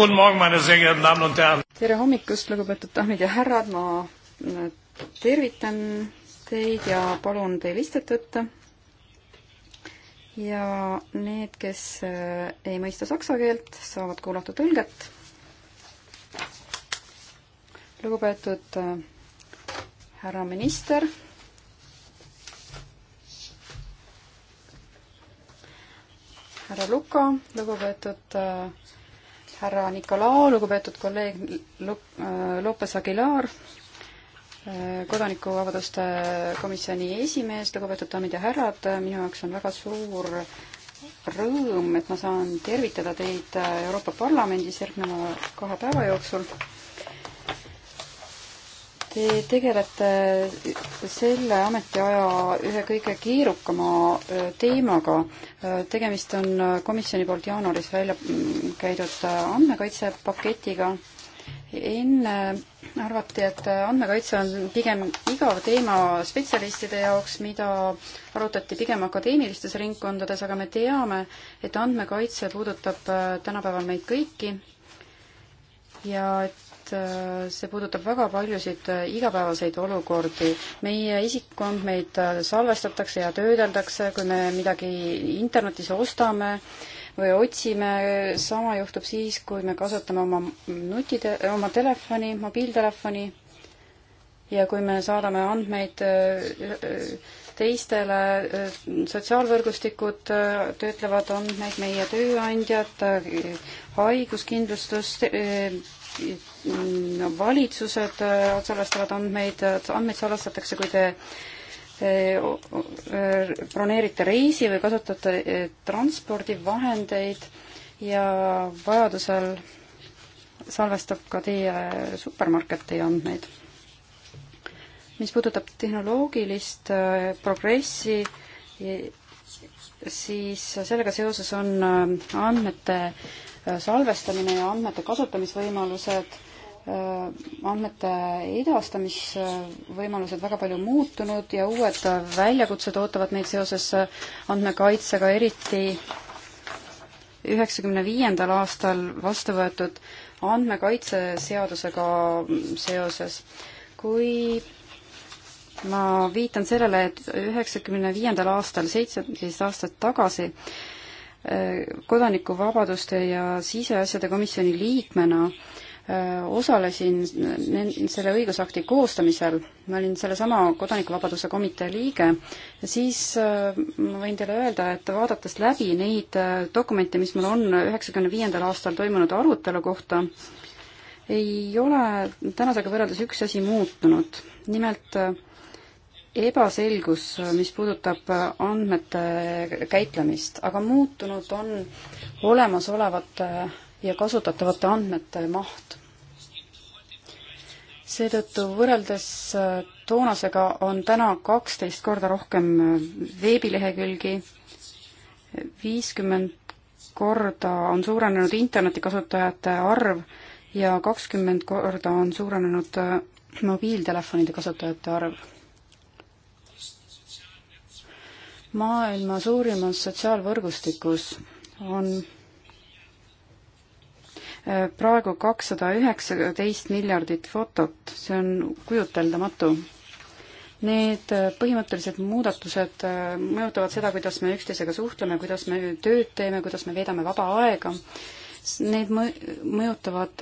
Guten Morgen, meine sehr geehrten Damen und Herren. tere hommikust, lugupeetud daamid ja härrad, ma tervitan teid ja palun teil istet võtta. ja need, kes äh, ei mõista saksa keelt, saavad kuulata tõlget. lugupeetud äh, härra minister härra Luka, lugupeetud äh, härra Nikolao, lugupeetud kolleeg äh, Lopes Aguilar, äh, kodanikuvabaduste komisjoni esimees, lugupeetud daamid ja härrad, minu jaoks on väga suur rõõm, et ma saan tervitada teid Euroopa Parlamendis järgneva kahe päeva jooksul Te tegelete selle ametiaja ühe kõige keerukama teemaga. tegemist on komisjoni poolt jaanuaris välja mm, käidud andmekaitsepaketiga. enne arvati, et andmekaitse on pigem igav teema spetsialistide jaoks, mida arutati pigem akadeemilistes ringkondades, aga me teame, et andmekaitse puudutab tänapäeval meid kõiki ja et Äh, see puudutab väga paljusid äh, igapäevaseid olukordi. meie isikuandmeid äh, salvestatakse ja töödeldakse, kui me midagi internetis ostame või otsime, sama juhtub siis, kui me kasutame oma nutite-, oma telefoni, mobiiltelefoni ja kui me saadame andmeid teistele, sotsiaalvõrgustikud töötlevad andmeid, meie tööandjad, haiguskindlustus, Mm, valitsused äh, salastavad andmeid, andmeid salastatakse, kui te äh, äh, broneerite reisi või kasutate transpordivahendeid ja vajadusel salvestab ka teie supermarketi andmeid. mis puudutab tehnoloogilist progressi siis sellega seoses on äh, andmete äh, salvestamine ja andmete kasutamisvõimalused, äh, andmete edastamisvõimalused väga palju muutunud ja uued väljakutsed ootavad meid seoses andmekaitsega, eriti üheksakümne viiendal aastal vastu võetud andmekaitseseadusega mm, seoses. kui ma viitan sellele, et üheksakümne viiendal aastal, seitseteist aastat tagasi, äh, kodanikuvabaduste ja siseasjade komisjoni liikmena äh, osalesin selle õigusakti koostamisel, ma olin sellesama Kodanikuvabaduse komitee liige, siis äh, ma võin teile öelda, et vaadates läbi neid dokumente, mis mul on üheksakümne viiendal aastal toimunud arutelu kohta, ei ole tänasega võrreldes üks asi muutunud. nimelt ebaselgus, mis puudutab andmete käitlemist, aga muutunud on olemasolevate ja kasutatavate andmete maht. seetõttu võrreldes toonasega on täna kaksteist korda rohkem veebilehekülgi, viiskümmend korda on suurenenud internetikasutajate arv ja kakskümmend korda on suurenenud mobiiltelefonide kasutajate arv maailma suurimas sotsiaalvõrgustikus on äh, praegu kakssada üheksateist miljardit fotot, see on kujuteldamatu. Need äh, põhimõttelised muudatused äh, mõjutavad seda, kuidas me üksteisega suhtleme, kuidas me tööd teeme, kuidas me veedame vaba aega. Need mõjutavad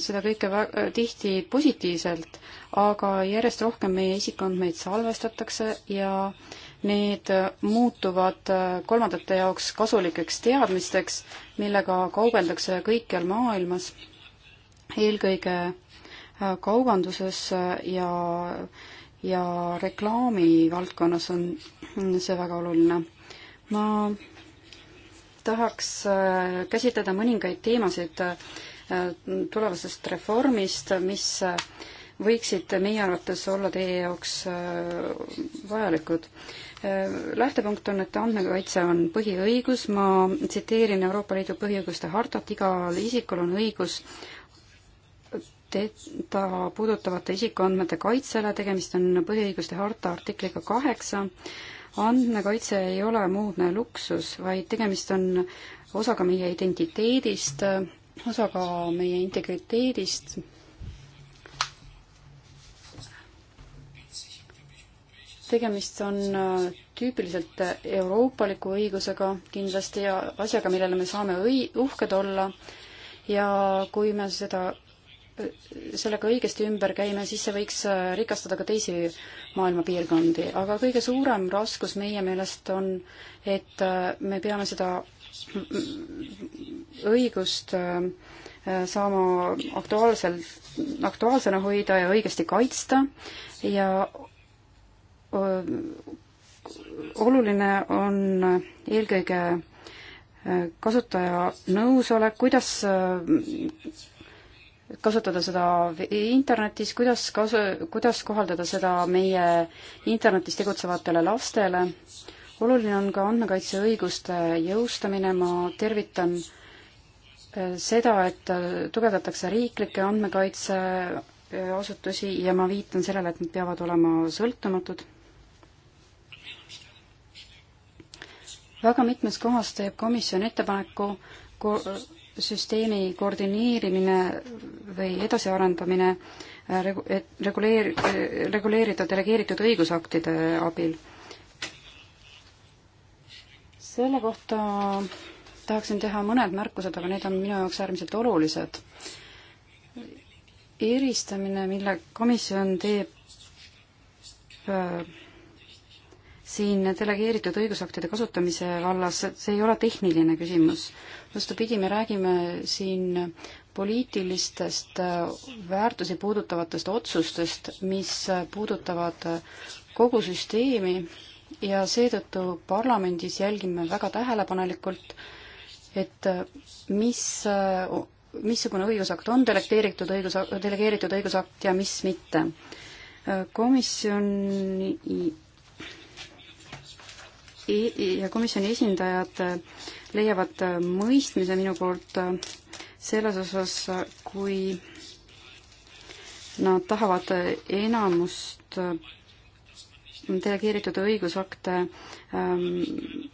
seda kõike tihti positiivselt, aga järjest rohkem meie isikuandmeid salvestatakse ja äh, need muutuvad äh, kolmandate jaoks kasulikeks teadmisteks, millega kaubeldakse kõikjal maailmas, eelkõige äh, kaubanduses äh, ja, ja reklaami valdkonnas on see väga oluline. ma tahaks käsitleda mõningaid teemasid tulevasest reformist, mis võiksid meie arvates olla teie jaoks äh, vajalikud? Äh, lähtepunkt on, et andmekaitse on põhiõigus, ma tsiteerin Euroopa Liidu põhiõiguste hartat, igal isikul on õigus teda puudutavate isikuandmete kaitsele, tegemist on põhiõiguste harta artikliga kaheksa, andmekaitse ei ole muudne luksus, vaid tegemist on osaga meie identiteedist, osaga meie integriteedist, tegemist on äh, tüüpiliselt äh, euroopaliku õigusega kindlasti ja asjaga, millele me saame õi-, uhked olla ja kui me seda, äh, sellega õigesti ümber käime, siis see võiks rikastada ka teisi maailma piirkondi, aga kõige suurem raskus meie meelest on, et me peame seda mm, õigust saama aktuaalselt, aktuaalsena hoida ja õigesti kaitsta ja oluline on eelkõige äh, kasutaja nõusolek, kuidas äh, kasutada seda internetis, kuidas kasu, kuidas kohaldada seda meie internetis tegutsevatele lastele. oluline on ka andmekaitseõiguste jõustamine, ma tervitan äh, seda, et tugevdatakse riiklikke andmekaitseasutusi ja ma viitan sellele, et nad peavad olema sõltumatud väga mitmes kohas teeb komisjon ettepaneku ko süsteemi koordineerimine või edasiarendamine äh, regu-, reguleer-, äh, reguleerida delegeeritud õigusaktide abil. selle kohta tahaksin teha mõned märkused, aga need on minu jaoks äärmiselt olulised. eristamine, mille komisjon teeb äh, siin delegeeritud õigusaktide kasutamise vallas, see ei ole tehniline küsimus. vastupidi, me räägime siin poliitilistest äh, väärtusi puudutavatest otsustest, mis puudutavad kogu süsteemi ja seetõttu parlamendis jälgime väga tähelepanelikult, et äh, mis, äh, missugune õigusakt on delegeeritud õigus, delegeeritud õigusakt ja mis mitte. komisjoni ja komisjoni esindajad äh, leiavad äh, mõistmise minu poolt äh, selles osas, kui nad tahavad enamust delegeeritud õigusakte ähm,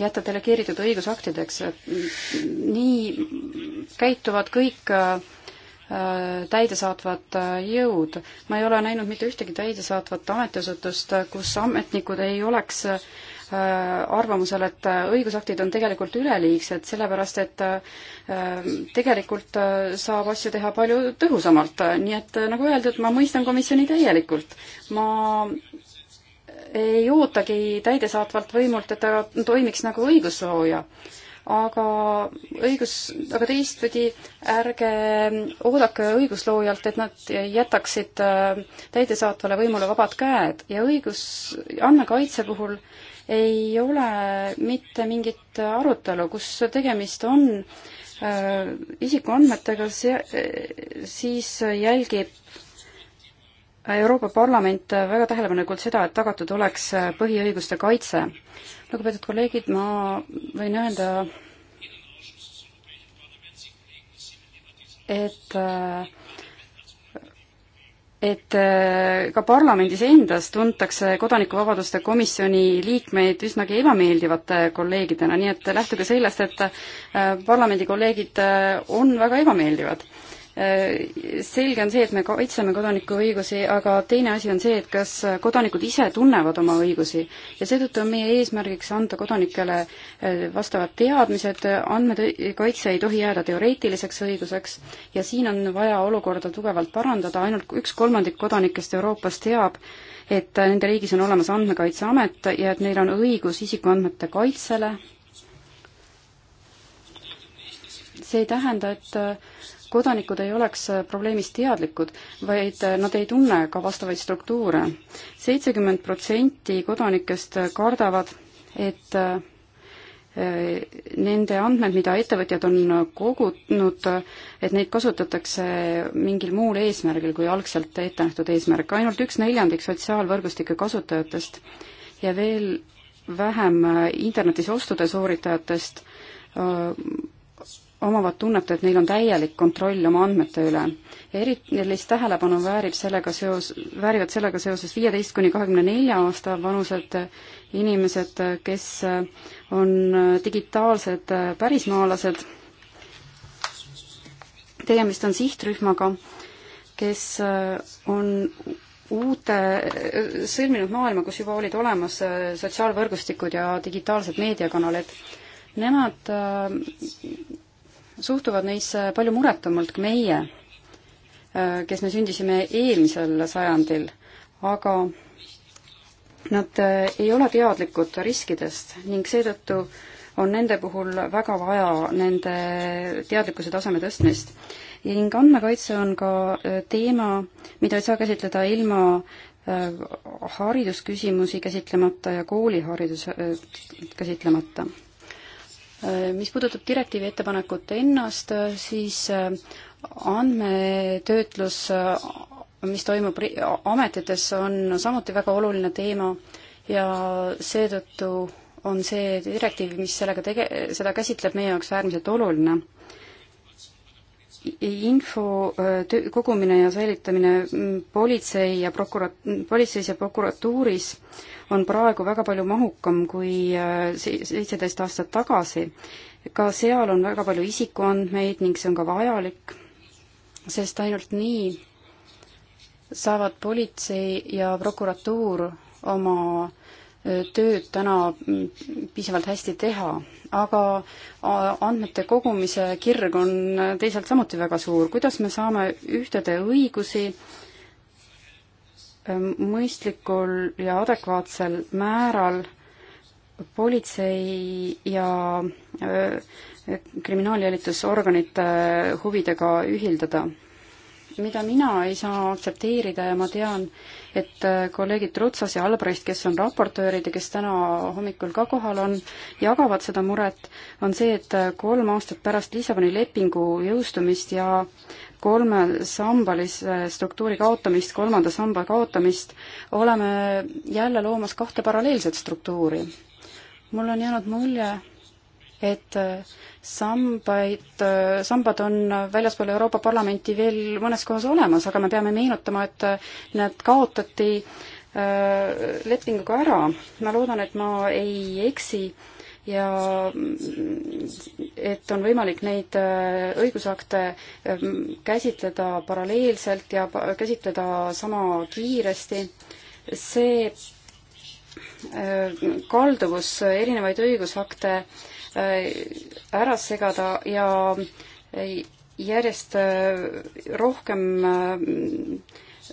jätta delegeeritud õigusaktideks, et nii käituvad kõik äh, Äh, täidesaatvad äh, jõud. ma ei ole näinud mitte ühtegi täidesaatvat ametiasutust, äh, kus ametnikud ei oleks arvamusel, et õigusaktid on tegelikult üleliigsed, sellepärast et tegelikult saab asju teha palju tõhusamalt, nii et nagu öeldud, ma mõistan komisjoni täielikult. ma ei ootagi täidesaatvalt võimult, et ta toimiks nagu õiguslooja aga õigus, aga teistpidi ärge oodake õigusloojalt, et nad jätaksid äh, täidesaatvale võimule vabad käed ja õigus andmekaitse puhul ei ole mitte mingit arutelu, kus tegemist on äh, isikuandmetega, siis jälgib Euroopa Parlament väga tähelepanelikult seda, et tagatud oleks põhiõiguste kaitse lugupeetud kolleegid, ma võin öelda, et et äh, ka parlamendis endas tuntakse Kodanikuvabaduste Komisjoni liikmeid üsnagi ebameeldivate kolleegidena, nii et lähtuge sellest, et äh, parlamendi kolleegid äh, on väga ebameeldivad selge on see, et me kaitseme kodanikuõigusi, aga teine asi on see, et kas kodanikud ise tunnevad oma õigusi. ja seetõttu on meie eesmärgiks anda kodanikele äh, vastavad teadmised, andmekaitse ei tohi jääda teoreetiliseks õiguseks ja siin on vaja olukorda tugevalt parandada, ainult üks kolmandik kodanikest Euroopas teab, et nende riigis on olemas Andmekaitseamet ja et neil on õigus isikuandmete kaitsele, see ei tähenda, et äh, kodanikud ei oleks probleemist teadlikud, vaid nad ei tunne ka vastavaid struktuure. seitsekümmend protsenti kodanikest kardavad, et eh, nende andmed, mida ettevõtjad on kogunud, et neid kasutatakse mingil muul eesmärgil kui algselt ette nähtud eesmärk. ainult üks neljandik sotsiaalvõrgustike kasutajatest ja veel vähem internetis ostude sooritajatest omavad tunnet, et neil on täielik kontroll oma andmete üle. erilist tähelepanu väärib sellega seos, väärivad sellega seoses viieteist kuni kahekümne nelja aasta vanused inimesed, kes on digitaalsed pärismaalased. tegemist on sihtrühmaga, kes on uute, sõlminud maailma, kus juba olid olemas sotsiaalvõrgustikud ja digitaalsed meediakanalid. Nemad suhtuvad neisse palju muretumalt kui meie, äh, kes me sündisime eelmisel sajandil, aga nad äh, ei ole teadlikud riskidest ning seetõttu on nende puhul väga vaja nende teadlikkuse taseme tõstmist. ning andmekaitse on ka äh, teema, mida ei saa käsitleda ilma haridusküsimusi käsitlemata ja kooliharidus käsitlemata Äh, mis puudutab direktiivi ettepanekut ennast, äh, siis äh, andmetöötlus, mis toimub ametites, on samuti väga oluline teema ja seetõttu on see direktiiv, mis sellega tege-, seda käsitleb, meie jaoks äärmiselt oluline. info töö, kogumine ja säilitamine mm, politsei ja prokurat-, politseis ja prokuratuuris äh, on praegu väga palju mahukam kui äh, seitseteist aastat tagasi. ka seal on väga palju isikuandmeid ning see on ka vajalik, sest ainult nii saavad politsei ja prokuratuur oma äh, tööd täna mm, piisavalt hästi teha, aga äh, andmete kogumise kirg on teisalt samuti väga suur. kuidas me saame ühtede õigusi äh, Ähm, mõistlikul ja adekvaatsel määral politsei ja äh, kriminaaljälitusorganite äh, huvidega ühildada. mida mina ei saa aktsepteerida ja ma tean, et äh, kolleegid Trutsas ja Albrecht, kes on raportöörid ja kes täna hommikul ka kohal on, jagavad seda muret, on see, et kolm aastat pärast Lissaboni lepingu jõustumist ja äh, kolmesambalise äh, struktuuri kaotamist, kolmanda samba kaotamist, oleme jälle loomas kahte paralleelset struktuuri. mul on jäänud mulje, et äh, sambaid, äh, sambad on väljaspool Euroopa Parlamenti veel mõnes kohas olemas, aga me peame meenutama, et need kaotati lepinguga ära. ma loodan, et ma ei eksi ja et on võimalik neid äh, õigusakte äh, käsitleda paralleelselt ja käsitleda sama kiiresti. see äh, kalduvus erinevaid õigusakte ära segada ja järjest rohkem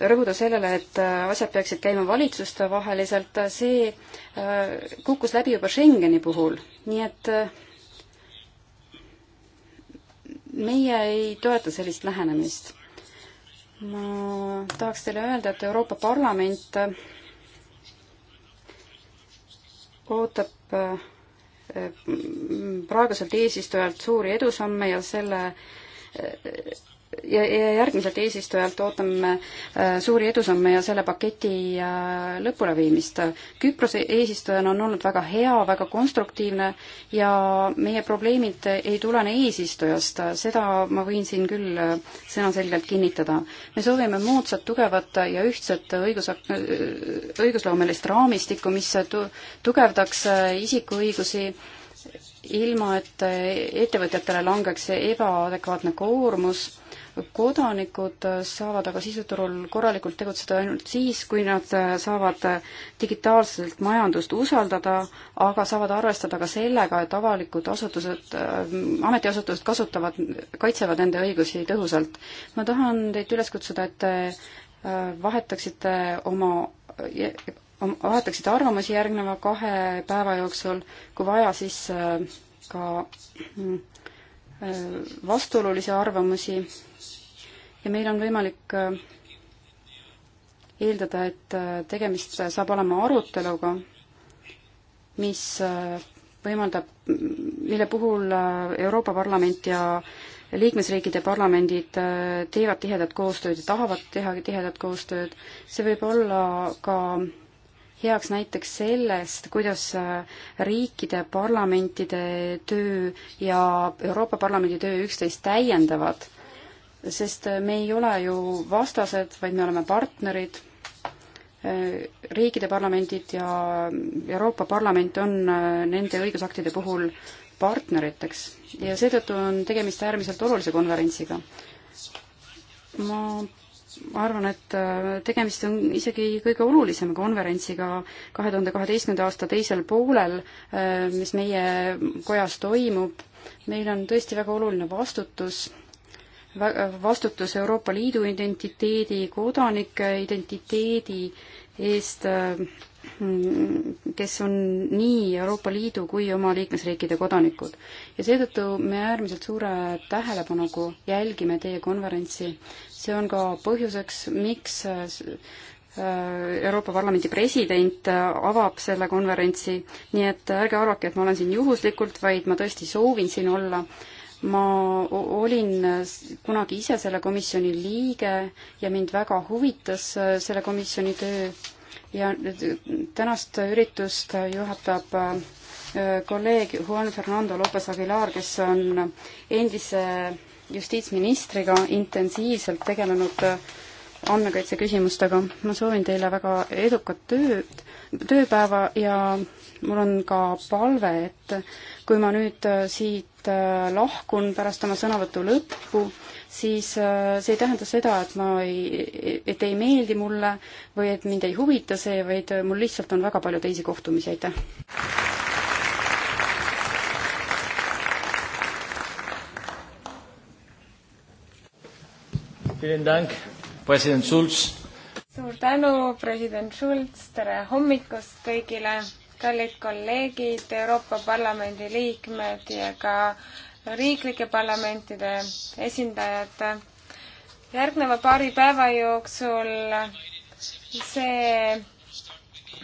rõhuda sellele, et äh, asjad peaksid käima valitsuste vaheliselt, see äh, kukkus läbi juba Schengeni puhul, nii et äh, meie ei toeta sellist lähenemist. ma tahaks teile öelda, et Euroopa Parlament ootab praeguselt eesistujalt suuri edusamme ja selle ja, ja järgmiselt eesistujalt ootame äh, suuri edusamme ja selle paketi äh, lõpuleviimist. Küprose eesistujana on olnud väga hea, väga konstruktiivne ja meie probleemid ei tulene eesistujast, seda ma võin siin küll äh, sõnaselgelt kinnitada. me soovime moodsat, tugevat ja ühtset õigus, õigusloomelist raamistikku, mis tu-, tugevdaks isikuõigusi ilma, et ettevõtjatele langeks ebaadekvaatne koormus kodanikud saavad aga siseturul korralikult tegutseda ainult siis, kui nad saavad digitaalselt majandust usaldada, aga saavad arvestada ka sellega, et avalikud asutused, ametiasutused kasutavad, kaitsevad nende õigusi tõhusalt. ma tahan teid üles kutsuda, et te äh, vahetaksite oma vahetaksite arvamusi järgneva kahe päeva jooksul, kui vaja, siis äh, ka mm, Äh, vastuolulisi arvamusi ja meil on võimalik äh, eeldada, et äh, tegemist saab olema aruteluga, mis võimaldab, mille puhul Euroopa Parlament ja liikmesriikide parlamendid teevad tihedat koostööd ja tahavad teha tihedat koostööd, see võib olla ka heaks näiteks sellest, kuidas äh, riikide parlamentide töö ja Euroopa Parlamendi töö üksteist täiendavad, sest äh, me ei ole ju vastased, vaid me oleme partnerid, äh, riikide parlamendid ja Euroopa Parlament on nende õigusaktide puhul partneriteks ja seetõttu on tegemist äärmiselt olulise konverentsiga. ma ma arvan, et äh, tegemist on isegi kõige olulisema konverentsiga kahe tuhande kaheteistkümnenda aasta teisel poolel, äh, mis meie kojas toimub. meil on tõesti väga oluline vastutus, vastutus Euroopa Liidu identiteedi, kodanike identiteedi eest äh, kes on nii Euroopa Liidu kui oma liikmesriikide kodanikud. ja seetõttu me äärmiselt suure tähelepanuga jälgime teie konverentsi. see on ka põhjuseks, miks äh, Euroopa Parlamendi president äh, avab selle konverentsi, nii et ärge arvake, et ma olen siin juhuslikult, vaid ma tõesti soovin siin olla. ma olin äh, kunagi ise selle komisjoni liige ja mind väga huvitas selle komisjoni töö ja tänast üritust juhatab äh, kolleeg Juan Fernando Lopez Aguilar, kes on endise justiitsministriga intensiivselt tegelenud äh, andmekaitse küsimustega. ma soovin teile väga edukat tööd, tööpäeva ja mul on ka palve, et kui ma nüüd äh, siit lahkun pärast oma sõnavõtu lõppu, siis äh, see ei tähenda seda, et ma ei, et ei meeldi mulle või et mind ei huvita see, vaid äh, mul lihtsalt on väga palju teisi kohtumisi, aitäh! president Schulz. suur tänu, president Schulz, tere hommikust kõigile, kallid kolleegid, Euroopa Parlamendi liikmed ja ka riiklike parlamentide esindajad. järgneva paari päeva jooksul see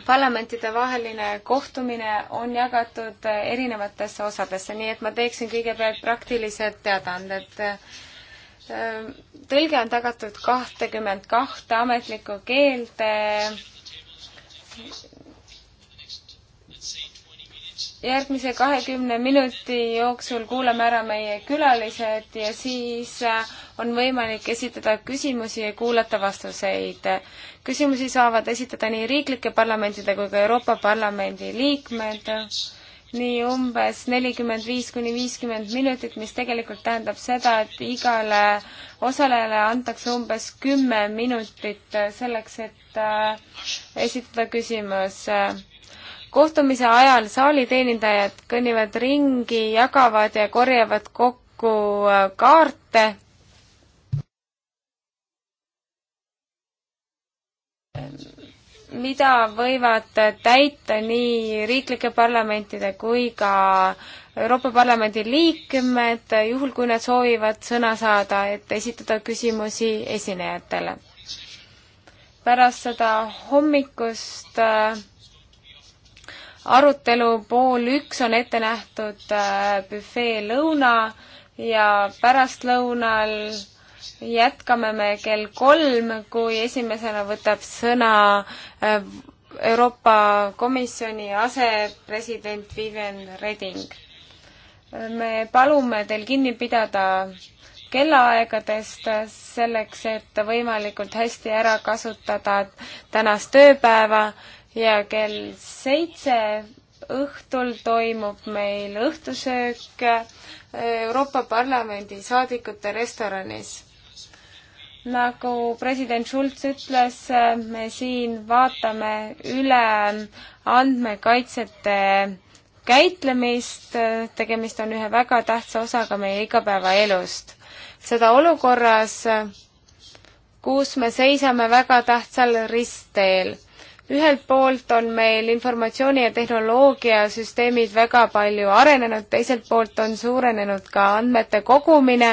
parlamentide vaheline kohtumine on jagatud erinevatesse osadesse, nii et ma teeksin kõigepealt praktilised teadaanded. tõlge on tagatud kahtekümmend kahte ametlikku keelde järgmise kahekümne minuti jooksul kuulame ära meie külalised ja siis äh, on võimalik esitada küsimusi ja kuulata vastuseid. küsimusi saavad esitada nii riiklike parlamentide kui ka Euroopa Parlamendi liikmed, nii umbes nelikümmend viis kuni viiskümmend minutit, mis tegelikult tähendab seda, et igale osalejale antakse umbes kümme minutit selleks, et äh, esitada küsimus kohtumise ajal saaliteenindajad kõnnivad ringi, jagavad ja korjavad kokku äh, kaarte. mida võivad täita nii riiklike parlamentide kui ka Euroopa Parlamendi liikmed, juhul kui nad soovivad sõna saada, et esitada küsimusi esinejatele. pärast seda hommikust äh, arutelu pool üks on ette nähtud äh, büfee lõuna ja pärastlõunal jätkame me kell kolm, kui esimesena võtab sõna äh, Euroopa Komisjoni asepresident Vivian Reding. me palume teil kinni pidada kellaaegadest selleks, et võimalikult hästi ära kasutada tänast tööpäeva ja kell seitse õhtul toimub meil õhtusöök äh, Euroopa Parlamendi saadikute restoranis. nagu president Schulz ütles, äh, me siin vaatame üle andmekaitsjate käitlemist, tegemist on ühe väga tähtsa osaga meie igapäevaelust. seda olukorras, äh, kus me seisame väga tähtsal ristteel ühelt poolt on meil informatsiooni- ja tehnoloogiasüsteemid väga palju arenenud, teiselt poolt on suurenenud ka andmete kogumine,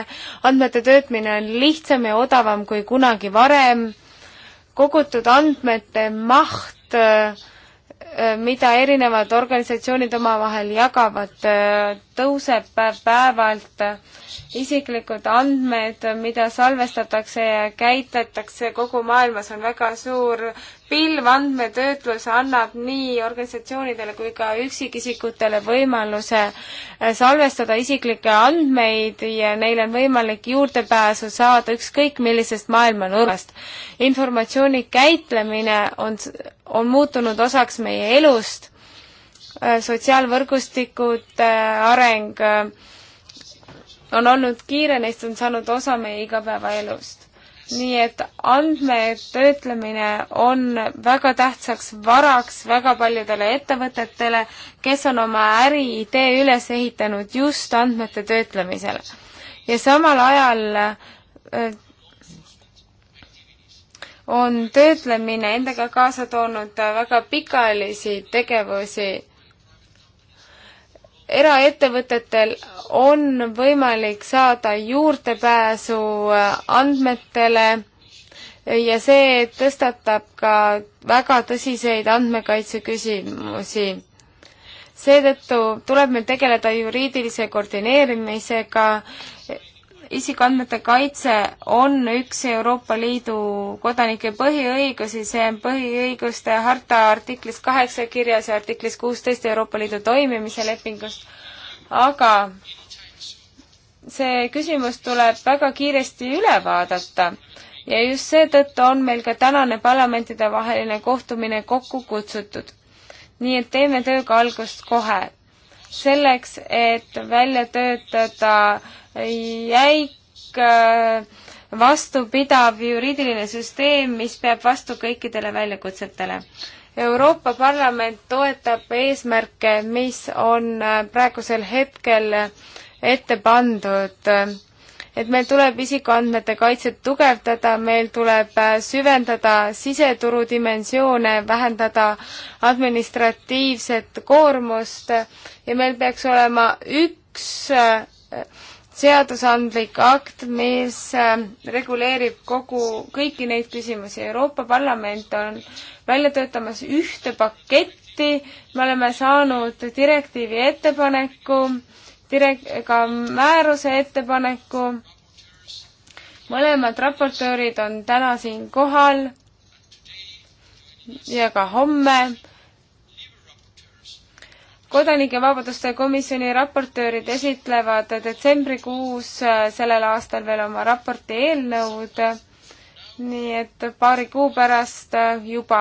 andmete töötmine on lihtsam ja odavam kui kunagi varem, kogutud andmete maht äh, Äh, mida erinevad organisatsioonid omavahel jagavad, äh, tõuseb päev-päevalt isiklikud andmed, mida salvestatakse ja käitletakse kogu maailmas, on väga suur pilv andmetöötlus, annab nii organisatsioonidele kui ka üksikisikutele võimaluse äh, salvestada isiklikke andmeid ja neil on võimalik juurdepääsu saada ükskõik millisest maailmanurgast. informatsiooni käitlemine on on muutunud osaks meie elust, äh, sotsiaalvõrgustikude äh, areng äh, on olnud kiire, neist on saanud osa meie igapäevaelust. nii et andmetöötlemine on väga tähtsaks varaks väga paljudele ettevõtetele, kes on oma äriidee üles ehitanud just andmete töötlemisele. ja samal ajal on töötlemine endaga kaasa toonud väga pikaajalisi tegevusi. eraettevõtetel on võimalik saada juurdepääsu andmetele ja see tõstatab ka väga tõsiseid andmekaitse küsimusi. seetõttu tuleb meil tegeleda juriidilise koordineerimisega isikuandmete kaitse on üks Euroopa Liidu kodanike põhiõigusi, see on põhiõiguste harta artiklis kaheksa kirjas ja artiklis kuusteist Euroopa Liidu toimimise lepingust, aga see küsimus tuleb väga kiiresti üle vaadata ja just seetõttu on meil ka tänane parlamentidevaheline kohtumine kokku kutsutud. nii et teeme tööga algust kohe, selleks et välja töötada jäik äh, vastupidav juriidiline süsteem, mis peab vastu kõikidele väljakutsetele. Euroopa Parlament toetab eesmärke, mis on äh, praegusel hetkel ette pandud et meil tuleb isikuandmete kaitset tugevdada, meil tuleb äh, süvendada siseturu dimensioone, vähendada administratiivset koormust ja meil peaks olema üks seadusandlik akt, mis äh, reguleerib kogu, kõiki neid küsimusi. Euroopa Parlament on välja töötamas ühte paketti, me oleme saanud direktiivi ettepaneku, direk-, ka määruse ettepaneku, mõlemad raportöörid on täna siin kohal ja ka homme kodanike vabaduste komisjoni raportöörid esitlevad detsembrikuus äh, sellel aastal veel oma raporti eelnõud, nii et paari kuu pärast äh, juba.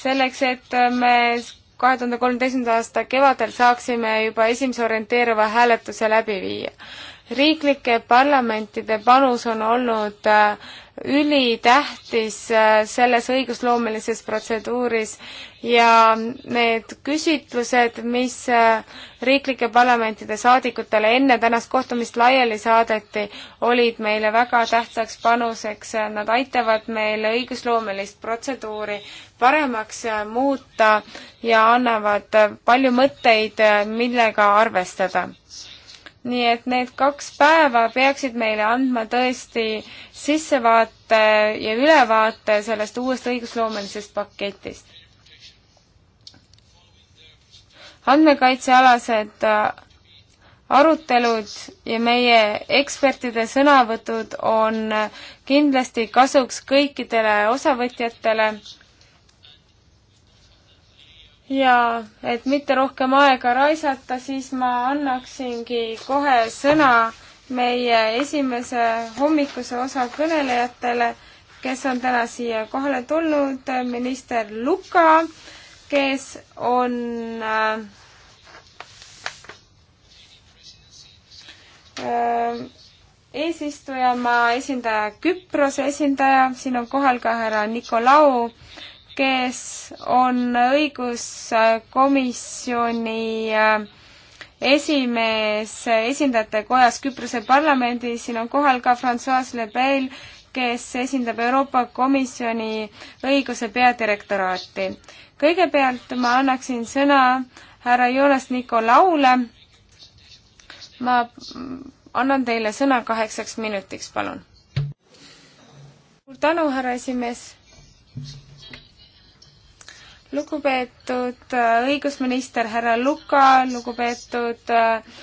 selleks, et äh, me kahe tuhande kolmeteistkümnenda aasta kevadel saaksime juba esimese orienteeruva hääletuse läbi viia. riiklike parlamentide panus on olnud äh, ülitähtis äh, selles õigusloomelises protseduuris ja need küsitlused, mis äh, riiklike parlamentide saadikutele enne tänast kohtumist laiali saadeti, olid meile väga tähtsaks panuseks, nad aitavad meil õigusloomelist protseduuri paremaks äh, muuta ja annavad palju mõtteid, millega arvestada nii et need kaks päeva peaksid meile andma tõesti sissevaate ja ülevaate sellest uuest õigusloomelisest paketist. andmekaitsealased äh, arutelud ja meie ekspertide sõnavõtud on kindlasti kasuks kõikidele osavõtjatele ja et mitte rohkem aega raisata, siis ma annaksingi kohe sõna meie esimese hommikuse osa kõnelejatele, kes on täna siia kohale tulnud, minister Luka, kes on äh, eesistujamaa esindaja, Küprose esindaja, siin on kohal ka härra Nikolau äh, kes on õiguskomisjoni äh, esimees esindajate kojas Küprose parlamendis, siin on kohal ka Francois Lebel, kes esindab Euroopa Komisjoni õiguse peadirektoraati. kõigepealt ma annaksin sõna härra Joonas Nikolaule. ma annan teile sõna kaheksaks minutiks, palun. suur tänu, härra esimees lugupeetud äh, õigusminister härra Luka, lugupeetud äh,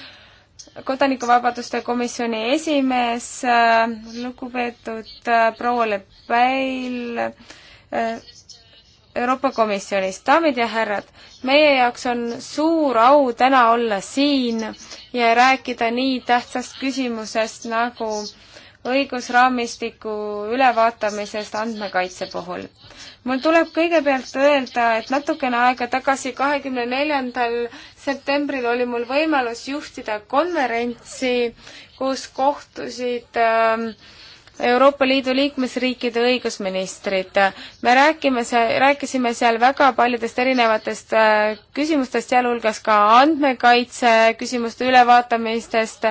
kodanikuvabaduste komisjoni esimees, äh, lugupeetud proua Lepäil Euroopa Komisjonist, daamid ja härrad, meie jaoks on suur au täna olla siin ja rääkida nii tähtsast küsimusest nagu äh, õigusraamistiku ülevaatamisest andmekaitse puhul. mul tuleb kõigepealt öelda, et natukene aega tagasi, kahekümne neljandal septembril oli mul võimalus juhtida konverentsi, kus kohtusid äh, Euroopa Liidu liikmesriikide õigusministrid. me räägime, rääkisime seal väga paljudest erinevatest äh, küsimustest, sealhulgas ka andmekaitse küsimuste ülevaatamistest,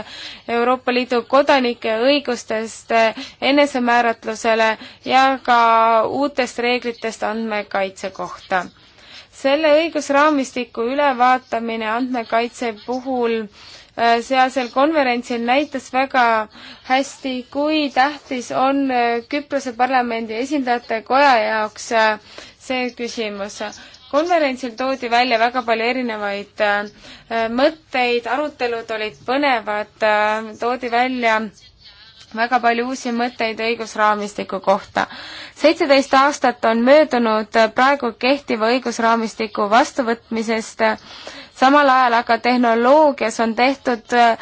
Euroopa Liidu kodanike õigustest äh, enesemääratlusele ja ka uutest reeglitest andmekaitse kohta. selle õigusraamistiku ülevaatamine andmekaitse puhul äh, Äh, sealsel konverentsil näitas väga hästi, kui tähtis on äh, Küprose parlamendi esindajate koja jaoks äh, see küsimus. konverentsil toodi välja väga palju erinevaid mõtteid, arutelud olid põnevad, toodi välja väga palju uusi mõtteid õigusraamistiku kohta. seitseteist aastat on möödunud praegu kehtiva õigusraamistiku vastuvõtmisest samal ajal aga tehnoloogias on tehtud äh,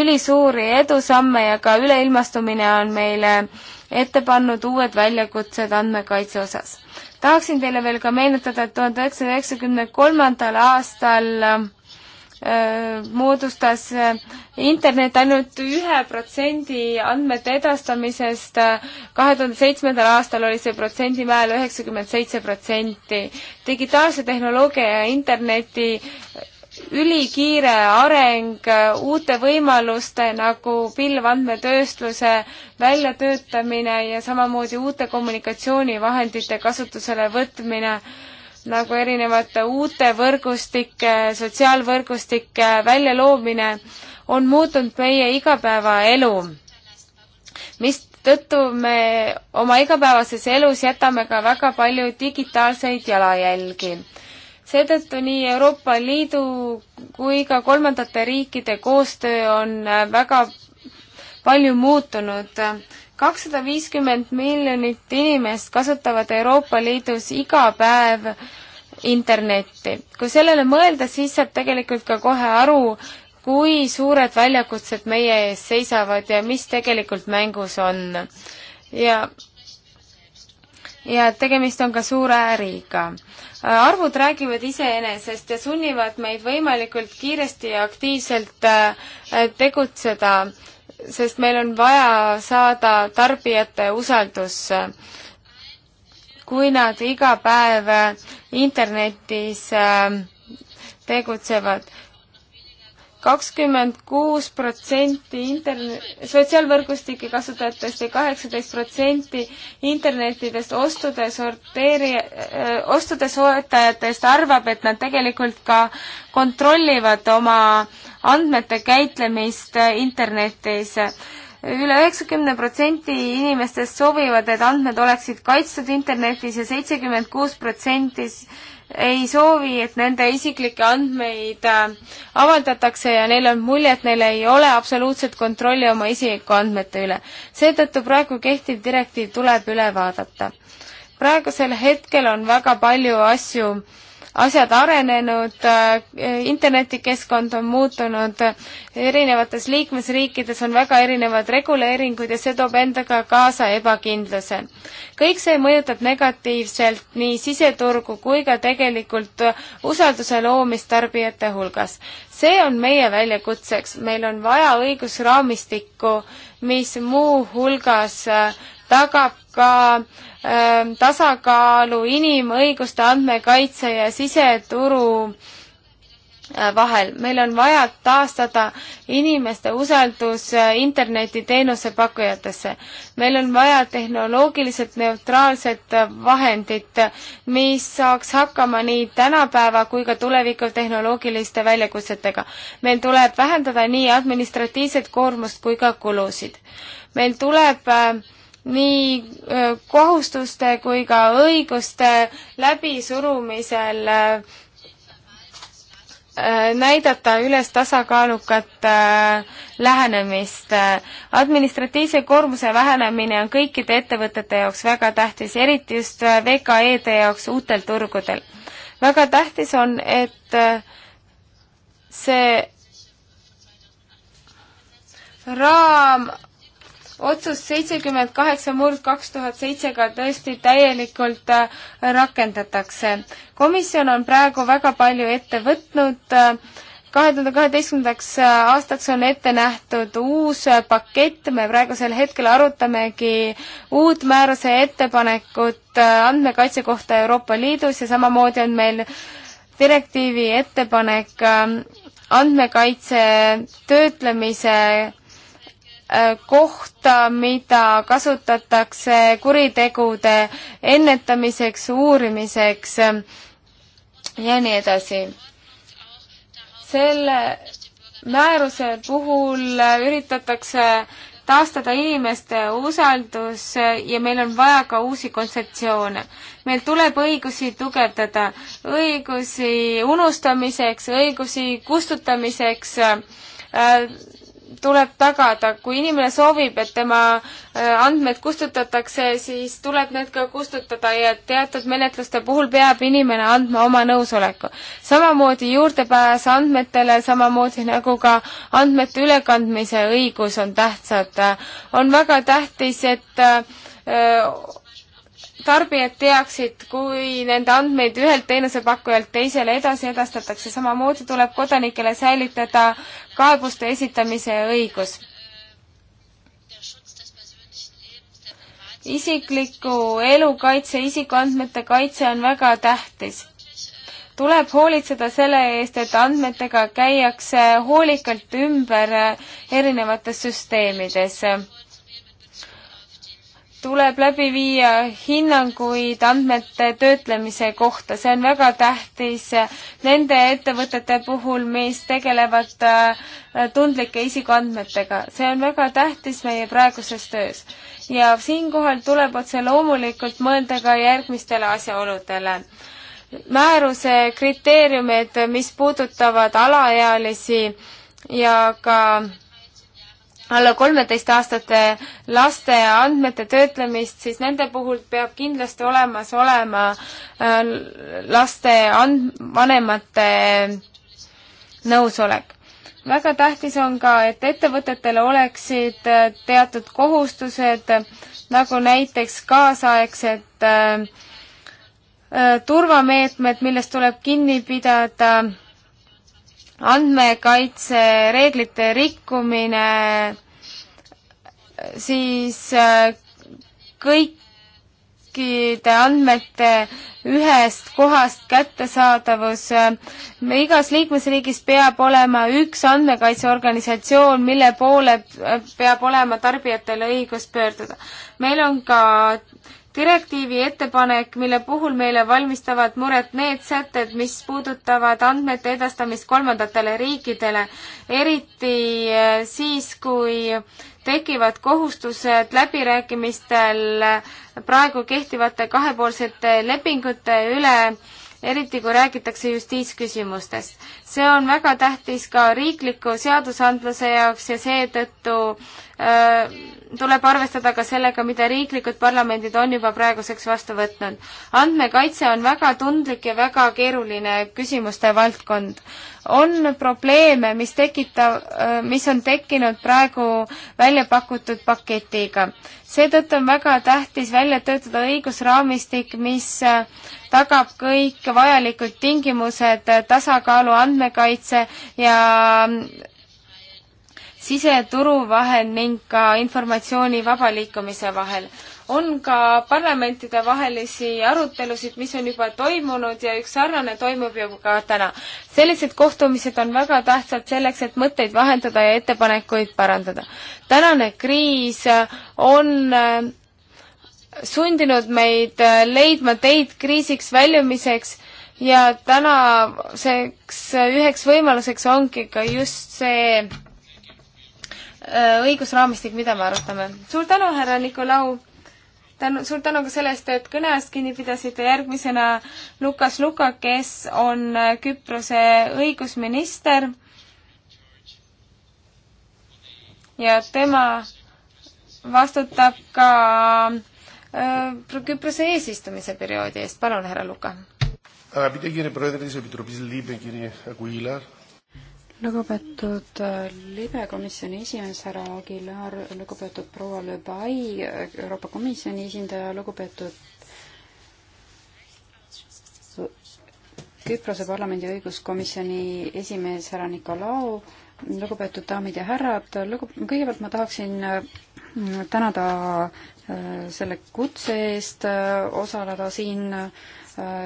ülisuuri edusamme ja ka üleilmastumine on meile ette pannud uued väljakutsed andmekaitse osas. tahaksin teile veel ka meenutada, et tuhande üheksasaja üheksakümne kolmandal aastal äh, moodustas äh, internet ainult ühe protsendi andmete edastamisest. kahe tuhande seitsmendal aastal oli see protsendimäär üheksakümmend seitse protsenti. digitaalse tehnoloogia ja interneti ülikiire areng uute võimaluste nagu pilvandmetööstuse väljatöötamine ja samamoodi uute kommunikatsioonivahendite kasutusele võtmine nagu erinevate uute võrgustike, sotsiaalvõrgustike väljaloomine on muutunud meie igapäevaelu, mistõttu me oma igapäevases elus jätame ka väga palju digitaalseid jalajälgi seetõttu nii Euroopa Liidu kui ka kolmandate riikide koostöö on äh, väga palju muutunud. kakssada viiskümmend miljonit inimest kasutavad Euroopa Liidus iga päev internetti. kui sellele mõelda, siis saab tegelikult ka kohe aru, kui suured väljakutsed meie ees seisavad ja mis tegelikult mängus on. ja ja tegemist on ka suure äriga. Äh, arvud räägivad iseenesest ja sunnivad meid võimalikult kiiresti ja aktiivselt äh, äh, tegutseda, sest meil on vaja saada tarbijate usaldus. kui nad iga päev internetis tegutsevad kakskümmend kuus protsenti interne-, sotsiaalvõrgustike kasutajatest ja kaheksateist protsenti internetidest ostude sorteeri-, ostude soetajatest arvab, et nad tegelikult ka kontrollivad oma andmete käitlemist internetis üle. üle üheksakümne protsendi inimestest soovivad, et andmed oleksid kaitstud internetis ja seitsekümmend kuus protsenti ei soovi, et nende isiklikke andmeid äh, avaldatakse ja neil on mulje, et neil ei ole absoluutset kontrolli oma isikuandmete üle. seetõttu praegu kehtiv direktiiv tuleb üle vaadata. praegusel hetkel on väga palju asju äh, asjad arenenud, äh, internetikeskkond on muutunud, erinevates liikmesriikides on väga erinevad reguleeringud ja see toob endaga kaasa ebakindluse. kõik see mõjutab negatiivselt nii siseturgu kui ka tegelikult usalduse loomist tarbijate hulgas. see on meie väljakutseks, meil on vaja õigusraamistikku, mis muuhulgas äh, tagab ka äh, Äh, tasakaalu inimõiguste andmekaitse ja siseturu äh, vahel. meil on vaja taastada inimeste usaldus äh, internetiteenuse pakkujatesse. meil on vaja tehnoloogiliselt neutraalset vahendit, mis saaks hakkama nii tänapäeva kui ka tuleviku tehnoloogiliste väljakutsetega. meil tuleb vähendada nii administratiivset koormust kui ka kulusid. meil tuleb äh, nii kohustuste kui ka õiguste läbisurumisel näidata üles tasakaalukat lähenemist. administratiivse koormuse vähenemine on kõikide ettevõtete jaoks väga tähtis, eriti just VKE-de jaoks uutel turgudel. väga tähtis on, et see raam otsus seitsekümmend kaheksa murd kaks tuhat seitse ka tõesti täielikult äh, rakendatakse. komisjon on praegu väga palju ette võtnud, äh, kahe tuhande kaheteistkümnendaks äh, aastaks on ette nähtud uus pakett, me praegusel hetkel arutamegi uut määruse ettepanekut andmekaitse kohta Euroopa Liidus ja samamoodi on meil direktiivi ettepanek andmekaitse töötlemise Äh, kohta, mida kasutatakse kuritegude ennetamiseks, uurimiseks äh, ja nii edasi. selle määruse puhul äh, üritatakse taastada inimeste usaldus ja meil on vaja ka uusi kontseptsioone. meil tuleb õigusi tugevdada, õigusi unustamiseks, õigusi kustutamiseks äh,, tuleb tagada, kui inimene soovib, et tema äh, andmed kustutatakse, siis tuleb need ka kustutada ja teatud menetluste puhul peab inimene andma oma nõusoleku. samamoodi juurdepääs andmetele, samamoodi nagu ka andmete ülekandmise õigus on tähtsad. on väga tähtis, et äh, tarbijad teaksid, kui nende andmeid ühelt teenusepakkujalt teisele edasi edastatakse, samamoodi tuleb kodanikele säilitada kaebuste esitamise õigus. isikliku elu kaitse, isikuandmete kaitse on väga tähtis. tuleb hoolitseda selle eest, et andmetega käiakse hoolikalt ümber erinevates süsteemides tuleb läbi viia hinnanguid andmete töötlemise kohta, see on väga tähtis nende ettevõtete puhul, mis tegelevad äh, tundlike isikuandmetega. see on väga tähtis meie praeguses töös. ja siinkohal tuleb otse loomulikult mõelda ka järgmistele asjaoludele. määruse kriteeriumid, mis puudutavad alaealisi ja ka alla kolmeteistaastaste laste andmete töötlemist, siis nende puhul peab kindlasti olemas olema äh, laste and-, vanemate nõusolek. väga tähtis on ka, et ettevõtetel oleksid äh, teatud kohustused, nagu näiteks kaasaegsed äh, turvameetmed, millest tuleb kinni pidada andmekaitsereeglite rikkumine, siis äh, kõikide andmete ühest kohast kättesaadavus. igas liikmesriigis peab olema üks andmekaitseorganisatsioon, mille poole peab olema tarbijatel õigus pöörduda. meil on ka direktiivi ettepanek, mille puhul meile valmistavad muret need sätted, mis puudutavad andmete edastamist kolmandatele riikidele, eriti eh, siis, kui tekivad kohustused läbirääkimistel eh, praegu kehtivate kahepoolsete lepingute üle eriti kui räägitakse justiitsküsimustest. see on väga tähtis ka riikliku seadusandluse jaoks ja seetõttu äh, tuleb arvestada ka sellega, mida riiklikud parlamendid on juba praeguseks vastu võtnud. andmekaitse on väga tundlik ja väga keeruline küsimuste valdkond. on probleeme, mis tekitav, mis on tekkinud praegu välja pakutud paketiga. seetõttu on väga tähtis välja töötada õigusraamistik, mis äh, tagab kõik vajalikud tingimused, äh, tasakaalu andmekaitse ja siseturu vahel ning ka informatsiooni vaba liikumise vahel. on ka parlamentidevahelisi arutelusid, mis on juba toimunud ja üks sarnane toimub ju ka täna. sellised kohtumised on väga tähtsad selleks, et mõtteid vahendada ja ettepanekuid parandada. tänane kriis on äh, sundinud meid äh, leidma teid kriisiks väljumiseks ja tänaseks äh, üheks võimaluseks ongi ka just see Äh, õigusraamistik, mida me arutame. suur tänu, härra Nikolau! tänu, suur tänu ka selle eest, et kõne eest kinni pidasite, järgmisena Lukas Luka, kes on äh, Küprose õigusminister ja tema vastutab ka öö, äh, Küprose eesistumise perioodi eest, palun, härra Luka! lugupeetud äh, libekomisjoni esimees härra Aguilar, lugupeetud proua Le Pai, äh, Euroopa Komisjoni esindaja, lugupeetud äh, Küprose parlamendi õiguskomisjoni esimees härra Nikolau, lugupeetud daamid ja härrad, lugu-, kõigepealt ma tahaksin tänada selle kutse eest osaleda siin äh,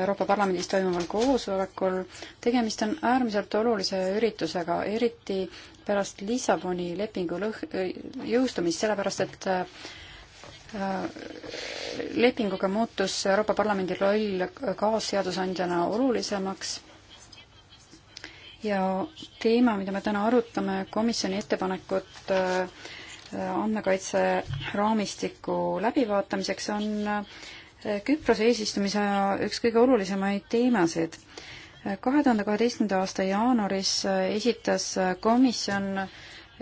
Euroopa Parlamendis toimuval koosolekul. tegemist on äärmiselt olulise üritusega, eriti pärast Lissaboni lepingu lõh-, jõustumist, sellepärast et äh, lepinguga muutus Euroopa Parlamendi roll kaasseadusandjana olulisemaks ja teema, mida me täna arutame, komisjoni ettepanekut äh, andmekaitse raamistiku läbivaatamiseks on äh, Küprose eesistumise aja üks kõige olulisemaid teemasid. kahe tuhande kaheteistkümnenda aasta jaanuaris esitas komisjon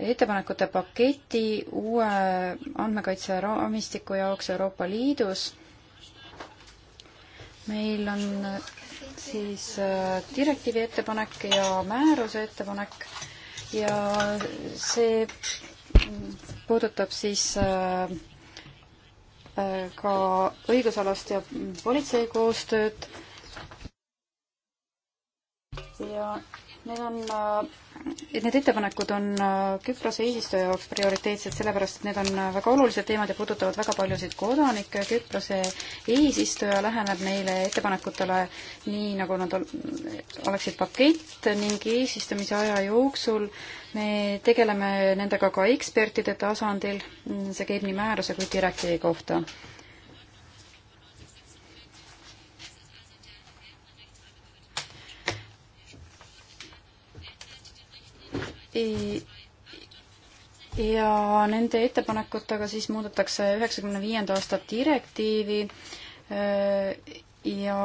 ettepanekute paketi uue andmekaitse raamistiku jaoks Euroopa Liidus. meil on siis äh, direktiivi ettepanek ja määruse ettepanek ja see puudutab siis äh, Äh, ka õigusalast ja politsei koostööd ja Need on, et äh, need ettepanekud on äh, Küprose eesistuja jaoks prioriteetsed, sellepärast et need on äh, väga olulised teemad ja puudutavad väga paljusid kodanikke. Küprose eesistuja läheneb neile ettepanekutele nii, nagu nad oleksid pakett ning eesistumise aja jooksul me tegeleme nendega ka ekspertide tasandil. Mm, see käib nii määruse kui direktiivi kohta ja nende ettepanekutega siis muudetakse üheksakümne viienda aasta direktiivi äh, ja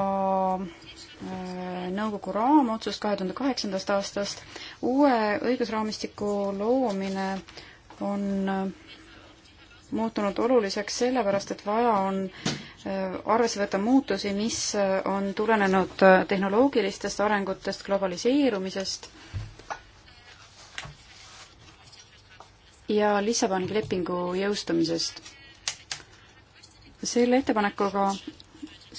äh, nõukogu raamotsust kahe tuhande kaheksandast aastast. uue õigusraamistiku loomine on äh, muutunud oluliseks sellepärast, et vaja on arvesse võtta muutusi, mis on tulenenud tehnoloogilistest arengutest, globaliseerumisest ja Lissaboni lepingu jõustumisest. selle ettepanekuga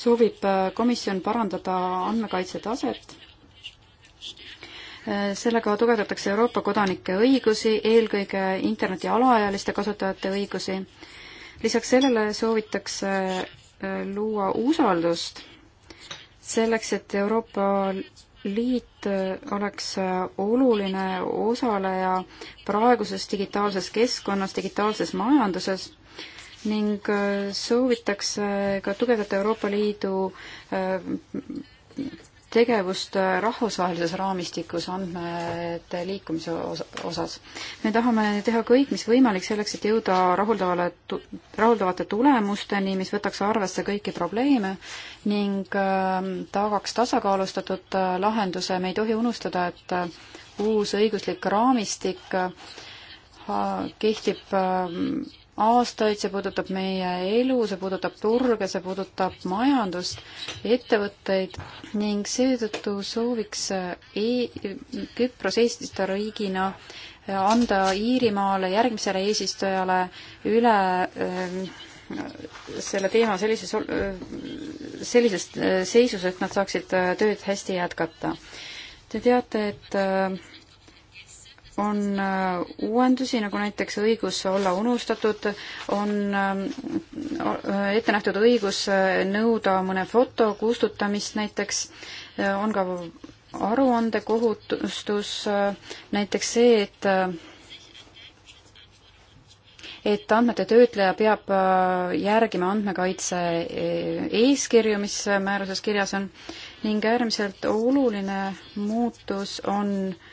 soovib äh, komisjon parandada andmekaitse taset. Äh, sellega tugevdatakse Euroopa kodanike õigusi, eelkõige interneti alaealiste kasutajate õigusi. lisaks sellele soovitakse äh, luua usaldust selleks, et Euroopa liit äh, oleks äh, oluline osaleja praeguses digitaalses keskkonnas, digitaalses majanduses ning äh, soovitakse ka tugevdada Euroopa Liidu tegevust rahvusvahelises raamistikus andmete liikumise osas. me tahame teha kõik, mis võimalik selleks, et jõuda rahuldavale, rahuldavate tulemusteni, mis võtaks arvesse kõiki probleeme ning ähm, tagaks tasakaalustatud äh, lahenduse. me ei tohi unustada, et äh, uus õiguslik raamistik äh, kehtib ähm, aastaid, see puudutab meie elu, see puudutab turge, see puudutab majandust, ettevõtteid ning seetõttu sooviks e Küpros Eestist riigina anda Iirimaale järgmisele eesistujale üle ähm, selle teema sellises, äh, sellises äh, seisus, et nad saaksid äh, tööd hästi jätkata. Te teate, et on äh, uuendusi, nagu näiteks õigus olla unustatud, on äh, ette nähtud õigus äh, nõuda mõne foto kustutamist näiteks, on ka aruandekohutustus, näiteks see, et et andmete töötleja peab järgima andmekaitse eeskirju, mis määruses kirjas on, ning äärmiselt oluline muutus on äh,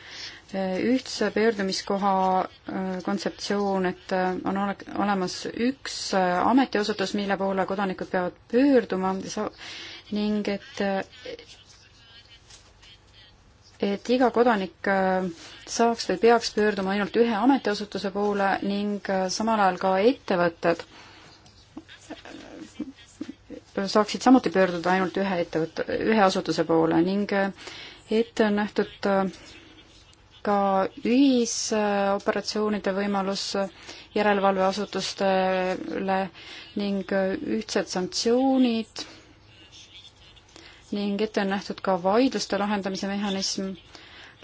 ühtse pöördumiskoha äh, kontseptsioon, et äh, on olemas üks äh, ametiasutus, mille poole kodanikud peavad pöörduma ning et et iga kodanik saaks või peaks pöörduma ainult ühe ametiasutuse poole ning samal ajal ka ettevõtted saaksid samuti pöörduda ainult ühe ettevõtte, ühe asutuse poole ning ette on nähtud ka ühisoperatsioonide võimalus järelevalveasutustele ning ühtsed sanktsioonid ning ette on nähtud ka vaidluste lahendamise mehhanism.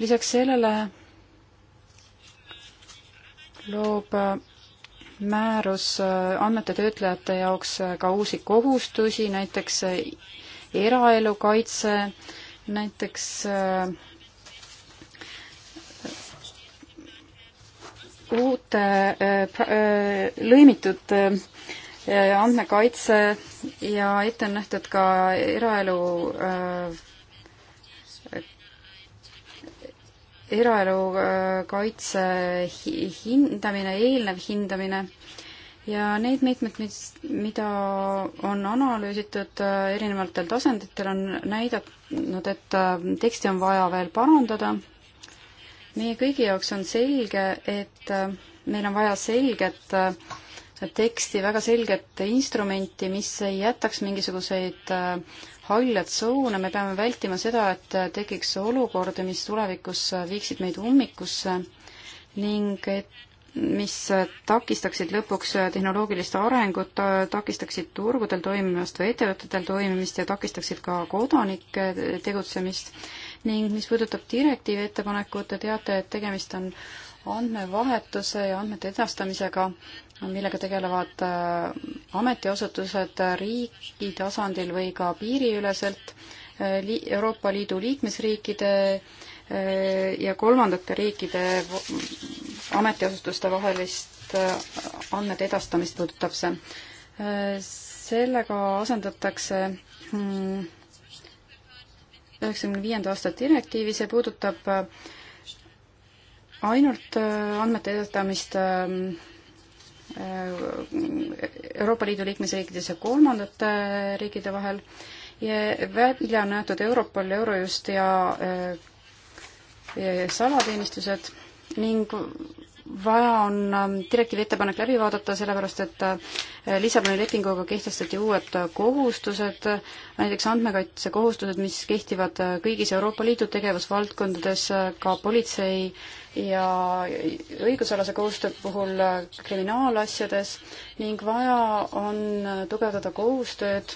lisaks sellele loob määrus andmete töötlejate jaoks ka uusi kohustusi, näiteks eraelu kaitse, näiteks äh, uute äh, äh, lõimitud äh, andmekaitse ja ette on nähtud ka eraelu eraelu kaitse hindamine, eelnev hindamine ja need meetmed, mis, mida on analüüsitud erinevatel tasanditel, on näidanud, et teksti on vaja veel parandada meie kõigi jaoks on selge, et äh, meil on vaja selget äh, teksti, väga selget instrumenti, mis ei jätaks mingisuguseid äh, halle tsoone, me peame vältima seda, et tekiks olukordi, mis tulevikus viiksid meid ummikusse ning et mis takistaksid lõpuks tehnoloogilist arengut, takistaksid turgudel toimimist või ettevõtetel toimimist ja takistaksid ka kodanike tegutsemist ning mis puudutab direktiivi ettepanekut, te teate, et tegemist on andmevahetuse ja andmete edastamisega, millega tegelevad äh, ametiasutused riigi tasandil või ka piiriüleselt, äh, Euroopa Liidu liikmesriikide äh, ja kolmandate riikide ametiasutuste vahelist andmete edastamist puudutab see. sellega asendatakse hmm, üheksakümne viienda aasta direktiivi, see puudutab äh, ainult äh, andmete edastamist äh, Euroopa Liidu liikmesriikides ja kolmandate riikide vahel ja välja on nähtud Europol, Eurojust ja, ja salateenistused ning vaja on ähm, direktiivi ettepanek läbi vaadata, sellepärast et äh, Lissaboni lepinguga kehtestati uued äh, kohustused, näiteks andmekaitsekohustused, mis kehtivad äh, kõigis Euroopa Liidu tegevusvaldkondades, ka politsei ja õigusalase koostöö puhul kriminaalasjades ning vaja on tugevdada koostööd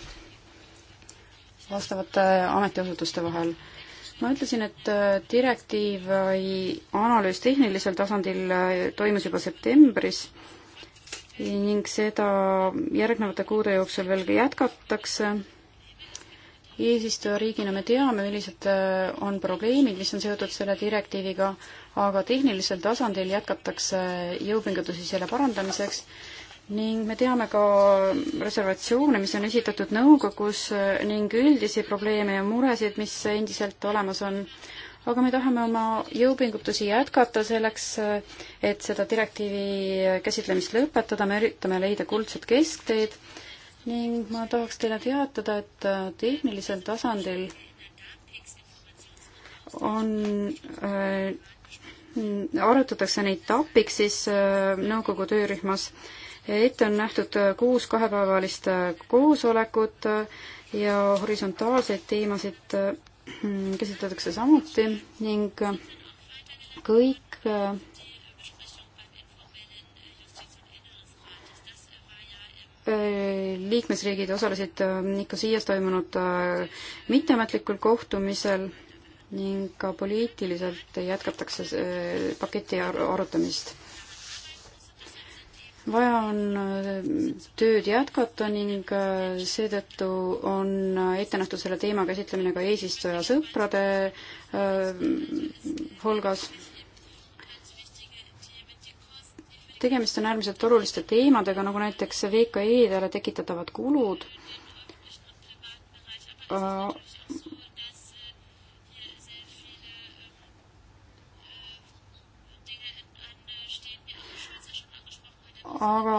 vastavate ametiasutuste vahel ma ütlesin, et äh, direktiivi analüüs tehnilisel tasandil äh, toimus juba septembris ning seda järgnevate kuude jooksul veel ka jätkatakse. eesistujariigina me teame, millised äh, on probleemid, mis on seotud selle direktiiviga, aga tehnilisel tasandil jätkatakse jõupingutusi selle parandamiseks ning me teame ka reservatsioone, mis on esitatud nõukogus ning üldisi probleeme ja muresid, mis endiselt olemas on. aga me tahame oma jõupingutusi jätkata selleks, et seda direktiivi käsitlemist lõpetada, me üritame leida kuldset keskteed ning ma tahaks teile teatada, et tehnilisel tasandil on äh, arutatakse neid TAPiks siis äh, nõukogu töörühmas ette on nähtud kuus kahepäevalist koosolekut ja horisontaalseid teemasid mm, käsitletakse samuti ning kõik äh, liikmesriigid osalesid Nicosias äh, toimunud äh, mitteametlikul kohtumisel ning ka poliitiliselt jätkatakse paketi arutamist vaja on äh, tööd jätkata ning äh, seetõttu on äh, ette nähtud selle teema käsitlemine ka eesistuja sõprade hulgas tegemist on äärmiselt oluliste teemadega, nagu näiteks VKE-dele tekitatavad kulud, aga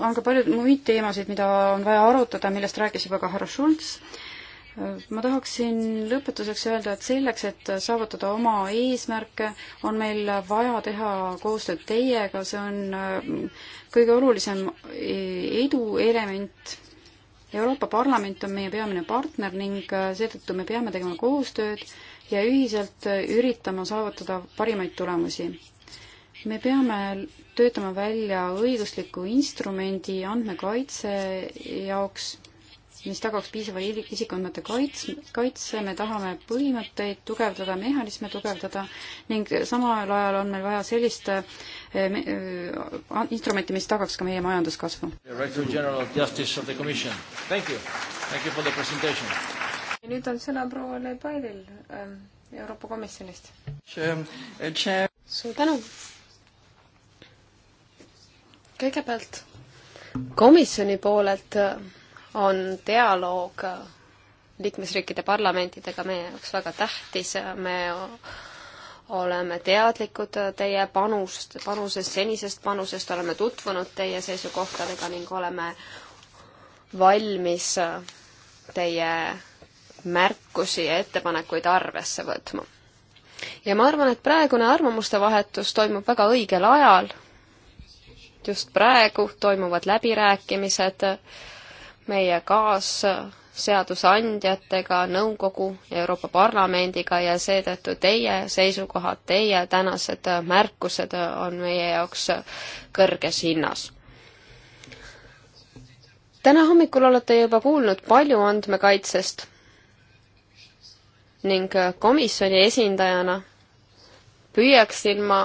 on ka palju muid teemasid, mida on vaja arutada, millest rääkis juba ka härra Schultz. ma tahaksin lõpetuseks öelda, et selleks, et saavutada oma eesmärke, on meil vaja teha koostööd teiega, see on äh, kõige olulisem e, eduelement Euroopa Parlament on meie peamine partner ning äh, seetõttu me peame tegema koostööd ja ühiselt äh, üritama saavutada parimaid tulemusi. me peame töötama välja õigusliku instrumendi andmekaitse jaoks, mis tagaks piisava isikuandmete kaits-, kaitse, me tahame põhimõtteid tugevdada, mehhanisme tugevdada ning samal ajal on meil vaja sellist eh, me, eh, instrumenti, mis tagaks ka meie majanduskasvu. ja nüüd on sõna proua Lepailil ähm, Euroopa Komisjonist. Eh, suur tänu! kõigepealt komisjoni poolelt on dialoog liikmesriikide parlamentidega meie jaoks väga tähtis, me oleme teadlikud teie panust, panusest, senisest panusest, oleme tutvunud teie seisukohtadega ning oleme valmis teie märkusi ja ettepanekuid arvesse võtma. ja ma arvan, et praegune arvamuste vahetus toimub väga õigel ajal just praegu toimuvad läbirääkimised meie kaasseadusandjatega, nõukogu ja Euroopa Parlamendiga ja seetõttu teie seisukohad, teie tänased märkused on meie jaoks kõrges hinnas. täna hommikul olete juba kuulnud palju andmekaitsest ning komisjoni esindajana püüaksin ma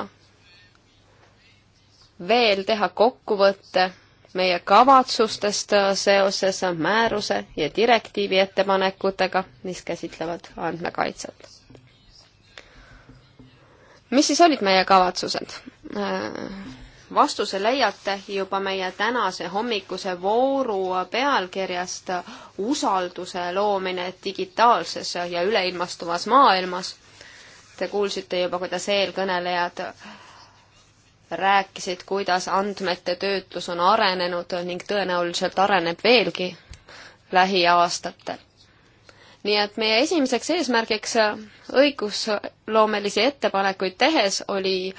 veel teha kokkuvõtte meie kavatsustest seoses määruse ja direktiivi ettepanekutega, mis käsitlevad andmekaitset. mis siis olid meie kavatsused? vastuse leiate juba meie tänase hommikuse vooru pealkirjast Usalduse loomine digitaalses ja üleilmastuvas maailmas. Te kuulsite juba, kuidas eelkõnelejad rääkisid, kuidas andmete töötlus on arenenud ning tõenäoliselt areneb veelgi lähiaastatel. nii et meie esimeseks eesmärgiks õigusloomelisi ettepanekuid tehes oli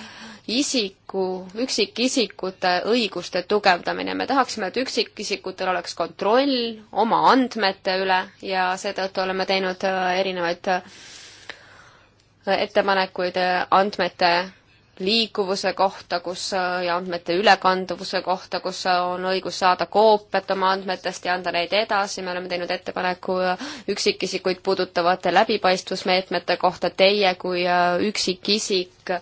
isiku, üksikisikute õiguste tugevdamine. me tahaksime, et üksikisikutel oleks kontroll oma andmete üle ja seetõttu oleme teinud äh, erinevaid äh, ettepanekuid äh, andmete liikuvuse kohta, kus äh, ja andmete ülekanduvuse kohta, kus äh, on õigus saada koopiat oma andmetest ja anda neid edasi, me oleme teinud ettepaneku äh, üksikisikuid puudutavate läbipaistvusmeetmete kohta, teie kui üksikisik,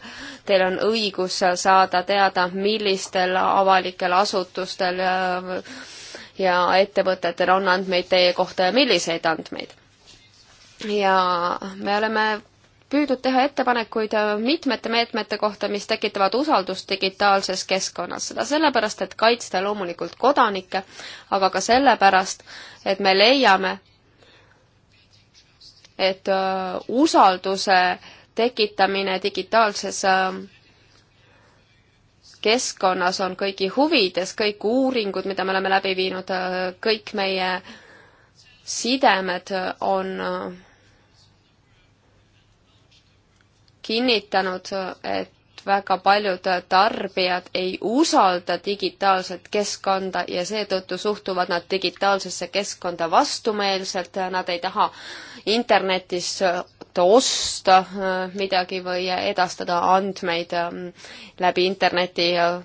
teil on õigus saada teada, millistel avalikel asutustel ja ettevõtetel on andmeid teie kohta ja milliseid andmeid. ja me oleme püüdnud teha ettepanekuid äh, mitmete meetmete kohta, mis tekitavad usaldust digitaalses keskkonnas. seda sellepärast, et kaitsta loomulikult kodanikke, aga ka sellepärast, et me leiame, et äh, usalduse tekitamine digitaalses äh, keskkonnas on kõigi huvides, kõik uuringud, mida me oleme läbi viinud, kõik meie sidemed on kinnitanud, et väga paljud tarbijad ei usalda digitaalset keskkonda ja seetõttu suhtuvad nad digitaalsesse keskkonda vastumeelselt, nad ei taha internetis osta äh, midagi või edastada andmeid äh, läbi interneti äh,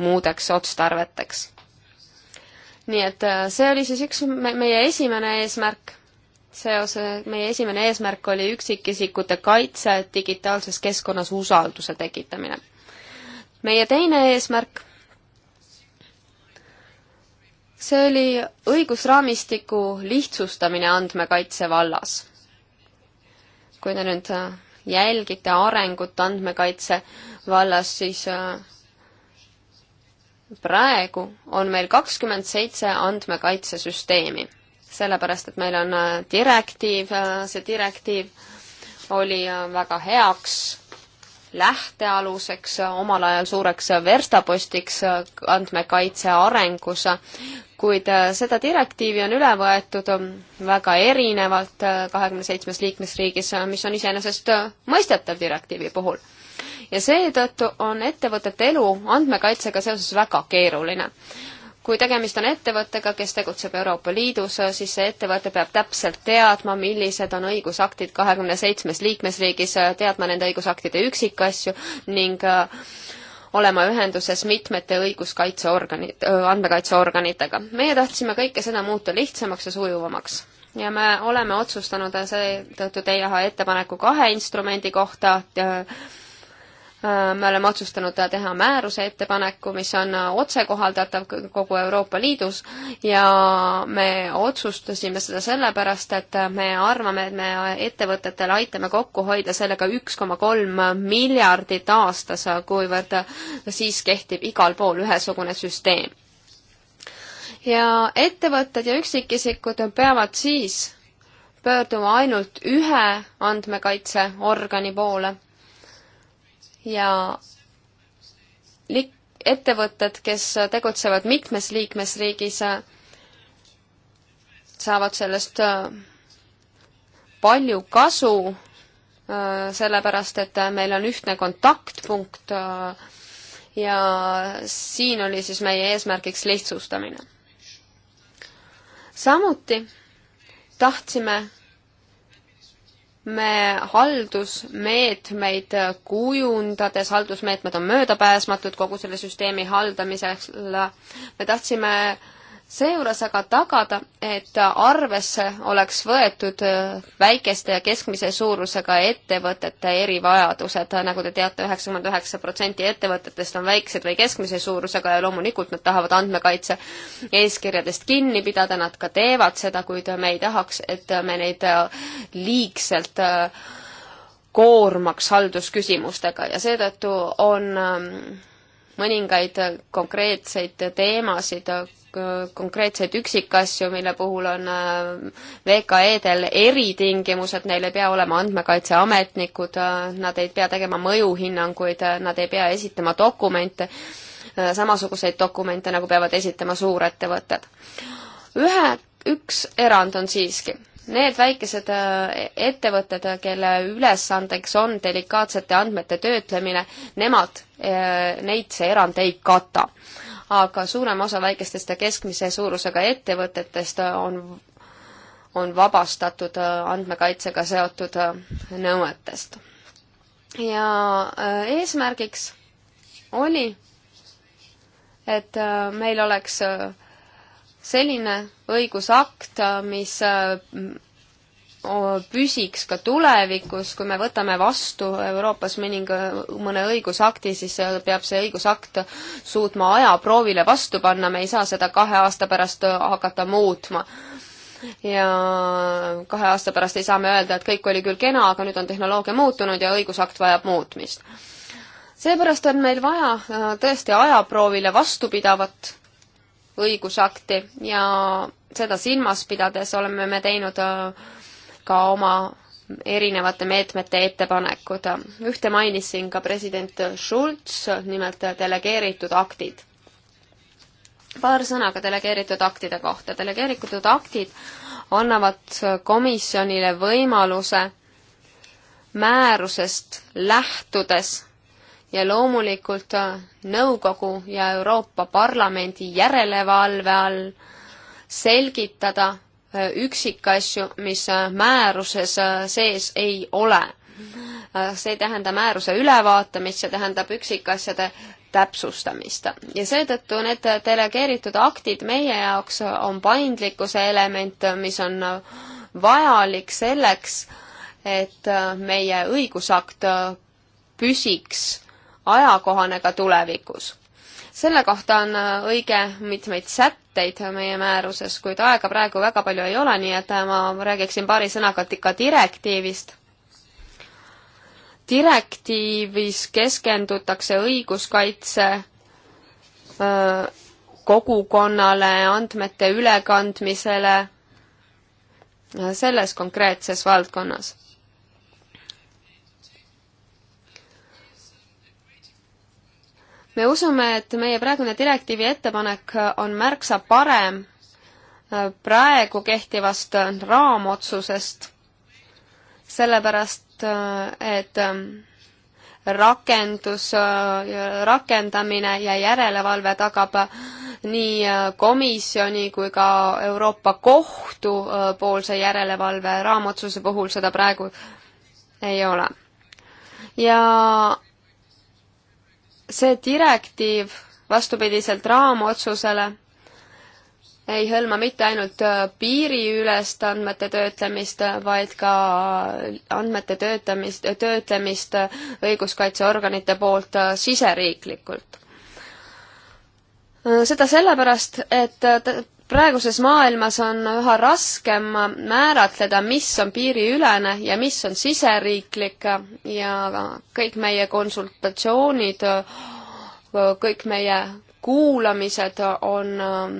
muudeks otstarveteks. nii et see oli siis üks meie esimene eesmärk seoses, meie esimene eesmärk oli üksikisikute kaitse digitaalses keskkonnas usalduse tekitamine. meie teine eesmärk, see oli õigusraamistiku lihtsustamine andmekaitse vallas. kui te nüüd äh, jälgite arengut andmekaitse vallas, siis äh, praegu on meil kakskümmend seitse andmekaitsesüsteemi sellepärast et meil on äh, direktiiv, äh, see direktiiv oli äh, väga heaks lähtealuseks, omal ajal suureks verstapostiks andmekaitse arengus, kuid seda direktiivi on üle võetud väga erinevalt kahekümne seitsmes liikmesriigis, mis on iseenesest mõistetav direktiivi puhul. ja seetõttu on ettevõtete elu andmekaitsega seoses väga keeruline kui tegemist on ettevõttega, kes tegutseb Euroopa Liidus, siis see ettevõte peab täpselt teadma, millised on õigusaktid kahekümne seitsmes liikmesriigis, teadma nende õigusaktide üksikasju ning äh, olema ühenduses mitmete õiguskaitseorgani, äh, andmekaitseorganitega. meie tahtsime kõike seda muuta lihtsamaks ja sujuvamaks. ja me oleme otsustanud seetõttu teie ettepaneku kahe instrumendi kohta äh, Äh, me oleme otsustanud teha määruse ettepaneku, mis on otsekohaldatav kogu Euroopa Liidus ja me otsustasime seda sellepärast, et me arvame, et me ettevõtetele aitame kokku hoida sellega üks koma kolm miljardit aastas, kuivõrd siis kehtib igal pool ühesugune süsteem. ja ettevõtted ja üksikisikud peavad siis pöörduma ainult ühe andmekaitseorgani poole ja lik-, ettevõtted, kes tegutsevad mitmes liikmesriigis, saavad sellest äh, palju kasu, äh, sellepärast et äh, meil on ühtne kontaktpunkt ja siin oli siis meie eesmärgiks lihtsustamine. samuti tahtsime me haldusmeetmeid kujundades, haldusmeetmed on möödapääsmatud kogu selle süsteemi haldamisel, me tahtsime äh, seejuures aga tagada, et arvesse oleks võetud äh, väikeste ja keskmise suurusega ettevõtete erivajadused, nagu te teate, üheksakümmend üheksa protsenti ettevõtetest on väiksed või keskmise suurusega ja loomulikult nad tahavad andmekaitse eeskirjadest kinni pidada, nad ka teevad seda, kuid me ei tahaks, et me neid äh, liigselt äh, koormaks haldusküsimustega ja seetõttu on ähm, mõningaid konkreetseid teemasid, konkreetseid üksikasju, mille puhul on äh, VKE-del eritingimused, neil ei pea olema andmekaitseametnikud, äh, nad ei pea tegema mõjuhinnanguid, äh, nad ei pea esitama dokumente, samasuguseid dokumente, nagu peavad esitama suurettevõtted. ühe, üks erand on siiski Need väikesed äh, ettevõtted, kelle ülesandeks on delikaatsete andmete töötlemine, nemad, äh, neid see erand ei kata. aga suurem osa väikestest ja keskmise suurusega ettevõtetest on, on vabastatud äh, andmekaitsega seotud nõuetest. ja eesmärgiks oli, et meil oleks selline õigusakt, mis äh, püsiks ka tulevikus, kui me võtame vastu Euroopas mõninga, mõne õigusakti, siis äh, peab see õigusakt suutma ajaproovile vastu panna, me ei saa seda kahe aasta pärast äh, hakata muutma. ja kahe aasta pärast ei saa me öelda, et kõik oli küll kena, aga nüüd on tehnoloogia muutunud ja õigusakt vajab muutmist. seepärast on meil vaja tõesti ajaproovile vastupidavat õigusakti ja seda silmas pidades oleme me teinud äh, ka oma erinevate meetmete ettepanekud. ühte mainis siin ka president Schulz, nimelt delegeeritud aktid. paar sõna ka delegeeritud aktide kohta. delegeeritud aktid annavad komisjonile võimaluse määrusest lähtudes ja loomulikult äh, Nõukogu ja Euroopa Parlamendi järelevalve all selgitada äh, üksikasju, mis äh, määruses sees ei ole. see ei tähenda määruse ülevaatamist, see tähendab üksikasjade täpsustamist. ja seetõttu need delegeeritud aktid meie jaoks on paindlikkuse element, mis on vajalik selleks, et meie õigusakt püsiks ajakohane ka tulevikus. selle kohta on äh, õige mitmeid sätteid meie määruses, kuid aega praegu väga palju ei ole, nii et äh, ma räägiksin paari sõnaga ka direktiivist direktiivis keskendutakse õiguskaitse äh, kogukonnale, andmete ülekandmisele selles konkreetses valdkonnas. me usume, et meie praegune direktiivi ettepanek on märksa parem äh, praegu kehtivast raamotsusest, sellepärast äh, et äh, rakendus, rakendamine ja järelevalve tagab nii komisjoni kui ka Euroopa Kohtu poolse järelevalve raamotsuse puhul seda praegu ei ole. ja see direktiiv vastupidiselt raamotsusele ei hõlma mitte ainult äh, piiriülest andmete töötlemist, äh, vaid ka äh, andmete töötamist, töötlemist õiguskaitseorganite poolt siseriiklikult. seda sellepärast, et praeguses maailmas on üha raskem määratleda, mis on piiriülene ja mis on siseriiklik ja kõik meie konsultatsioonid, kõik meie kuulamised on ähm,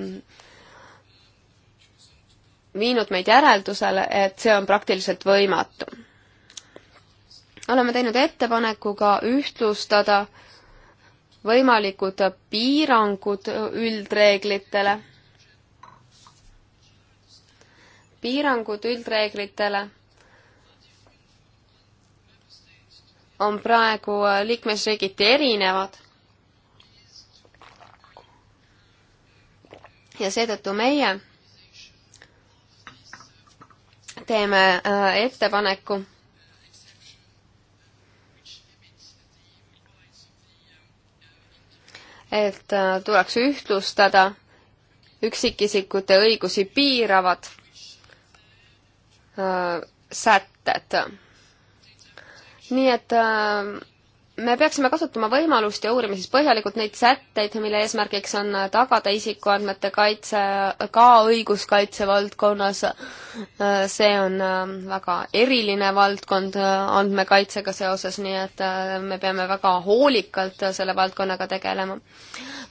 viinud meid järeldusele, et see on praktiliselt võimatu. oleme teinud ettepaneku ka ühtlustada võimalikud piirangud üldreeglitele piirangud üldreeglitele on praegu liikmesriigiti erinevad ja seetõttu meie teeme äh, ettepaneku et äh, tuleks ühtlustada üksikisikute õigusi piiravad Äh, sätted. nii et äh, me peaksime kasutama võimalust ja uurima siis põhjalikult neid sätteid, mille eesmärgiks on tagada isikuandmete kaitse ka õiguskaitse valdkonnas. see on ähm, väga eriline valdkond äh, andmekaitsega seoses, nii et äh, me peame väga hoolikalt äh, selle valdkonnaga tegelema.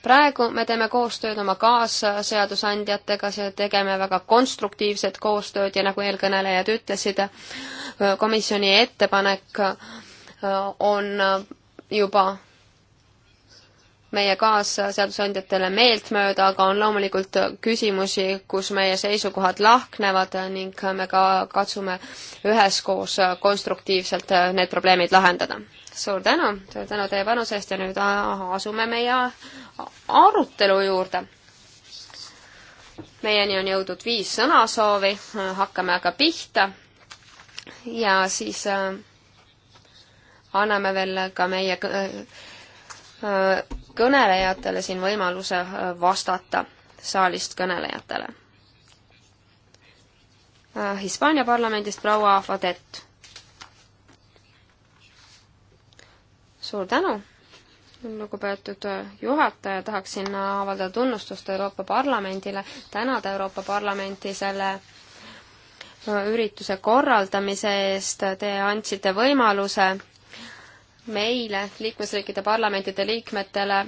praegu me teeme koostööd oma kaasseadusandjatega, tegeme väga konstruktiivset koostööd ja nagu eelkõnelejad ütlesid, komisjoni ettepanek Äh, on äh, juba meie kaasseadusandjatele meeltmööda, aga on loomulikult küsimusi, kus meie seisukohad lahknevad ning me ka katsume üheskoos konstruktiivselt need probleemid lahendada. suur tänu, suur tänu teie panuse eest ja nüüd asume meie arutelu juurde. meieni on jõudnud viis sõnasoovi, hakkame aga pihta ja siis äh, anname veel ka meie kõnelejatele siin võimaluse äh, vastata saalist kõnelejatele. Äh, Hispaania parlamendist proua Fadet. suur tänu, lugupeetud äh, juhataja, tahaksin avaldada tunnustust Euroopa Parlamendile, tänada Euroopa Parlamenti selle ürituse korraldamise eest, te andsite võimaluse meile, liikmesriikide parlamentide liikmetele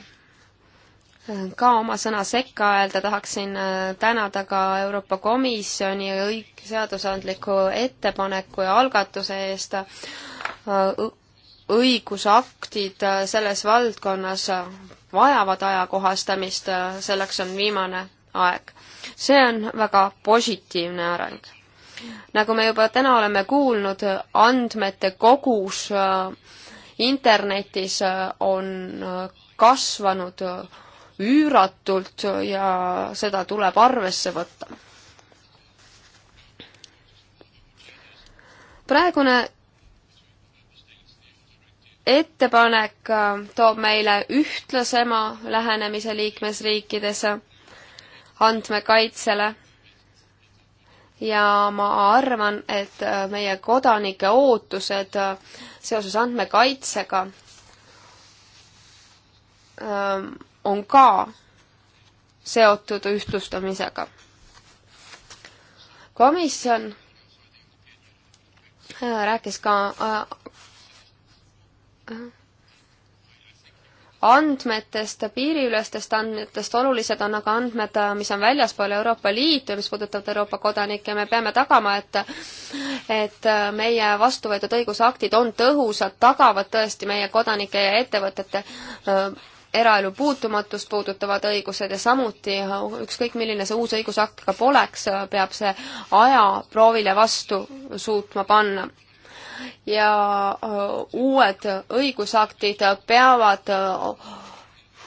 ka oma sõna sekka öelda, tahaksin äh, tänada ka Euroopa Komisjoni õig-, seadusandliku ettepaneku ja algatuse eest. Äh, õigusaktid äh, selles valdkonnas vajavad ajakohastamist, selleks on viimane aeg. see on väga positiivne areng. nagu me juba täna oleme kuulnud, andmete kogus äh, internetis äh, on äh, kasvanud äh, üüratult ja seda tuleb arvesse võtta. praegune ettepanek toob meile ühtlasema lähenemise liikmesriikides andmekaitsele ja ma arvan, et meie kodanike ootused äh, seoses andmekaitsega ähm, on ka seotud ühtlustamisega. komisjon äh, rääkis ka äh, andmetest, piiriülestest andmetest, olulised on aga andmed, äh, mis on väljaspool Euroopa Liitu ja mis puudutavad Euroopa kodanikke, me peame tagama, et et äh, meie vastu võetud õigusaktid on tõhusad, tagavad tõesti meie kodanike ja ettevõtete äh, eraelu puutumatust puudutavad õigused ja samuti ükskõik, milline see uus õigusakt ka poleks, peab see aja proovile vastu suutma panna ja äh, uued õigusaktid peavad äh,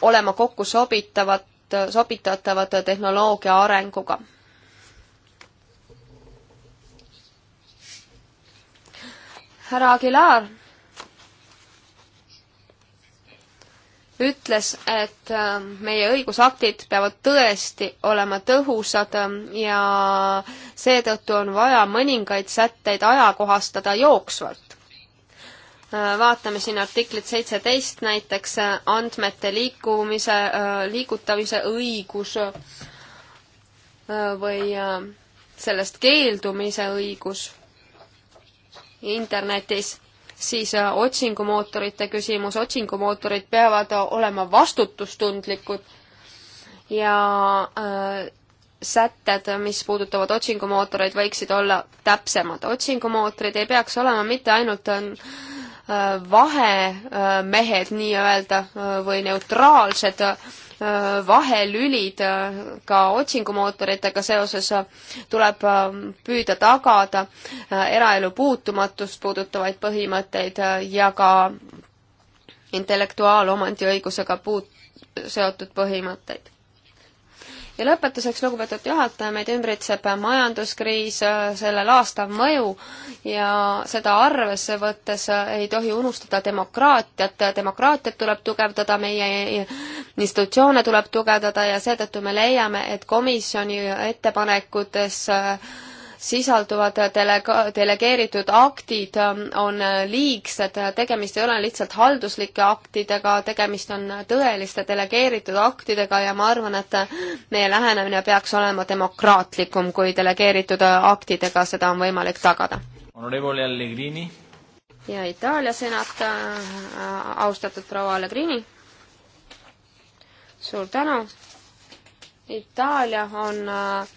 olema kokku sobitavad, äh, sobitatavad tehnoloogia arenguga. härra Aguilar ütles, et ähm, meie õigusaktid peavad tõesti olema tõhusad ähm, ja seetõttu on vaja mõningaid sätteid ajakohastada jooksvalt. Äh, vaatame siin artiklit seitseteist näiteks äh, andmete liikumise, äh, liigutamise õigus või sellest keeldumise õigus internetis siis äh, otsingumootorite küsimus, otsingumootorid peavad äh, olema vastutustundlikud ja äh, sätted, mis puudutavad otsingumootoreid, võiksid olla täpsemad. otsingumootorid ei peaks olema mitte ainult äh, vahemehed äh, nii-öelda äh, või neutraalsed äh, vahelülid äh, ka otsingumootoritega seoses, äh, tuleb äh, püüda tagada eraelu puutumatust puudutavaid põhimõtteid ja ka intellektuaalomandiõigusega puut-, seotud põhimõtteid ja lõpetuseks, lugupeetud juhataja, meid ümbritseb majanduskriis, selle laastav mõju ja seda arvesse võttes ei tohi unustada demokraatiat, demokraatiat tuleb tugevdada, meie institutsioone tuleb tugevdada ja seetõttu me leiame, et komisjoni ettepanekutes äh, sisalduvad delega-, delegeeritud aktid ähm, on äh, liigsed, tegemist ei ole lihtsalt halduslike aktidega, tegemist on tõeliste delegeeritud aktidega ja ma arvan, et meie lähenemine peaks olema demokraatlikum kui delegeeritud äh, aktidega, seda on võimalik tagada. ja Itaalia senat, äh, austatud proua Allegrini, suur tänu! Itaalia on äh,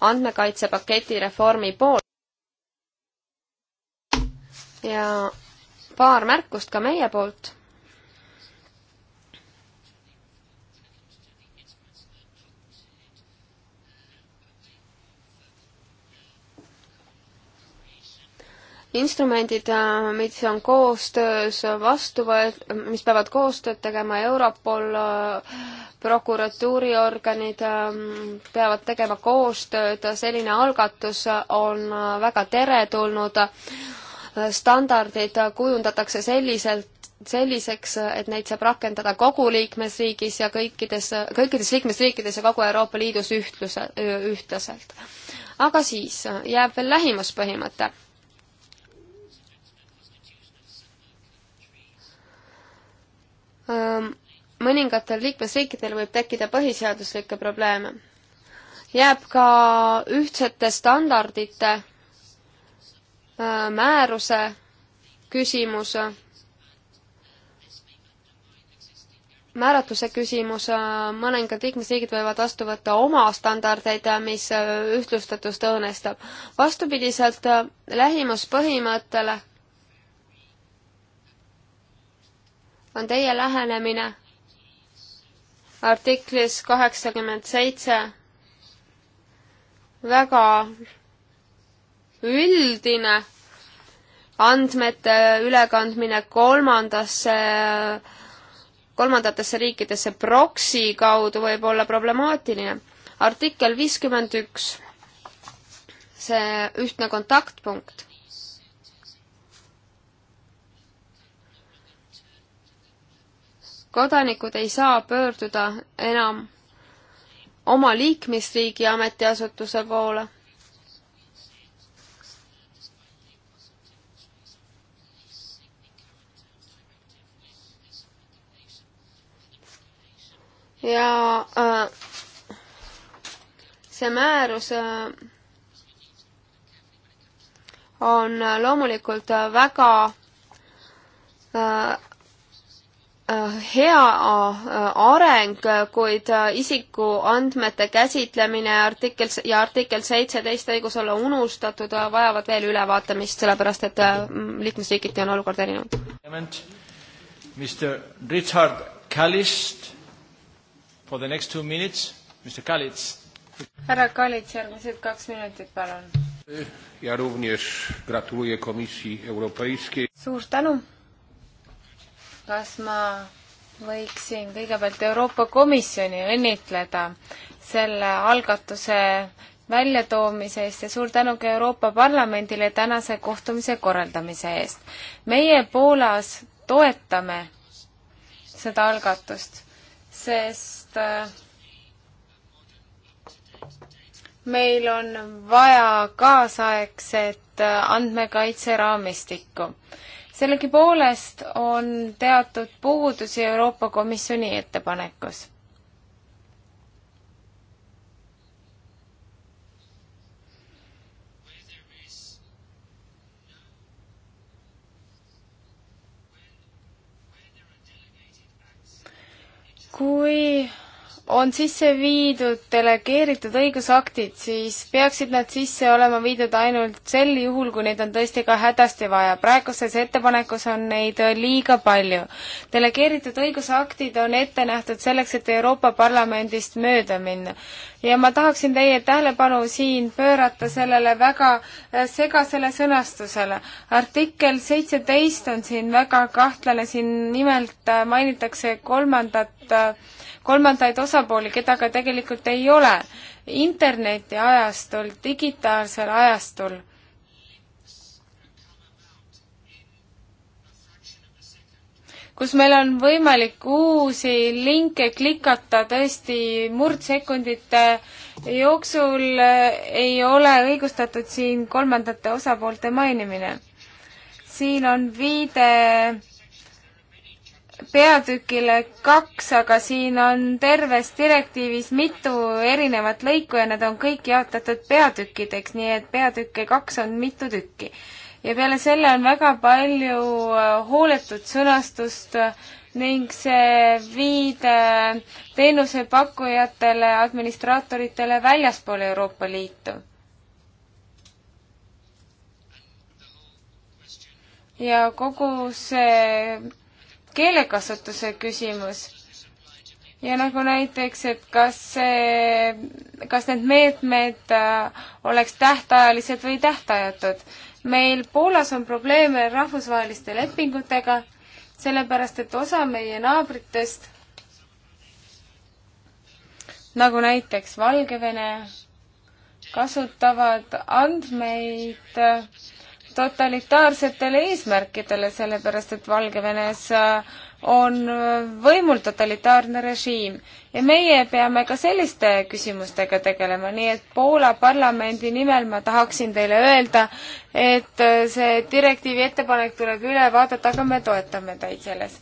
andmekaitsepaketi reformi poolt. ja paar märkust ka meie poolt instrumendid, äh, mis on koostöös vastu võet-, mis peavad koostööd tegema, Europol, äh, prokuratuuriorganid ähm, peavad tegema koostööd, selline algatus on äh, väga teretulnud. standardid kujundatakse selliselt, selliseks, et neid saab rakendada kogu liikmesriigis ja kõikides, kõikides liikmesriikides ja kogu Euroopa Liidus ühtluse, ühtlaselt. aga siis jääb veel lähimuspõhimõte mõningatel liikmesriikidel võib tekkida põhiseaduslikke probleeme. jääb ka ühtsete standardite määruse küsimus, määratluse küsimus, mõningad liikmesriigid võivad vastu võtta oma standardeid, mis ühtlustatust õõnestab. vastupidiselt lähimuspõhimõttele on teie lähenemine artiklis kaheksakümmend seitse väga üldine andmete ülekandmine kolmandasse kolmandatesse riikidesse proksi kaudu võib olla problemaatiline. artikkel viiskümmend üks, see ühtne kontaktpunkt. kodanikud ei saa pöörduda enam oma liikmesriigi ametiasutuse poole. ja äh, see määrus äh, on loomulikult väga äh, Äh, hea äh, areng, kuid äh, isikuandmete käsitlemine artikkel ja artikkel seitseteist õigus olla unustatud vajavad veel ülevaatamist, sellepärast et liikmesriigiti on olukord erinev. Mr Richard Kallist for the next two minutes, Mr Kallits. härra Kallits, järgmised kaks minutit, palun. ja również gratuluję Komisjoni Europejskiej. suur tänu kas ma võiksin kõigepealt Euroopa Komisjoni õnnitleda selle algatuse väljatoomise eest ja suur tänu ka Euroopa Parlamendile tänase kohtumise korraldamise eest. meie Poolas toetame seda algatust, sest äh, meil on vaja kaasaegset äh, andmekaitse raamistikku sellegipoolest on teatud puudusi Euroopa Komisjoni ettepanekus. kui on sisse viidud delegeeritud õigusaktid, siis peaksid nad sisse olema viidud ainult sel juhul, kui neid on tõesti ka hädasti vaja. praeguses ettepanekus on neid liiga palju. delegeeritud õigusaktid on ette nähtud selleks, et Euroopa Parlamendist mööda minna. ja ma tahaksin teie tähelepanu siin pöörata sellele väga äh, segasele sõnastusele. artikkel seitseteist on siin väga kahtlane, siin nimelt äh, mainitakse kolmandat äh, kolmandaid osapooli, keda ka tegelikult ei ole. internetiajastul, digitaalsel ajastul kus meil on võimalik uusi linke klikata tõesti murdsekundite jooksul, ei ole õigustatud siin kolmandate osapoolte mainimine. siin on viide peatükile kaks, aga siin on terves direktiivis mitu erinevat lõiku ja need on kõik jaotatud peatükkideks, nii et peatükke kaks on mitu tükki. ja peale selle on väga palju äh, hooletut sõnastust ning see viide teenusepakkujatele, administraatoritele väljaspool Euroopa Liitu. ja kogu see keelekasutuse küsimus ja nagu näiteks, et kas see, kas need meetmed äh, oleks tähtajalised või tähtajatud. meil Poolas on probleeme rahvusvaheliste lepingutega, sellepärast et osa meie naabritest, nagu näiteks Valgevene, kasutavad andmeid äh, totalitaarsetele eesmärkidele, sellepärast et Valgevenes äh, on äh, võimul totalitaarne režiim ja meie peame ka selliste küsimustega tegelema, nii et Poola parlamendi nimel ma tahaksin teile öelda, et äh, see direktiivi ettepanek tuleb üle vaadata, aga me toetame teid selles.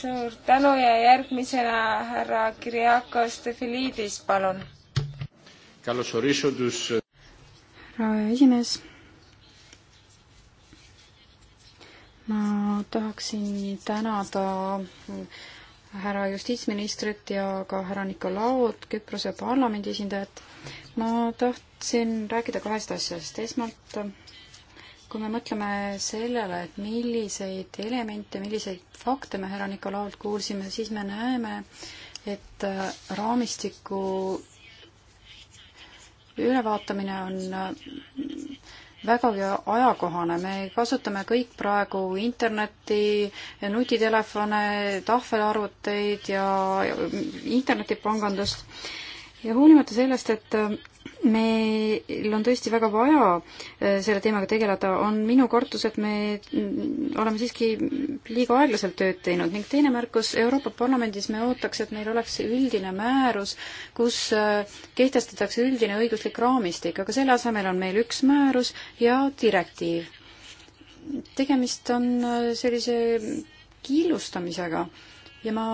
suur tänu ja järgmisena härra Kiriakos Tefilidis, palun. härra esimees ma tahaksin tänada mm, härra justiitsministrit ja ka härra Nikolaod, Küprose parlamendi esindajat. ma tahtsin rääkida kahest asjast. esmalt, kui me mõtleme sellele, et milliseid elemente, milliseid fakte me härra Nikolaod kuulsime, siis me näeme, et äh, raamistiku ülevaatamine on mm, vägagi ajakohane, me kasutame kõik praegu internetti, nutitelefone, tahvelarvuteid ja internetipangandust ja hoolimata sellest, et äh, meil on tõesti väga vaja äh, selle teemaga tegeleda, on minu kartus, et me mm, oleme siiski liiga aeglaselt tööd teinud ning teine märkus, Euroopa Parlamendis me ootaks, et meil oleks üldine määrus, kus äh, kehtestatakse üldine õiguslik raamistik, aga selle asemel on meil üks määrus ja direktiiv. tegemist on sellise killustamisega ja ma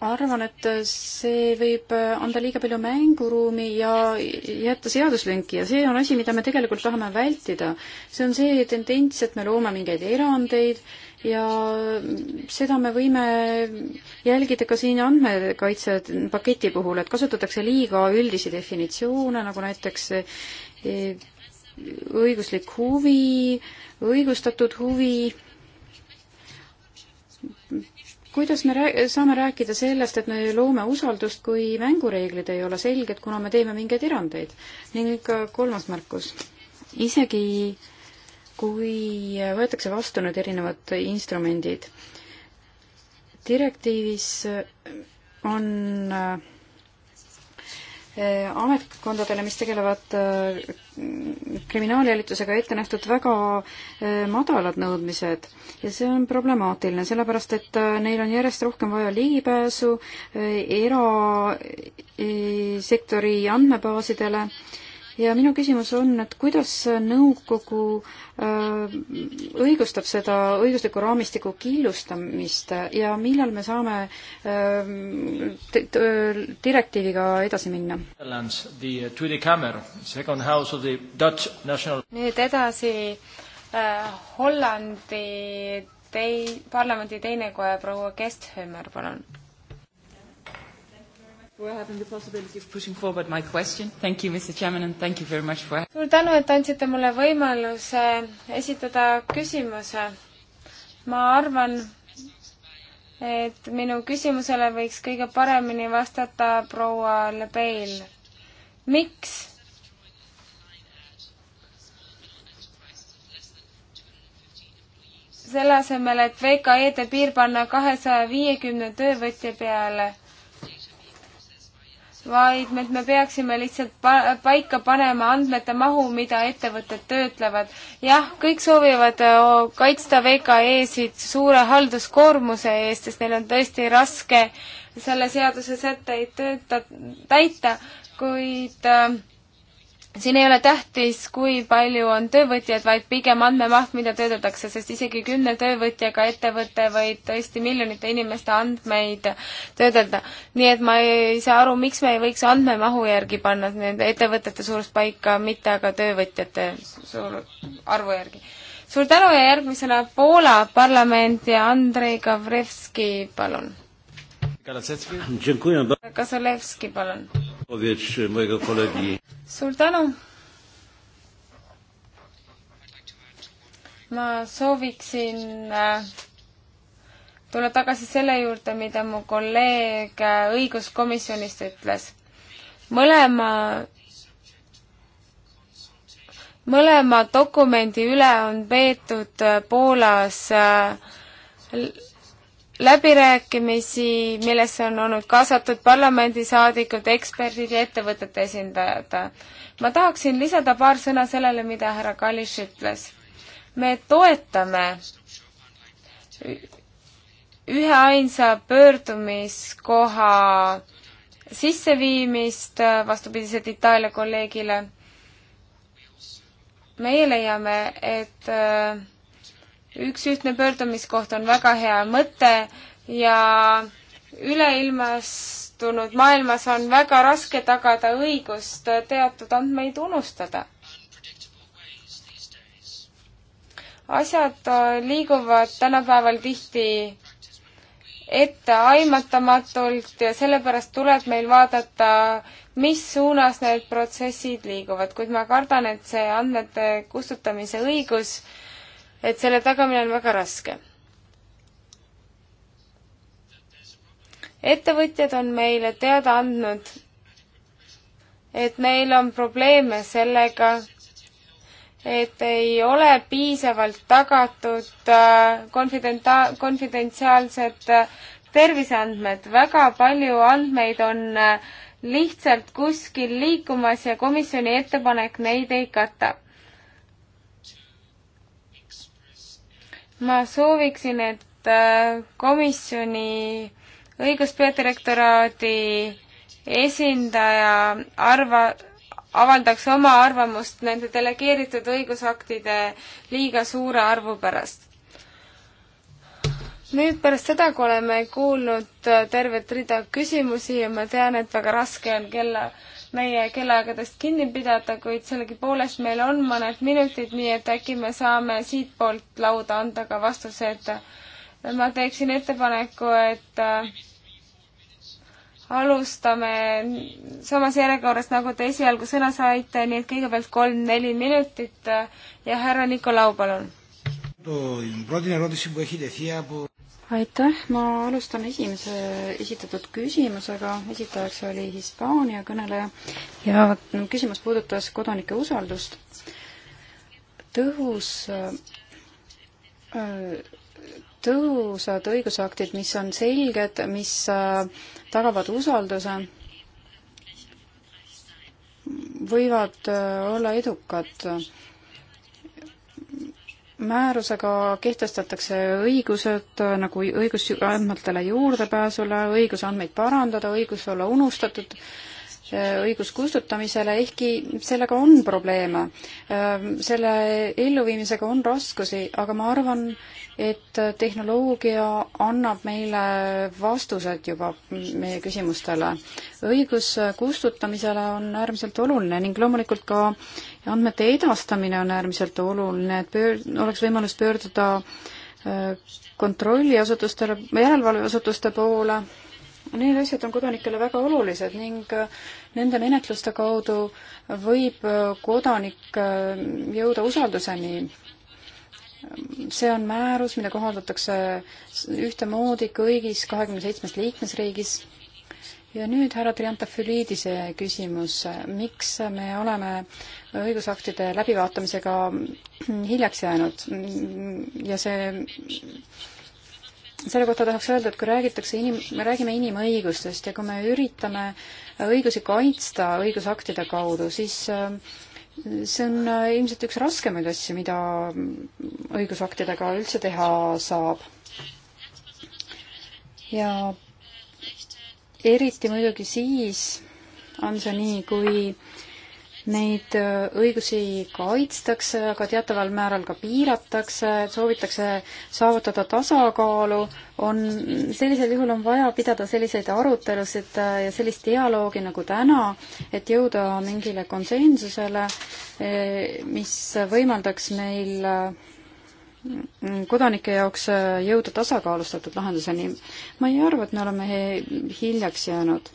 arvan, et see võib anda liiga palju mänguruumi ja jätta seaduslünki ja see on asi, mida me tegelikult tahame vältida. see on see tendents, et me loome mingeid erandeid ja seda me võime jälgida ka siin andmekaitsepaketi puhul, et kasutatakse liiga üldisi definitsioone, nagu näiteks eh, õiguslik huvi, õigustatud huvi kuidas me rää-, saame rääkida sellest, et me loome usaldust, kui mängureeglid ei ole selged, kuna me teeme mingeid erandeid? ning kolmas märkus. isegi kui võetakse vastu need erinevad instrumendid, direktiivis on äh, Eh, ametkondadele, mis tegelevad eh, kriminaaljälitusega ette nähtud väga eh, madalad nõudmised ja see on problemaatiline, sellepärast et neil on järjest rohkem vaja ligipääsu erasektori andmebaasidele ja minu küsimus on, et kuidas nõukogu äh, õigustab seda õigusliku raamistiku killustamist ja millal me saame ähm, direktiiviga edasi minna? Uh, nüüd edasi äh, Hollandi tei-, parlamendi teine koja proua Kesthömer, palun For having the possibility of pushing forward my question. Thank you, Mr Chairman, and thank you very much for suur tänu, et andsite mulle võimaluse esitada küsimuse. ma arvan, et minu küsimusele võiks kõige paremini vastata proua Le Peil. miks selle asemel, et VKE-de piir panna kahesaja viiekümne töövõtja peale vaid me, me peaksime lihtsalt pa paika panema andmete mahu, mida ettevõtted töötlevad. jah, kõik soovivad äh, kaitsta VKE-sid suure halduskoormuse eest, sest neil on tõesti raske selle seaduse sätteid tööta, täita, kuid äh, siin ei ole tähtis, kui palju on töövõtjaid, vaid pigem andmemaht, mida töödeldakse, sest isegi kümne töövõtjaga ettevõte võib tõesti miljonite inimeste andmeid töödelda. nii et ma ei saa aru, miks me ei võiks andmemahu järgi panna nende ettevõtete suurust paika, mitte aga töövõtjate suur arvu järgi. suur tänu ja järgmisena Poola parlament ja Andrei Kavrevski, palun. Kasolevski, palun suur tänu! ma sooviksin e, tulla tagasi selle juurde, mida mu kolleeg e, õiguskomisjonist ütles. mõlema mõlema dokumendi üle on peetud e, Poolas läbirääkimisi, millesse on olnud kaasatud parlamendisaadikud, eksperdid ja ettevõtete esindajad. ma tahaksin lisada paar sõna sellele, mida härra Kallis ütles. me toetame üheainsa pöördumiskoha sisseviimist, vastupidiselt Itaalia kolleegile. meie leiame, et äh, üks ühtne pöördumiskoht on väga hea mõte ja üleilmastunud maailmas on väga raske tagada õigust teatud andmeid unustada. asjad liiguvad tänapäeval tihti etteaimatamatult ja sellepärast tuleb meil vaadata, mis suunas need protsessid liiguvad, kuid ma kardan, et see andmete kustutamise õigus äh, et selle tagamine on väga raske. ettevõtjad on meile teada andnud, et neil on probleeme sellega, et ei ole piisavalt tagatud äh, konfidenta-, konfidentsiaalsed äh, terviseandmed, väga palju andmeid on äh, lihtsalt kuskil liikumas ja komisjoni ettepanek neid ei kata ma sooviksin, et äh, komisjoni õiguspeadirektoraadi esindaja arva, avaldaks oma arvamust nende delegeeritud õigusaktide liiga suure arvu pärast. nüüd pärast seda, kui oleme kuulnud äh, tervet rida küsimusi ja ma tean, et väga raske on kella meie kellaaegadest kinni pidada, kuid sellegipoolest meil on mõned minutid, nii et äkki me saame siitpoolt lauda anda ka vastused. ma teeksin ettepaneku, et äh, alustame samas järjekorras, nagu te esialgu sõna saite, nii et kõigepealt kolm-neli minutit ja härra Nikolau, palun aitäh, ma alustan esimese esitatud küsimusega, esitajaks oli Hispaania kõneleja ja küsimus puudutas kodanike usaldust. tõhus äh, tõhusad õigusaktid, mis on selged, mis äh, tagavad usalduse, võivad äh, olla edukad määrusega kehtestatakse õigused äh, nagu õigus andmetele juurdepääsule, õigus andmeid parandada, õigus olla unustatud Äh, õigus kustutamisele, ehkki sellega on probleeme. Ähm, selle elluviimisega on raskusi, aga ma arvan, et tehnoloogia annab meile vastused juba meie küsimustele. õigus kustutamisele on äärmiselt oluline ning loomulikult ka andmete edastamine on äärmiselt oluline, et pöör-, oleks võimalus pöörduda äh, kontrolliasutustele, järelevalveasutuste poole Need asjad on kodanikele väga olulised ning äh, nende menetluste kaudu võib äh, kodanik äh, jõuda usalduseni. see on määrus, mida kohaldatakse ühtemoodi kõigis kahekümne seitsmes liikmesriigis ja nüüd härra Triantafylidise küsimus, miks me oleme õigusaktide läbivaatamisega hiljaks jäänud ja see selle kohta tahaks öelda, et kui räägitakse inim-, me räägime inimõigustest ja kui me üritame õigusi kaitsta õigusaktide kaudu, siis äh, see on äh, ilmselt üks raskemaid asju, mida õigusaktidega üldse teha saab. ja eriti muidugi siis on see nii, kui neid äh, õigusi kaitstakse, aga teataval määral ka piiratakse, soovitakse saavutada tasakaalu, on, sellisel juhul on vaja pidada selliseid arutelusid äh, ja sellist dialoogi nagu täna, et jõuda mingile konsensusele, äh, mis võimaldaks meil kodanike jaoks jõuda tasakaalustatud lahenduseni. ma ei arva, et me oleme hiljaks jäänud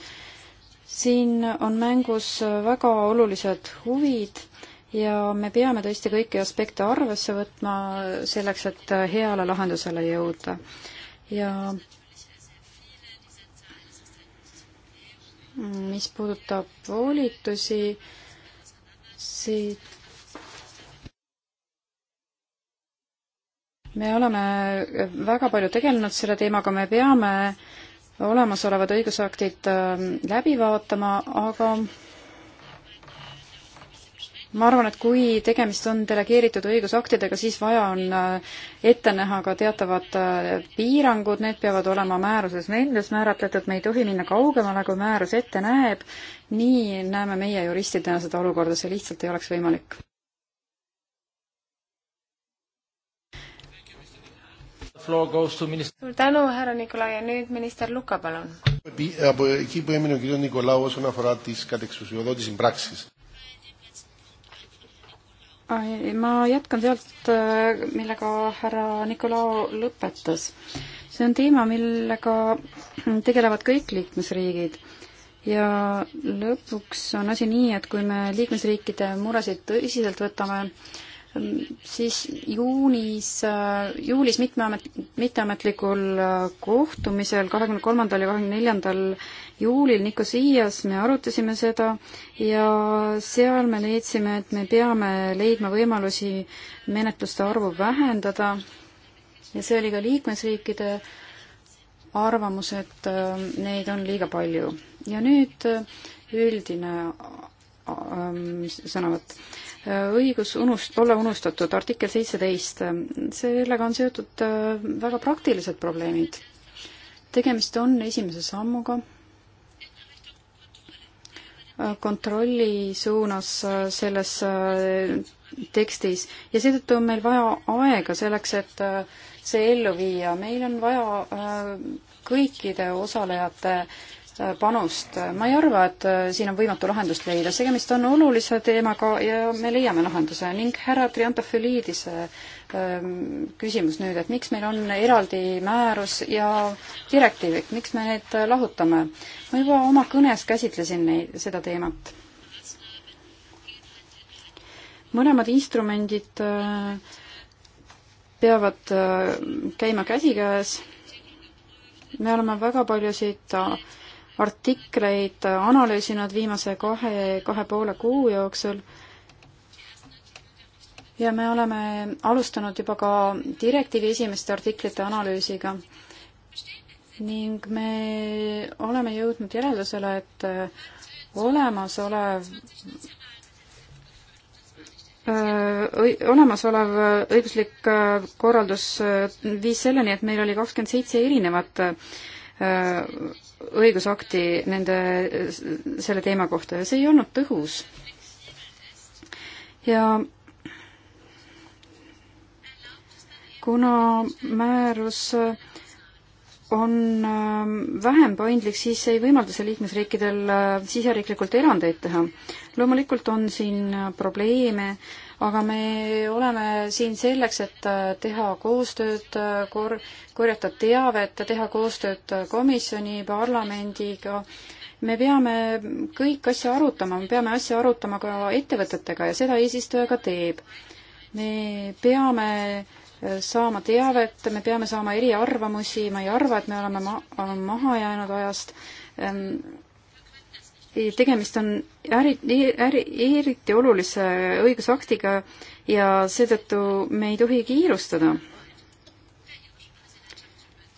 siin on mängus väga olulised huvid ja me peame tõesti kõiki aspekte arvesse võtma selleks, et heale lahendusele jõuda. ja mis puudutab volitusi, siis me oleme väga palju tegelenud selle teemaga, me peame äh, olemasolevad õigusaktid ähm, läbi vaatama, aga ma arvan, et kui tegemist on delegeeritud õigusaktidega, siis vaja on äh, ette näha ka teatavad äh, piirangud, need peavad olema määruses nendes määratletud, me ei tohi minna kaugemale, kui määrus ette näeb. nii näeme meie juristidena seda olukorda, see lihtsalt ei oleks võimalik. suur tänu, härra Nikolai ja nüüd minister Luka, palun. Εκεί που έμεινε ο κ. Νικολάου όσον αφορά τις κατεξουσιοδότηση πράξεις. Ma jätkan sealt, eh, millega härra Nikolau lõpetas. See on teema, millega tegelevad kõik liikmesriigid ja lõpuks on asi nii, et kui me liikmesriikide muresid tõsiselt võtame, Ehm, siis juunis, äh, juulis mitmeamet, mitteametlikul äh, kohtumisel kahekümne kolmandal ja kahekümne neljandal juulil Nicosias me arutasime seda ja seal me leidsime, et me peame leidma võimalusi menetluste arvu vähendada ja see oli ka liikmesriikide arvamus, et äh, neid on liiga palju. ja nüüd üldine sõnavõtt õigus unust-, olla unustatud, artikkel seitseteist, sellega on seotud äh, väga praktilised probleemid. tegemist on esimese sammuga äh, kontrolli suunas äh, selles tekstis ja seetõttu on meil vaja aega selleks, et see ellu viia. meil on vaja kõikide osalejate äh, panust. ma ei arva, et äh, siin on võimatu lahendust leida, tegemist on olulise teemaga ja me leiame lahenduse ning härra Triantafylidise äh, ähm, küsimus nüüd, et miks meil on eraldi määrus ja direktiiv, et miks me need äh, lahutame? ma juba oma kõnes käsitlesin neid, seda teemat. mõlemad instrumendid peavad käima käsikäes, me oleme väga paljusid artikleid analüüsinud viimase kahe, kahe poole kuu jooksul ja me oleme alustanud juba ka direktiivi esimeste artiklite analüüsiga ning me oleme jõudnud järeldusele, et olemasolev olemasolev õiguslik korraldus viis selleni, et meil oli kakskümmend seitse erinevat öö, Äh, õigusakti nende, selle teema kohta ja see ei olnud tõhus. ja kuna määrus on ähm, vähem paindlik, siis ei võimalda see liikmesriikidel äh, siseriiklikult erandeid teha. loomulikult on siin probleeme äh, aga me oleme siin selleks, et äh, teha koostööd, äh, kor-, korjata teavet, teha koostööd äh, komisjoni, parlamendiga, me peame kõik asja arutama, me peame asja arutama ka ettevõtetega ja seda eesistuja ka teeb. me peame saama teavet, me peame saama eriarvamusi, ma ei arva, et me oleme ma-, maha jäänud ajast, ehm, tegemist on äri, äri, eriti olulise õigusaktiga ja seetõttu me ei tohi kiirustada.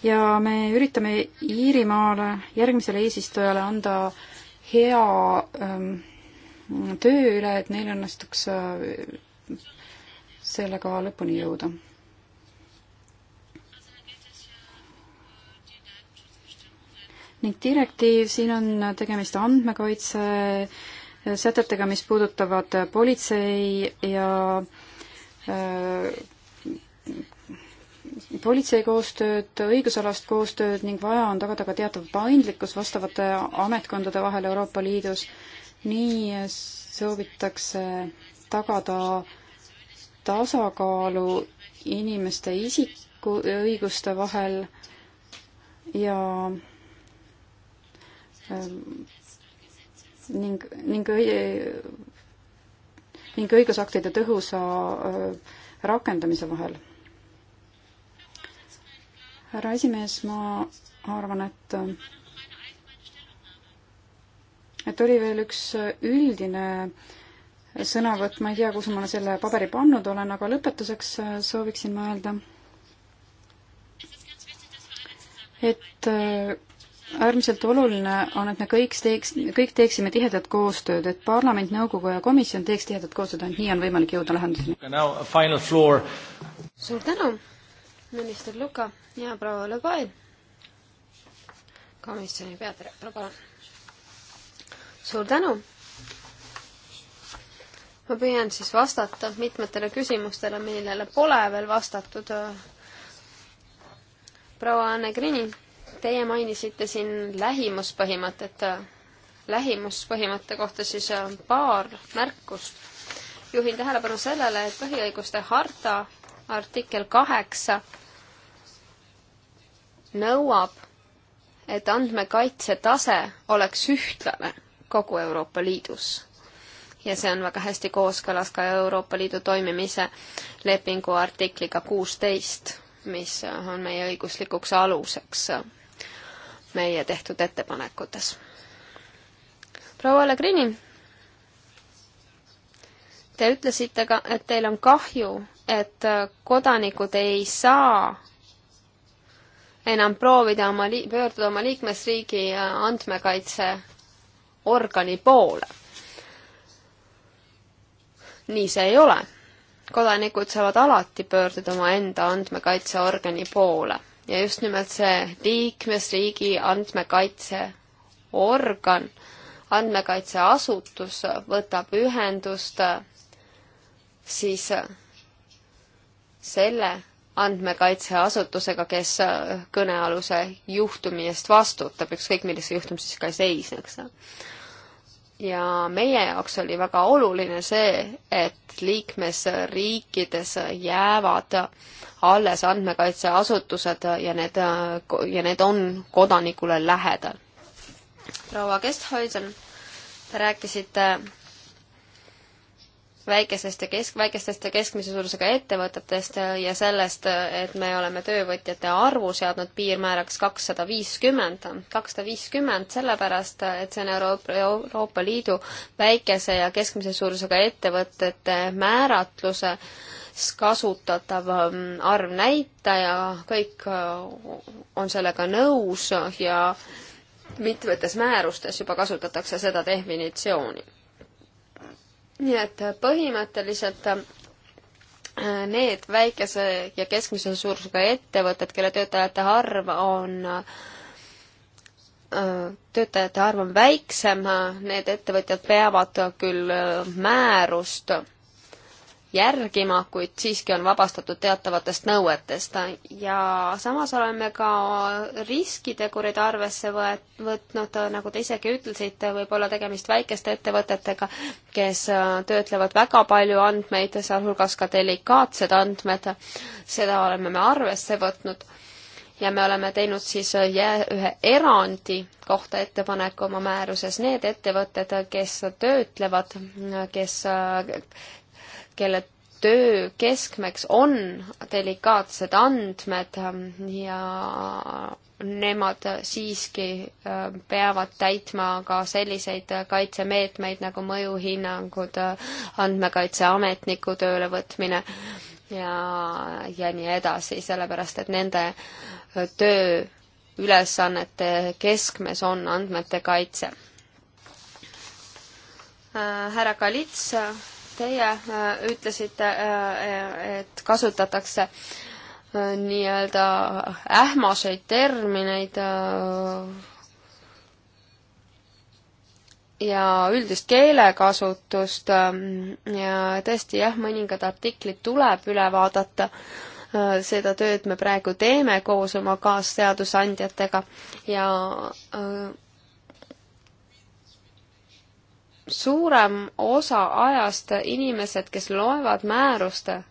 ja me üritame Iirimaale, järgmisele eesistujale anda hea ähm, töö üle, et neil õnnestuks äh, sellega lõpuni jõuda ning direktiiv, siin on tegemist andmekaitse sätetega, mis puudutavad politsei ja äh, politsei koostööd, õigusalast koostööd ning vaja on tagada ka teatav paindlikkus vastavate ametkondade vahel Euroopa Liidus. nii soovitakse tagada tasakaalu inimeste isiku õiguste vahel ja Ähm, ning, ning õi-, ning õigusaktide tõhusa äh, rakendamise vahel. härra esimees, ma arvan, et et oli veel üks üldine sõnavõtt, ma ei tea, kuhu ma selle paberi pannud olen, aga lõpetuseks äh, sooviksin ma öelda, et äh, äärmiselt oluline on, et me kõik teeks, kõik teeksime tihedat koostööd, et parlament, nõukogu ja komisjon teeks tihedat koostööd, ainult nii on võimalik jõuda lahenduseni. suur tänu, minister Luka ja proua Lõbai, komisjoni peadirektor, palun suur tänu! ma püüan siis vastata mitmetele küsimustele, millele pole veel vastatud. Äh, proua Anne Krini Teie mainisite siin lähimuspõhimõtet. lähimuspõhimõtte kohta siis äh, paar märkust. juhin tähelepanu sellele, et põhiõiguste harta artikkel kaheksa nõuab, et andmekaitse tase oleks ühtlane kogu Euroopa Liidus. ja see on väga hästi kooskõlas ka Euroopa Liidu toimimise lepingu artikliga kuusteist, mis äh, on meie õiguslikuks aluseks meie tehtud ettepanekutes. proua Legrini, te ütlesite ka, et teil on kahju, et kodanikud ei saa enam proovida oma, pöörduda oma liikmesriigi andmekaitseorgani poole. nii see ei ole kodanikud saavad alati pöörduda omaenda andmekaitseorgani poole ja just nimelt see liikmesriigi andmekaitseorgan, andmekaitseasutus võtab ühendust äh, siis äh, selle andmekaitseasutusega, kes äh, kõnealuse juhtumi eest vastutab, ükskõik millise juhtum siis ka ei seisneks ja meie jaoks oli väga oluline see, et liikmesriikides jäävad alles andmekaitseasutused ja need, ja need on kodanikule lähedal. proua Kesthoisen, te rääkisite väikesest ja kesk, väikestest ja keskmise suurusega ettevõtetest ja sellest, et me oleme töövõtjate arvu seadnud piirmääraks kakssada viiskümmend. kakssada viiskümmend sellepärast, et see on Euroopa, Euroopa Liidu väikese ja keskmise suurusega ettevõtete määratluse kasutatav mm, arvnäitaja, kõik äh, on sellega nõus ja mitmetes määrustes juba kasutatakse seda definitsiooni nii et äh, põhimõtteliselt äh, need väikese ja keskmise suurusega ettevõtted, kelle töötajate arv on äh, töötajate arv on väiksem, need ettevõtjad peavad küll määrust järgima, kuid siiski on vabastatud teatavatest nõuetest. ja samas oleme ka riskitegurid arvesse võet-, võtnud, nagu te isegi ütlesite, võib olla tegemist väikeste ettevõtetega, kes äh, töötlevad väga palju andmeid, sealhulgas ka delikaatsed andmed. seda oleme me arvesse võtnud ja me oleme teinud siis äh, ühe erandi kohta ettepaneku oma määruses. Need ettevõtted, kes töötlevad, kes äh, kelle töö keskmeks on delikaatsed andmed ähm, ja nemad siiski ähm, peavad täitma ka selliseid kaitsemeetmeid nagu mõjuhinnangud, äh, andmekaitseametniku töölevõtmine ja, ja nii edasi, sellepärast et nende äh, töö ülesannete keskmes on andmete kaitse. Äh, härra Kalits Teie äh, ütlesite, äh, et kasutatakse äh, nii-öelda ähmaseid termineid ja üldist keelekasutust ja tõesti jah, mõningad artiklid tuleb üle vaadata, seda tööd me praegu teeme koos oma kaasseadusandjatega ja suurem osa ajast inimesed, kes loevad määrust, äh,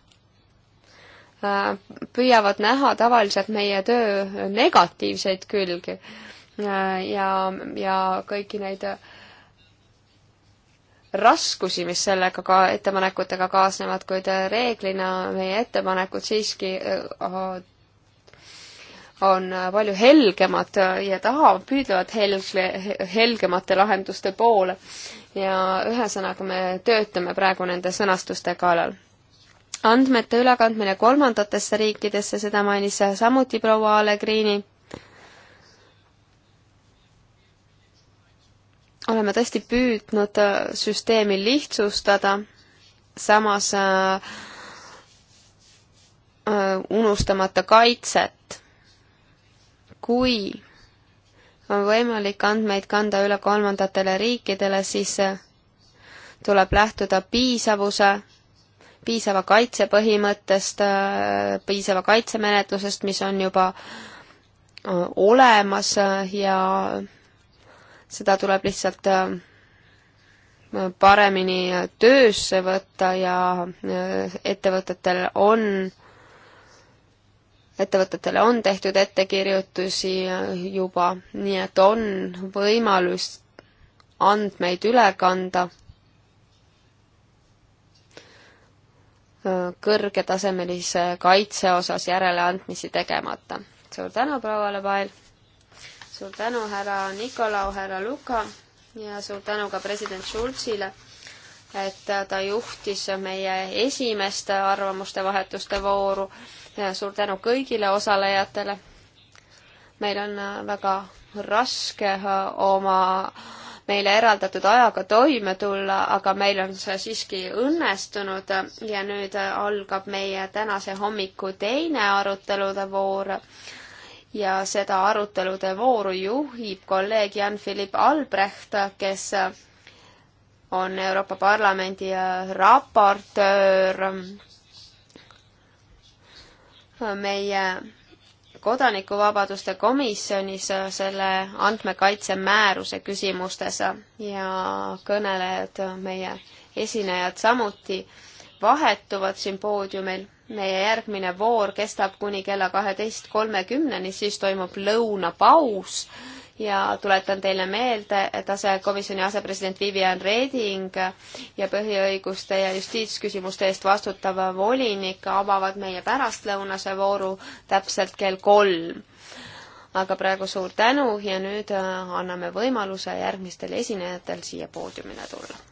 püüavad näha tavaliselt meie töö negatiivseid külgi äh, ja, ja kõiki neid äh, raskusi, mis sellega ka ettepanekutega kaasnevad, kuid reeglina meie ettepanekud siiski on palju helgemad ja taha, püüdlevad helge, helgemate lahenduste poole ja ühesõnaga me töötame praegu nende sõnastuste kallal. andmete ülekandmine kolmandatesse riikidesse, seda mainis samuti proua Allegrini. oleme tõesti püüdnud äh, süsteemi lihtsustada, samas äh, äh unustamata kaitset. kui on võimalik andmeid kanda üle kolmandatele riikidele, siis äh, tuleb lähtuda piisavuse, piisava kaitse põhimõttest, äh, piisava kaitsemenetlusest, mis on juba äh, olemas ja seda tuleb lihtsalt paremini töösse võtta ja ettevõtetel on ettevõtetele on tehtud ettekirjutusi juba, nii et on võimalus andmeid üle kanda kõrgetasemelise kaitse osas järeleandmisi tegemata. suur tänu, proua Lebail! suur tänu, härra Nikolau, härra Luka ja suur tänu ka president Schulzile, et ta juhtis meie esimest arvamuste vahetuste vooru suur tänu kõigile osalejatele. meil on äh, väga raske äh, oma meile eraldatud ajaga toime tulla, aga meil on see siiski õnnestunud ja nüüd äh, algab meie tänase hommiku teine arutelude voor. ja seda arutelude vooru juhib kolleeg Jan-Philipp Albrecht, kes on Euroopa Parlamendi raportöör meie kodanikuvabaduste komisjonis selle andmekaitsemääruse küsimustes ja kõnelejad, meie esinejad samuti vahetuvad siin poodiumil. meie järgmine voor kestab kuni kella kaheteist kolmekümneni, siis toimub lõunapaus ja tuletan teile meelde, et asekomisjoni asepresident Vivian Reding ja põhiõiguste ja justiitsküsimuste eest vastutav volinik avavad meie pärastlõunase vooru täpselt kell kolm. aga praegu suur tänu ja nüüd anname võimaluse järgmistel esinejatel siia poodiumile tulla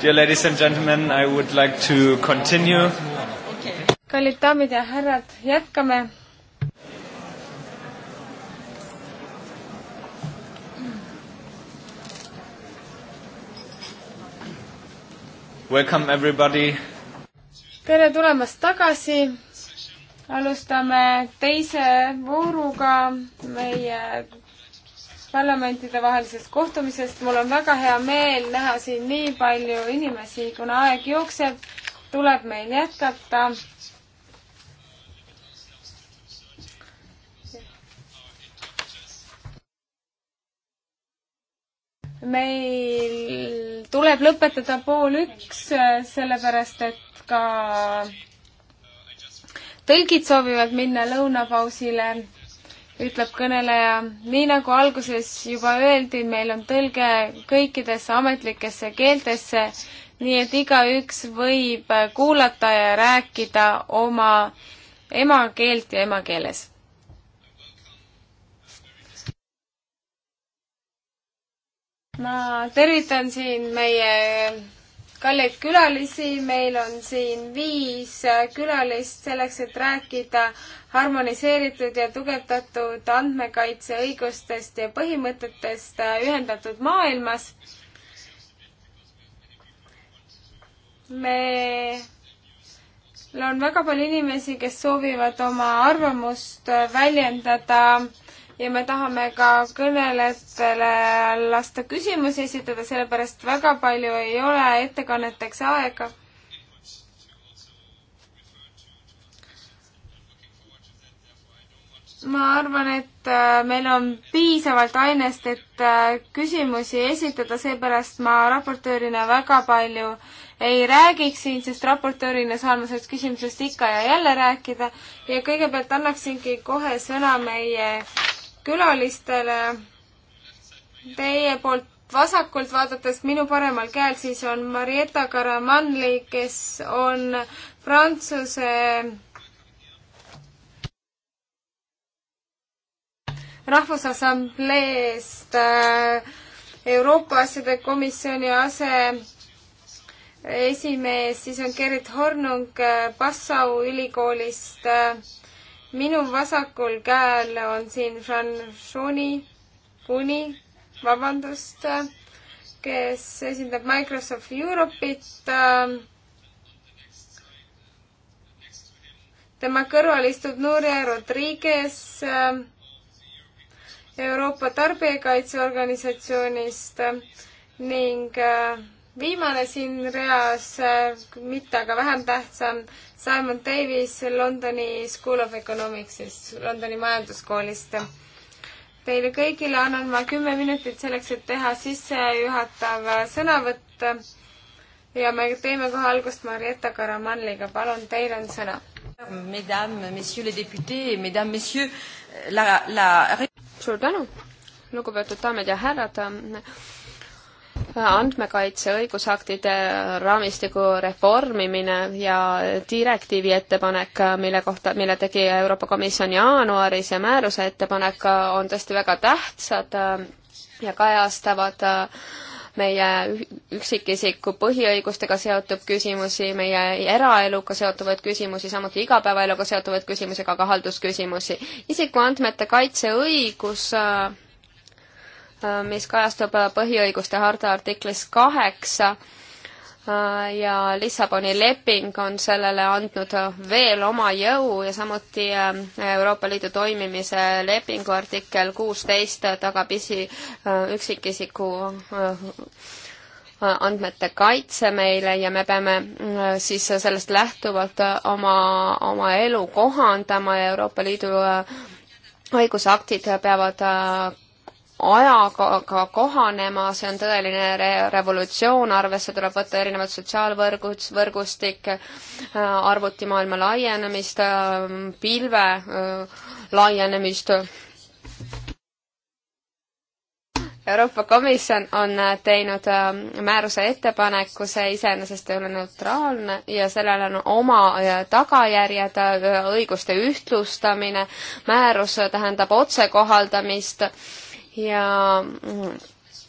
Dear ladies and gentlemen, I would like to continue. kallid daamid ja härrad, jätkame. Welcome everybody. tere tulemast tagasi alustame teise vooruga meie parlamentidevahelisest kohtumisest. mul on väga hea meel näha siin nii palju inimesi, kuna aeg jookseb, tuleb meil jätkata. meil tuleb lõpetada pool üks, sellepärast et ka tõlgid soovivad minna lõunapausile ütleb kõneleja. nii nagu alguses juba öeldi, meil on tõlge kõikidesse ametlikesse keeltesse, nii et igaüks võib kuulata ja rääkida oma emakeelt ja emakeeles ma tervitan siin meie kalleid külalisi, meil on siin viis külalist selleks, et rääkida harmoniseeritud ja tugevdatud andmekaitse õigustest ja põhimõtetest ühendatud maailmas. meil on väga palju inimesi, kes soovivad oma arvamust väljendada ja me tahame ka kõnelejatele lasta küsimusi esitada, sellepärast väga palju ei ole ettekanneteks aega. ma arvan, et äh, meil on piisavalt ainest, et äh, küsimusi esitada, seepärast ma raportöörina väga palju ei räägiks siin, sest raportöörina saan ma sellest küsimusest ikka ja jälle rääkida ja kõigepealt annaksingi kohe sõna meie külalistele. Teie poolt vasakult vaadates minu paremal käel siis on Marietta Karamanli, kes on Prantsuse Rahvusassambleest äh, Euroopa asjade komisjoni ase esimees, siis on Gerrit Hornung äh, Passau ülikoolist äh, minu vasakul käel on siin Franchoni, Funi, vabandust, kes esindab Microsoft Europe'it. Ähm, tema kõrval istub Nuria Rodriguez ähm, Euroopa Tarbijakaitseorganisatsioonist ähm, ning äh, viimane siin reas, mitte aga vähem tähtsam, Simon Davis Londoni School of Economicsist, Londoni majanduskoolist. Teile kõigile annan ma kümme minutit selleks, et teha sissejuhatav sõnavõtt ja me teeme kohe algust Marietta Karamanliga, palun, teil on sõna. suur tänu, lugupeetud daamid ja härrad andmekaitse õigusaktide raamistiku reformimine ja direktiivi ettepanek, mille kohta, mille tegi Euroopa Komisjon jaanuaris ja määruse ettepanek on tõesti väga tähtsad äh, ja kajastavad äh, meie üksikisiku põhiõigustega seotud küsimusi, meie eraeluga seotuvaid küsimusi, samuti igapäevaeluga seotuvaid küsimusi, aga ka haldusküsimusi. isikuandmete kaitse õigus äh, mis kajastub põhiõiguste harta artiklis kaheksa äh, ja Lissaboni leping on sellele andnud veel oma jõu ja samuti äh, Euroopa Liidu toimimise lepingu artikkel kuusteist tagab isi, äh, üksikisiku andmete kaitse meile ja me peame siis sellest lähtuvalt oma, oma elu kohandama ja Euroopa Liidu õigusaktid peavad ajaga kohanema, see on tõeline re revolutsioon, arvesse tuleb võtta erinevad sotsiaalvõrgud, võrgustik, äh, arvutimaailma laienemist, äh, pilve äh, laienemist. Euroopa Komisjon on teinud määruse ettepaneku, see iseenesest ei ole neutraalne ja sellel on oma tagajärjed, õiguste ühtlustamine, määrus tähendab otsekohaldamist ja mm,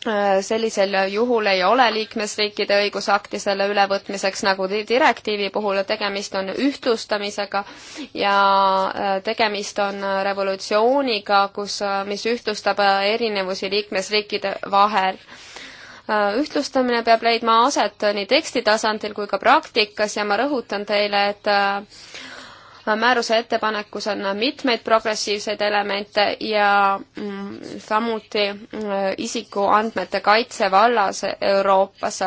äh, sellisel juhul ei ole liikmesriikide õigusakti selle ülevõtmiseks nagu direktiivi puhul, tegemist on ühtlustamisega ja äh, tegemist on revolutsiooniga, kus, äh, mis ühtlustab erinevusi liikmesriikide vahel ühtlustamine peab leidma aset nii teksti tasandil kui ka praktikas ja ma rõhutan teile, et määruse ettepanekus on mitmeid progressiivseid elemente ja mm, samuti mm, isikuandmete kaitse vallas Euroopas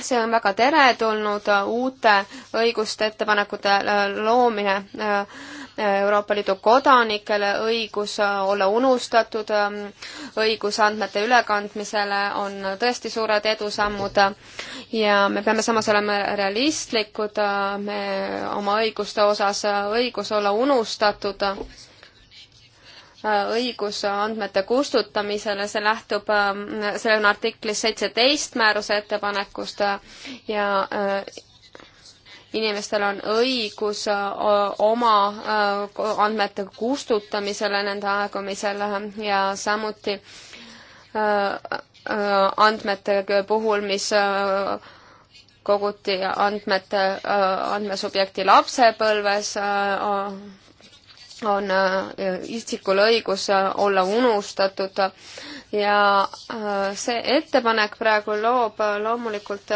see on väga teretulnud, uute õiguste ettepanekute äh, loomine äh, Euroopa Liidu kodanikele õigus äh, olla unustatud, ähm, õigus andmete ülekandmisele on tõesti suured edusammud ja me peame samas olema realistlikud äh, me oma õiguste osas, äh, õigus olla unustatud õigus andmete kustutamisele, see lähtub, ähm, see on artiklis seitseteist määruse ettepanekust ja inimestel on õigus äh, oma äh, andmete kustutamisele nende aegumisel ja samuti äh, andmete puhul, mis koguti andmete, andmesubjekti lapsepõlves, on isikul õigus olla unustatud ja see ettepanek praegu loob loomulikult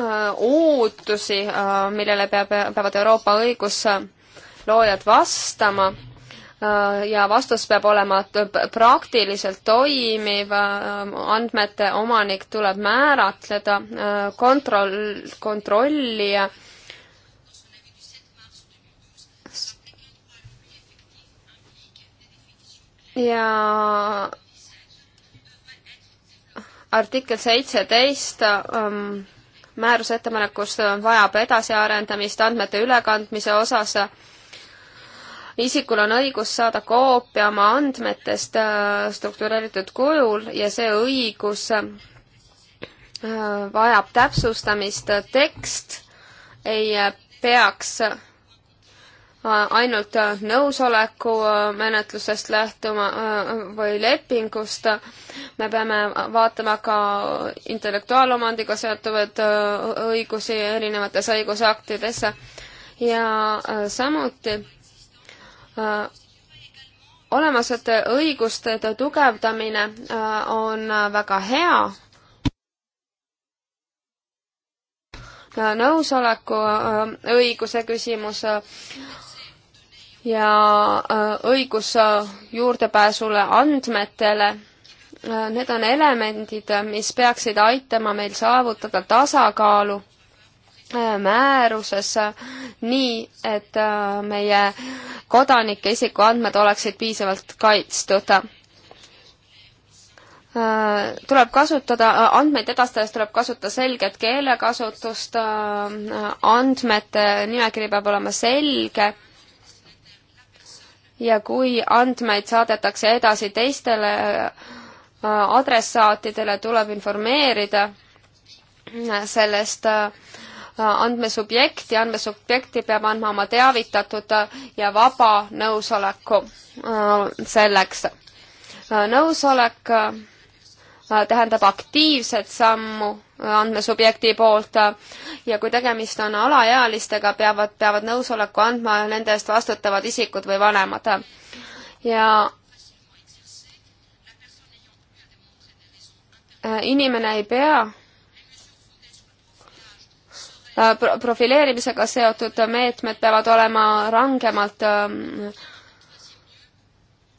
Äh, ootusi, äh, millele peab, peavad Euroopa õigusloojad vastama äh, ja vastus peab olema praktiliselt toimiv, andmete omanik tuleb määratleda, kontroll, kontrollija ja artikkel seitseteist um, määruse ettepanekust vajab edasiarendamist andmete ülekandmise osas. isikul on õigus saada koopia oma andmetest äh, struktureeritud kujul ja see õigus äh, vajab täpsustamist, tekst ei äh, peaks Äh, ainult äh, nõusoleku äh, menetlusest lähtuma või lepingust. me peame vaatama ka intellektuaalomandiga seotuvaid õigusi erinevates õigusaktides ja samuti olemasolevate õiguste tugevdamine on väga hea nõusoleku õiguse küsimus ja äh, õigus äh, juurdepääsule andmetele, äh, need on elemendid, mis peaksid aitama meil saavutada tasakaalu määruses nii, et meie kodanike isikuandmed oleksid piisavalt kaitstud. Tuleb kasutada, andmeid edastades tuleb kasutada selget keelekasutust, andmete nimekiri peab olema selge ja kui andmeid saadetakse edasi teistele äh, adressaatidele, tuleb informeerida äh, sellest äh, andmesubjekti, andmesubjekti peab andma oma teavitatud ja vaba nõusoleku selleks. nõusolek tähendab aktiivset sammu andmesubjekti poolt ja kui tegemist on alaealistega, peavad, peavad nõusoleku andma nende eest vastutavad isikud või vanemad. ja inimene ei pea äh, profileerimisega seotud meetmed peavad olema rangemalt ähm,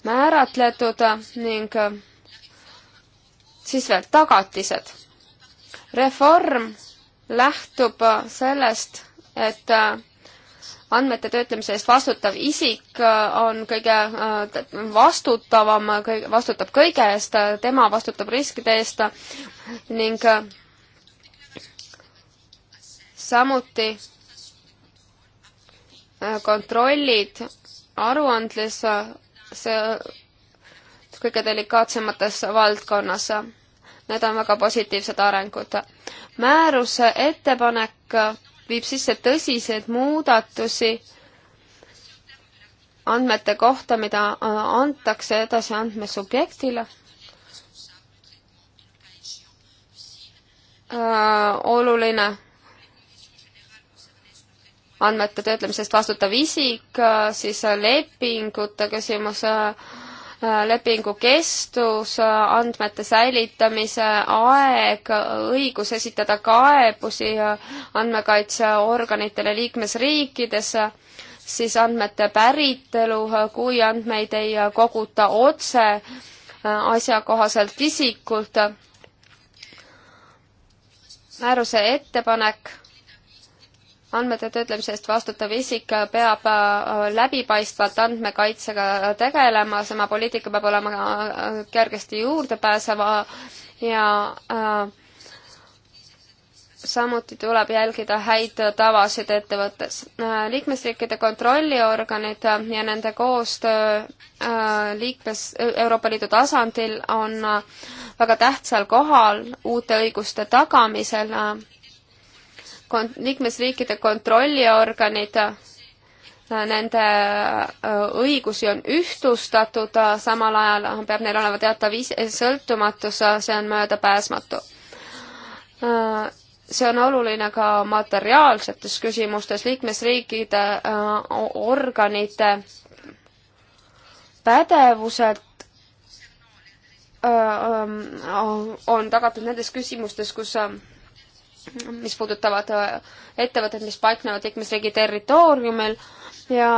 määratletud ning äh, siis veel tagatised reform lähtub sellest, et äh, andmete töötlemise eest vastutav isik äh, on kõige äh, vastutavam, vastutab kõige eest, tema vastutab riskide eest ning samuti kontrollid aruandles see kõige delikaatsemates valdkonnas Need on väga positiivsed arengud. määruse ettepanek viib sisse tõsiseid muudatusi andmete kohta, mida äh, antakse edasi andmesubjektile. Äh, oluline andmete töötlemisest vastutav isik, äh, siis lepingute küsimus, lepingu kestus, andmete säilitamise aeg, õigus esitada kaebusi andmekaitseorganitele liikmesriikides, siis andmete päritolu, kui andmeid ei koguta otse asjakohaselt isikult. määruse ettepanek andmete töötlemise eest vastutav isik peab äh, läbipaistvalt andmekaitsega tegelema, tema poliitika peab olema äh, kergesti juurdepääseva ja äh, samuti tuleb jälgida häid tavasid ettevõttes. liikmesriikide kontrolliorganid ja nende koostöö liikmes, Euroopa Liidu tasandil on väga tähtsal kohal uute õiguste tagamisel kon-, liikmesriikide kontrolliorganid, nende äh, õigusi on ühtlustatud, äh, samal ajal peab neil olema teatav sõltumatus, äh, see on möödapääsmatu. see on oluline ka materiaalsetes küsimustes, liikmesriikide organite pädevused ähm, on tagatud nendes küsimustes, kus mis puudutavad äh, ettevõtteid, mis paiknevad liikmesriigi territooriumil ja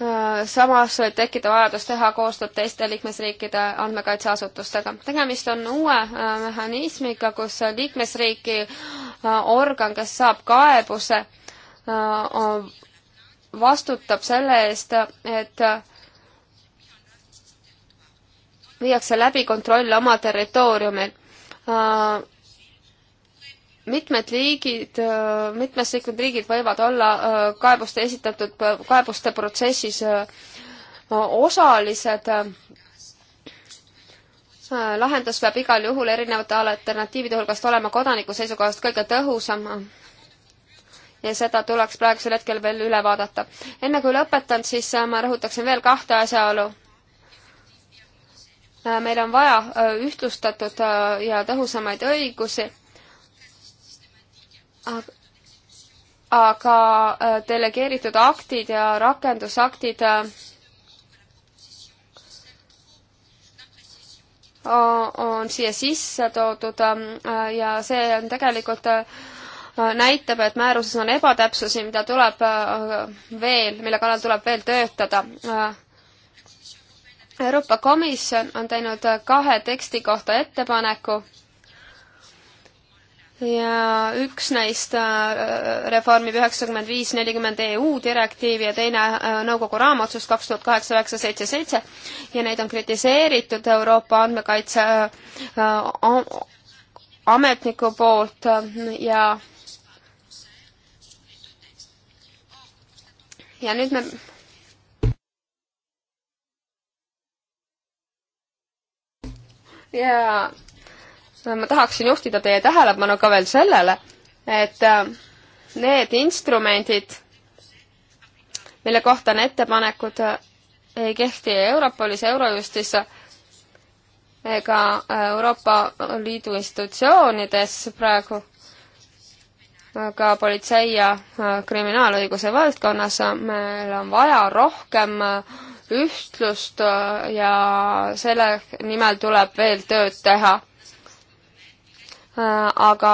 äh, samas võib tekkida vajadus teha koostööd teiste liikmesriikide andmekaitseasutustega. tegemist on uue äh, mehhanismiga, kus liikmesriiki organ, kes saab kaebuse, vastutab selle eest, et viiakse läbi kontrolle oma territooriumil. Äh, mitmed liigid, äh, mitmeslikud riigid võivad olla äh, kaebuste esitatud, kaebuste protsessis osalised lahendus peab igal juhul erinevate alternatiivide hulgast olema kodaniku seisukohast kõige tõhusam ja seda tuleks praegusel hetkel veel üle vaadata. enne kui lõpetan, siis ma rõhutaksin veel kahte asjaolu meil on vaja äh, ühtlustatud äh, ja tõhusamaid õigusi. aga äh, delegeeritud aktid ja rakendusaktid on siia sisse toodud ähm, ja see on tegelikult näitab, et määruses on ebatäpsusi, mida tuleb veel, mille kallal tuleb veel töötada Euroopa Komisjon on teinud kahe teksti kohta ettepaneku ja üks neist äh, reformib üheksakümmend viis nelikümmend EU direktiivi ja teine äh, nõukogu raamotsust kaks tuhat kaheksa üheksa seitse seitse ja neid on kritiseeritud Euroopa andmekaitse äh, ametniku poolt ja ja nüüd me ja äh, ma tahaksin juhtida teie tähelepanu ka veel sellele, et äh, need instrumendid, mille kohta on ettepanekud, äh, ei kehti Europolis, Eurojustis ega Euroopa Liidu institutsioonides praegu, ka politsei ja kriminaalõiguse valdkonnas meil on vaja rohkem äh, ühtlust äh, ja selle nimel tuleb veel tööd teha. Äh, aga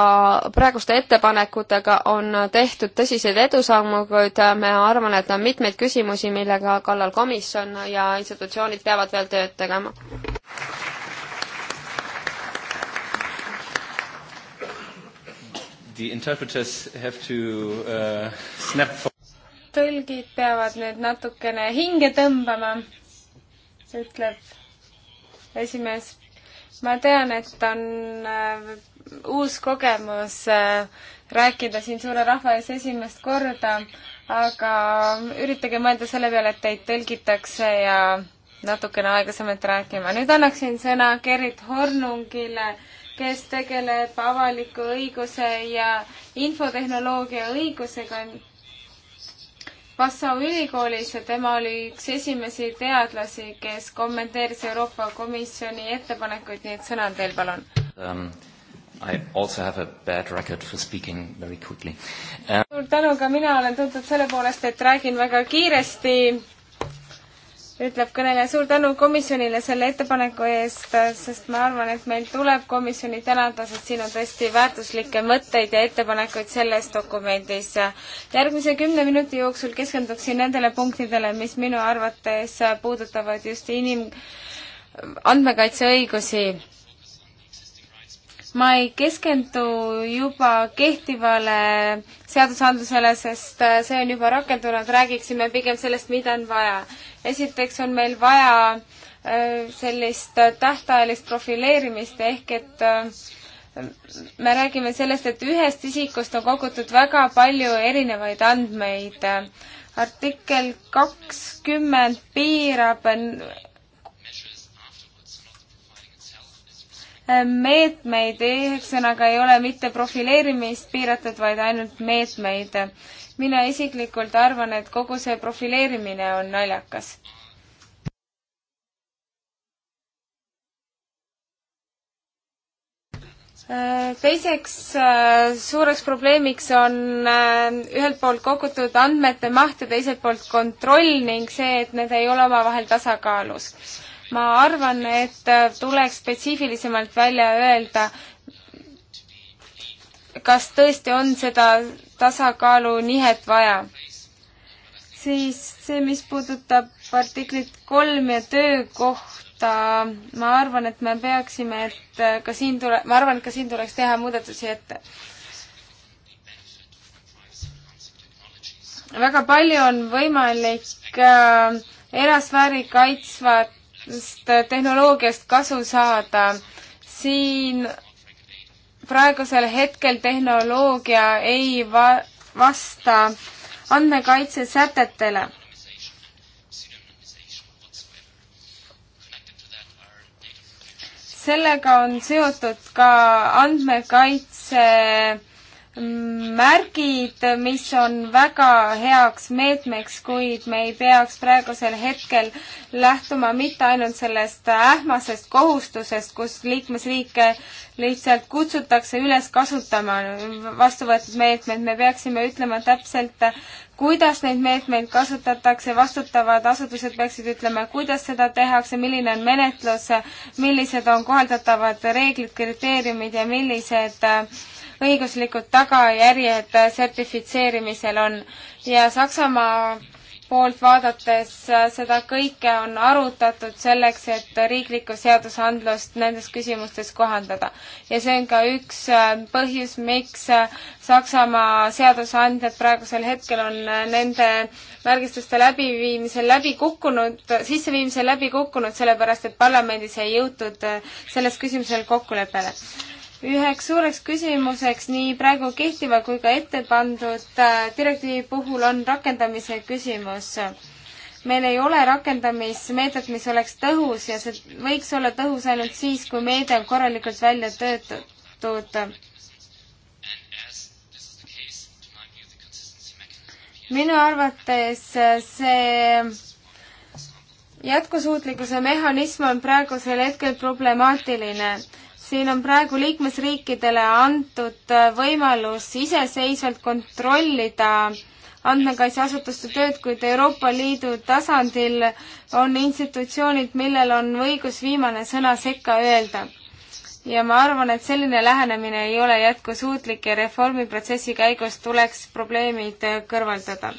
praeguste ettepanekutega on tehtud tõsiseid edusamme, kuid ma arvan, et on mitmeid küsimusi, millega kallal komisjon ja institutsioonid peavad veel tööd tegema. The interpreters have to uh, snap for tõlgid peavad nüüd natukene hinge tõmbama, ütleb esimees. ma tean, et on äh, uus kogemus äh, rääkida siin suure rahva ees esimest korda, aga üritage mõelda selle peale, et teid tõlgitakse ja natukene aeglasemalt rääkima. nüüd annaksin sõna Gerrit Hornungile, kes tegeleb avaliku õiguse ja infotehnoloogia õigusega Passau ülikoolis ja tema oli üks esimesi teadlasi, kes kommenteeris Euroopa Komisjoni ettepanekuid, nii et sõna on teil, palun um,. I also have a bad record for speaking very quickly um.... suur tänu, ka mina olen tuntud selle poolest, et räägin väga kiiresti ütleb kõneleja, suur tänu komisjonile selle ettepaneku eest, sest ma arvan, et meil tuleb komisjoni tänada, sest siin on tõesti väärtuslikke mõtteid ja ettepanekuid selles dokumendis. järgmise kümne minuti jooksul keskenduksin nendele punktidele, mis minu arvates puudutavad just inim-, andmekaitseõigusi ma ei keskendu juba kehtivale seadusandlusele, sest äh, see on juba rakendunud, räägiksime pigem sellest, mida on vaja. esiteks on meil vaja äh, sellist äh, tähtajalist profileerimist ehk et me räägime sellest, et ühest isikust on kogutud väga palju erinevaid andmeid. artikkel kakskümmend piirab meetmeid, eesõnaga ei ole mitte profileerimist piiratud, vaid ainult meetmeid. mina isiklikult arvan, et kogu see profileerimine on naljakas. teiseks suureks probleemiks on äh, ühelt poolt kogutud andmete maht ja teiselt poolt kontroll ning see, et need ei ole omavahel tasakaalus ma arvan, et tuleks spetsiifilisemalt välja öelda, kas tõesti on seda tasakaalunihet vaja. siis see, mis puudutab artiklit kolm ja töökohta, ma arvan, et me peaksime, et ka siin tule-, ma arvan, et ka siin tuleks teha muudatusi, et väga palju on võimalik äh, erasfääri kaitsvat Äh, tehnoloogiast kasu saada. siin praegusel hetkel tehnoloogia ei va-, vasta andmekaitsesätetele. sellega on seotud ka andmekaitse märgid, mis on väga heaks meetmeks, kuid me ei peaks praegusel hetkel lähtuma mitte ainult sellest ähmasest kohustusest, kus liikmesriike lihtsalt kutsutakse üles kasutama vastu võetud meetmeid, me peaksime ütlema täpselt, kuidas neid meetmeid kasutatakse, vastutavad asutused peaksid ütlema, kuidas seda tehakse, milline on menetlus, millised on kohaldatavad reeglid, kriteeriumid ja millised äh, õiguslikud tagajärjed sertifitseerimisel on ja Saksamaa poolt vaadates seda kõike on arutatud selleks, et riiklikku seadusandlust nendes küsimustes kohandada. ja see on ka üks äh, põhjus, miks äh, Saksamaa seadusandjad praegusel hetkel on äh, nende märgistuste läbiviimisel läbi kukkunud, sisseviimisel läbi kukkunud, sellepärast et parlamendis ei jõutud selles küsimuses kokkuleppele üheks suureks küsimuseks nii praegu kehtiva kui ka ette pandud äh, direktiivi puhul on rakendamise küsimus. meil ei ole rakendamismeedet, mis oleks tõhus ja see võiks olla tõhus ainult siis, kui meede on korralikult välja töötatud. minu arvates äh, see jätkusuutlikkuse mehhanism on praegusel hetkel problemaatiline siin on praegu liikmesriikidele antud äh, võimalus iseseisvalt kontrollida andmekaitseasutuste tööd, kuid Euroopa Liidu tasandil on institutsioonid, millel on õigus viimane sõna sekka öelda. ja ma arvan, et selline lähenemine ei ole jätkusuutlik ja reformiprotsessi käigus tuleks probleemid kõrvaldada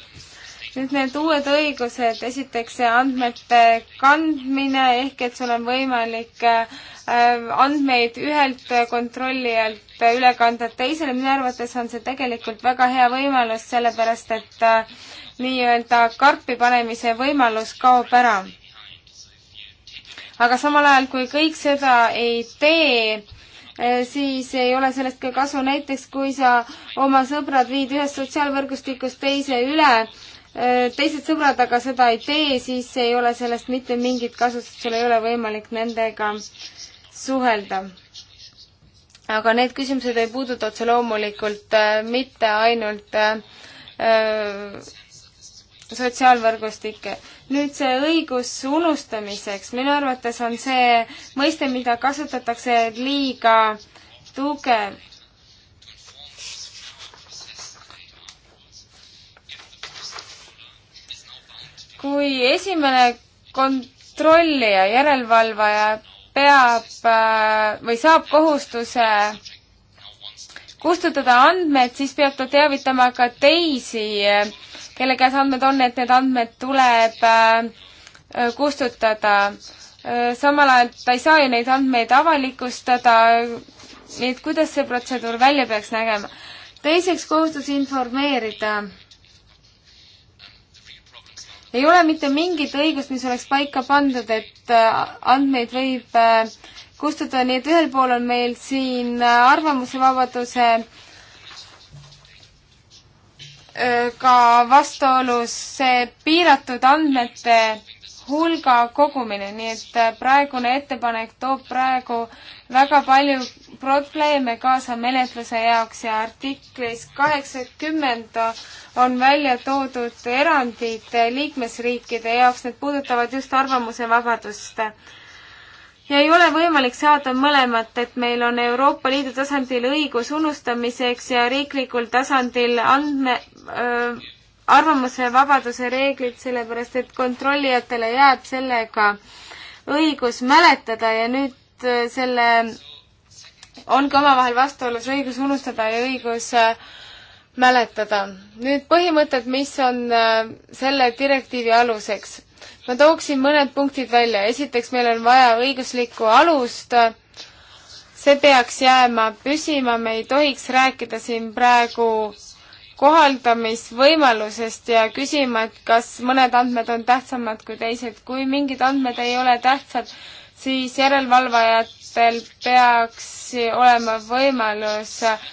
nüüd need uued õigused, esiteks see andmete kandmine ehk et sul on võimalik äh, andmeid ühelt kontrollijalt üle kanda teisele, minu arvates on see tegelikult väga hea võimalus, sellepärast et äh, nii-öelda karpi panemise võimalus kaob ära. aga samal ajal, kui kõik seda ei tee, äh, siis ei ole sellest ka kasu, näiteks kui sa oma sõbrad viid ühest sotsiaalvõrgustikust teise üle, Äh, teised sõbrad aga seda ei tee, siis ei ole sellest mitte mingit kasu, sest sul ei ole võimalik nendega suhelda. aga need küsimused ei puuduta otse loomulikult äh, mitte ainult äh, äh, sotsiaalvõrgustikke. nüüd see õigus unustamiseks, minu arvates on see mõiste, mida kasutatakse liiga tugev kui esimene kontrollija, järelevalvaja peab äh, või saab kohustuse kustutada andmed, siis peab ta teavitama ka teisi, kelle käes andmed on, et need andmed tuleb äh, kustutada. Äh, samal ajal ta ei saa ju neid andmeid avalikustada, nii et kuidas see protseduur välja peaks nägema? teiseks kohustus informeerida ei ole mitte mingit õigust, mis oleks paika pandud, et äh, andmeid võib äh, kustutada, nii et ühel pool on meil siin äh, arvamusevabaduse ka vastuolus see piiratud andmete hulga kogumine, nii et äh, praegune ettepanek toob praegu väga palju probleeme kaasa menetluse jaoks ja artiklis kaheksakümmend on välja toodud erandid liikmesriikide jaoks, need puudutavad just arvamusevabadust ja ei ole võimalik saada mõlemat, et meil on Euroopa Liidu tasandil õigus unustamiseks ja riiklikul tasandil andme, arvamusevabaduse reeglid, sellepärast et kontrollijatele jääb sellega õigus mäletada ja nüüd äh, selle on ka omavahel vastuolus õigus unustada ja õigus äh, mäletada. nüüd põhimõtted, mis on äh, selle direktiivi aluseks. ma tooksin mõned punktid välja. esiteks, meil on vaja õiguslikku alust see peaks jääma püsima, me ei tohiks rääkida siin praegu kohaldamisvõimalusest ja küsima, et kas mõned andmed on tähtsamad kui teised. kui mingid andmed ei ole tähtsad, siis järelevalvajatel peaks olema võimalus äh,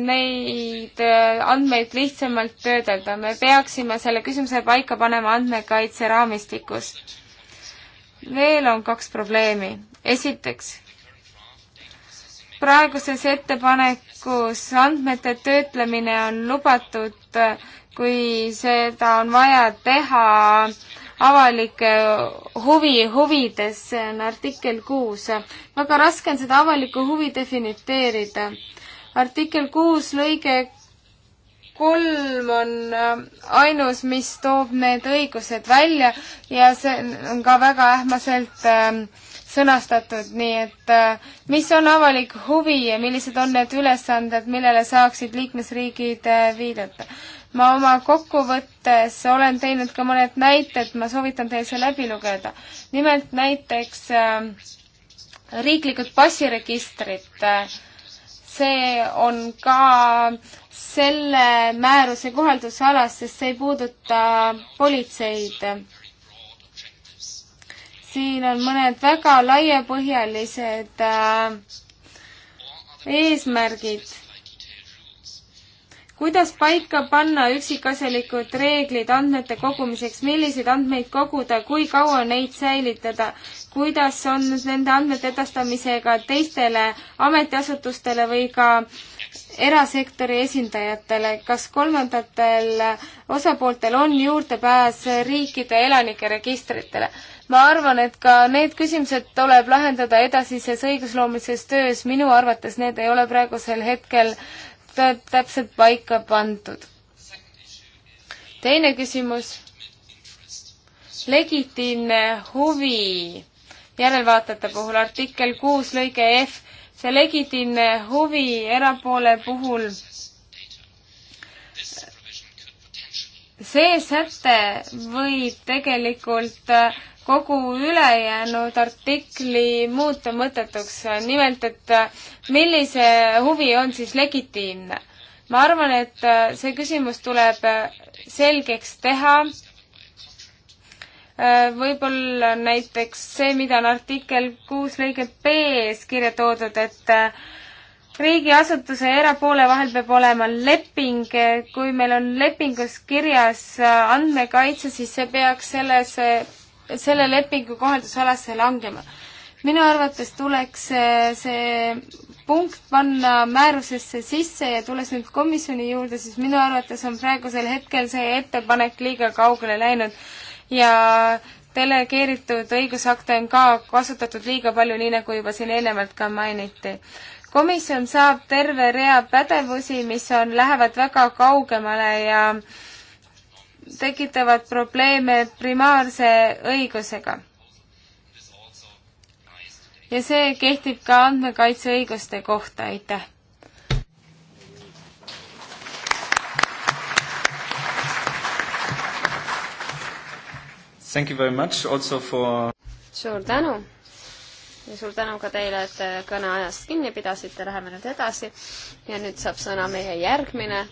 neid äh, andmeid lihtsamalt töödelda. me peaksime selle küsimuse paika panema andmekaitse raamistikus. veel on kaks probleemi. esiteks, praeguses ettepanek kus andmete töötlemine on lubatud, kui seda on vaja teha avalike huvi huvides, see on artikkel kuus. väga raske on seda avalikku huvi defineerida. artikkel kuus lõige kolm on äh, ainus, mis toob need õigused välja ja see on ka väga ähmaselt äh, sõnastatud, nii et äh, mis on avalik huvi ja millised on need ülesanded, millele saaksid liikmesriigid äh, viidata? ma oma kokkuvõttes olen teinud ka mõned näited, ma soovitan teil see läbi lugeda. nimelt näiteks äh, riiklikud passiregistrid, see on ka selle määruse kohaldusalas, sest see ei puuduta politseid siin on mõned väga laiapõhjalised äh, eesmärgid. kuidas paika panna üksikasjalikud reeglid andmete kogumiseks, milliseid andmeid koguda, kui kaua neid säilitada, kuidas on nende andmete edastamisega teistele ametiasutustele või ka erasektori esindajatele, kas kolmandatel osapooltel on juurdepääs riikide elanike registritele? ma arvan, et ka need küsimused tuleb lahendada edasises õigusloomises töös, minu arvates need ei ole praegusel hetkel täpselt paika pandud. teine küsimus, legitiimne huvi järelvaatajate puhul, artikkel kuus lõige F, see legitiimne huvi erapoole puhul see säte võib tegelikult äh, kogu ülejäänud artikli muuta mõttetuks, nimelt et äh, millise huvi on siis legitiimne. ma arvan, et äh, see küsimus tuleb äh, selgeks teha. võib-olla näiteks see, mida on artikkel kuus lõige B-s kirja toodud, et riigiasutuse ja erapoole vahel peab olema leping, kui meil on lepingus kirjas andmekaitse, siis see peaks selles selle lepingu kohaldusalasse langema. minu arvates tuleks eh, see punkt panna määrusesse sisse ja tulles nüüd komisjoni juurde, siis minu arvates on praegusel hetkel see ettepanek liiga kaugele läinud ja delegeeritud õigusakte on ka kasutatud liiga palju, nii nagu juba siin eelnevalt ka mainiti. komisjon saab terve rea pädevusi, mis on, lähevad väga kaugemale ja äh, tekitavad probleeme primaarse õigusega. ja see kehtib ka andmekaitseõiguste kohta, aitäh! Thank you very much also for suur tänu ja suur tänu ka teile, et te kõneajast kinni pidasite, läheme nüüd edasi ja nüüd saab sõna meie järgmine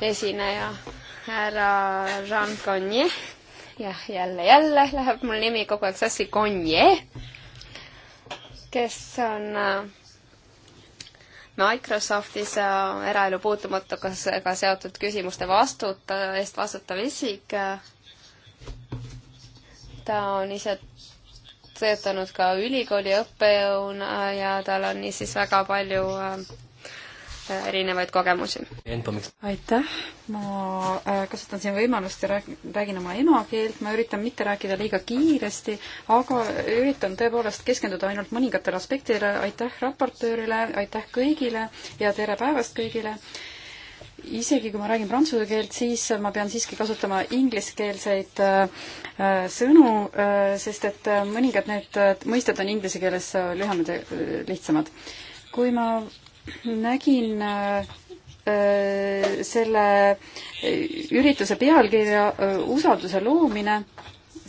esineja härra Jean Conje. jah, jälle, jälle läheb mul nimi kogu aeg sassi, Conje, kes on äh, Microsoftis äh, eraelu puutumatusega seotud küsimuste vastuta-, eest vastutav isik. ta on ise töötanud ka ülikooli õppejõuna ja tal on niisiis väga palju äh, erinevaid kogemusi. aitäh ma äh, kasutan siin võimalust ja räägin oma emakeelt, ma üritan mitte rääkida liiga kiiresti, aga üritan tõepoolest keskenduda ainult mõningatele aspektidele, aitäh raportöörile, aitäh kõigile ja tere päevast kõigile! isegi kui ma räägin prantsuse keelt, siis ma pean siiski kasutama ingliskeelseid äh, äh, sõnu, sest et mõningad need mõisted on inglise keeles lühemad ja lihtsamad. kui ma nägin äh, Äh, selle ürituse pealkirja äh, usalduse loomine,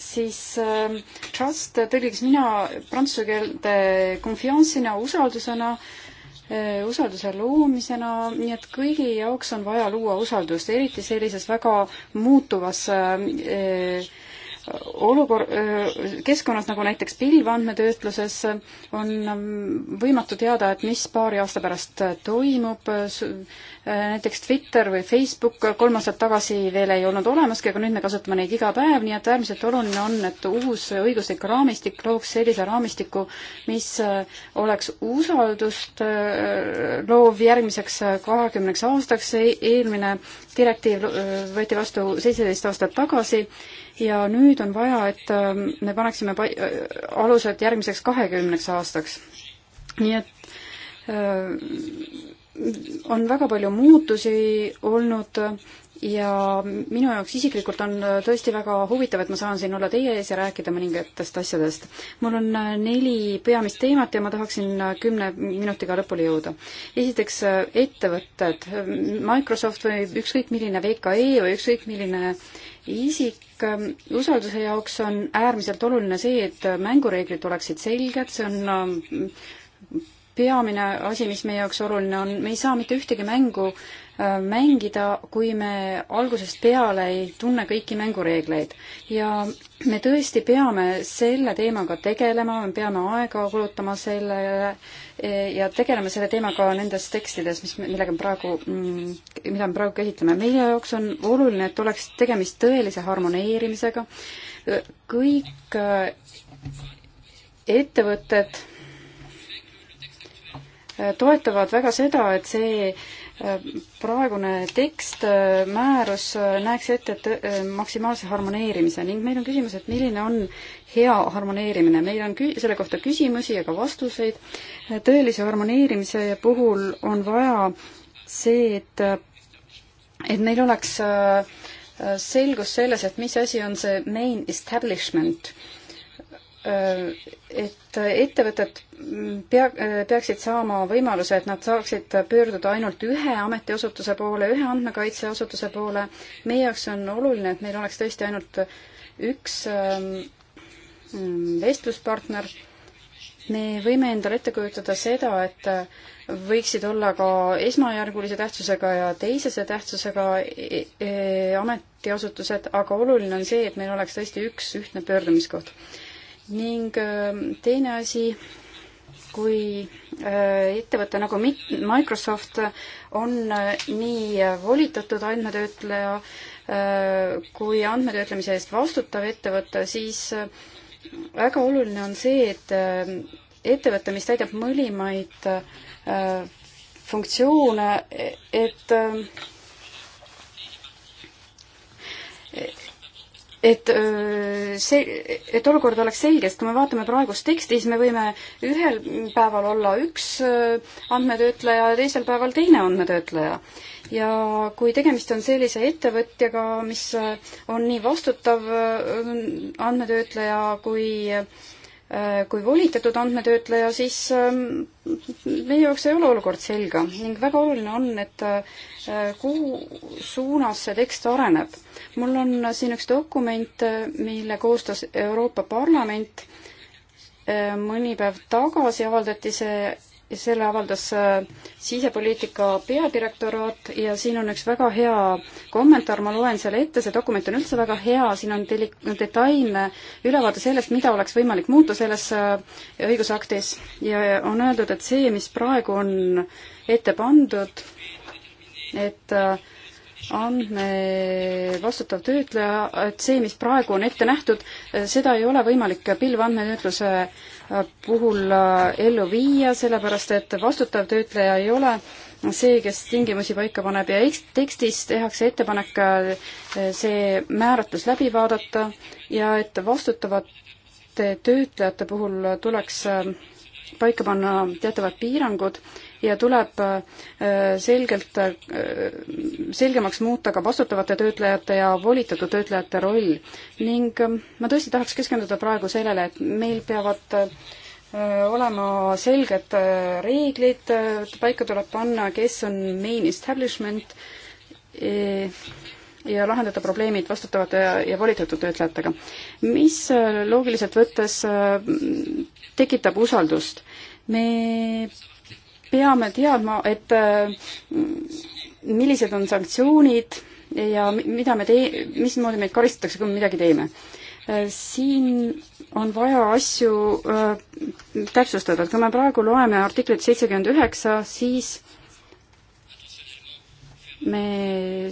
siis äh, trust tõlgiks mina prantsuse keelde confiance'ina, usaldusena, usalduse loomisena, nii et kõigi jaoks on vaja luua usaldust, eriti sellises väga muutuvas äh, olukor-, keskkonnas, nagu näiteks pilvandmetöötluses, on ähm, võimatu teada, et mis paari aasta pärast äh, toimub, äh, näiteks Twitter või Facebook äh, kolm aastat tagasi veel ei olnud olemaski, aga nüüd me kasutame neid iga päev, nii et äärmiselt oluline on, et uus õiguslik raamistik looks sellise raamistiku, mis oleks usaldust loov järgmiseks kahekümneks aastaks, e-, eelmine direktiiv võeti vastu seitseteist aastat tagasi, ja nüüd on vaja, et ähm, me paneksime pa-, äh, alused järgmiseks kahekümneks aastaks. nii et äh, on väga palju muutusi olnud äh, ja minu jaoks isiklikult on äh, tõesti väga huvitav, et ma saan siin olla teie ees ja rääkida mõningatest asjadest. mul on äh, neli peamist teemat ja ma tahaksin äh, kümne minutiga lõpule jõuda. esiteks ettevõtted, Microsoft või ükskõik milline VKE või ükskõik milline isik, ähm, usalduse jaoks on äärmiselt oluline see, et mängureeglid oleksid selged, see on ähm, peamine asi, mis meie jaoks oluline on, me ei saa mitte ühtegi mängu äh, Äh, mängida, kui me algusest peale ei tunne kõiki mängureegleid. ja me tõesti peame selle teemaga tegelema, me peame aega kulutama sellele ja tegeleme selle teemaga nendes tekstides, mis, millega me praegu, mm, mida me praegu käsitleme. meie jaoks on oluline, et oleks tegemist tõelise harmoneerimisega, kõik äh, ettevõtted äh, toetavad väga seda, et see praegune tekst, määrus näeks ette äh, maksimaalse harmoneerimise ning meil on küsimus, et milline on hea harmoneerimine. meil on kü-, selle kohta küsimusi ja ka vastuseid. tõelise harmoneerimise puhul on vaja see, et, et meil oleks äh, selgus selles, et mis asi on see main establishment Äh, et ettevõtted pea, äh, peaksid saama võimaluse, et nad saaksid pöörduda ainult ühe ametiasutuse poole, ühe andmekaitseasutuse poole. meie jaoks on oluline, et meil oleks tõesti ainult üks ähm, mm, vestluspartner. me võime endale ette kujutada seda, et äh, võiksid olla ka esmajärgulise tähtsusega ja teisese tähtsusega e, e, ametiasutused, aga oluline on see, et meil oleks tõesti üks ühtne pöördumiskoht ning ähm, teine asi, kui äh, ettevõte nagu Microsoft on äh, nii volitatud andmetöötleja äh, kui andmetöötlemise eest vastutav ettevõte, siis väga oluline on see, et ettevõte, mis täidab mõlimaid funktsioone, e-, et et see, et olukord oleks selge, sest kui me vaatame praegust teksti, siis me võime ühel päeval olla üks andmetöötleja ja teisel päeval teine andmetöötleja. ja kui tegemist on sellise ettevõtjaga, mis on nii vastutav andmetöötleja kui äh, Äh, kui volitatud andmetöötleja, siis ähm, meie jaoks ei ole olukord selge ning väga oluline on, et äh, kuhu suunas see tekst areneb. mul on siin üks dokument, äh, mille koostas Euroopa Parlament, mõni päev tagasi avaldati see selle avaldas äh, sisepoliitika peadirektoraat ja siin on üks väga hea kommentaar, ma loen selle ette, see dokument on üldse väga hea, siin on deli-, detailne ülevaade sellest, mida oleks võimalik muuta selles äh, õigusaktis ja on öeldud, et see, mis praegu on ette pandud, et äh, andme vastutav töötleja, et see, mis praegu on ette nähtud, seda ei ole võimalik pilveandmetöötluse äh, puhul äh, ellu viia, sellepärast et vastutav töötleja ei ole see, kes tingimusi paika paneb ja tekstis tehakse ettepanek äh, see määratlus läbi vaadata ja et vastutavate töötlejate puhul tuleks äh, paika panna teatavad piirangud ja tuleb äh, selgelt, äh, selgemaks muuta ka vastutavate töötlejate ja volitatud töötlejate roll. ning ähm, ma tõesti tahaks keskenduda praegu sellele, et meil peavad äh, olema selged reeglid, paika tuleb panna, kes on main establishment ja lahendada probleemid vastutavate ja volitatud töötlejatega. mis loogiliselt võttes tekitab usaldust? me peame teadma, et äh, millised on sanktsioonid ja mida me tee-, mismoodi meid karistatakse, kui me midagi teeme. Äh, siin on vaja asju äh, täpsustada, et kui me praegu loeme artiklit seitsekümmend üheksa, siis me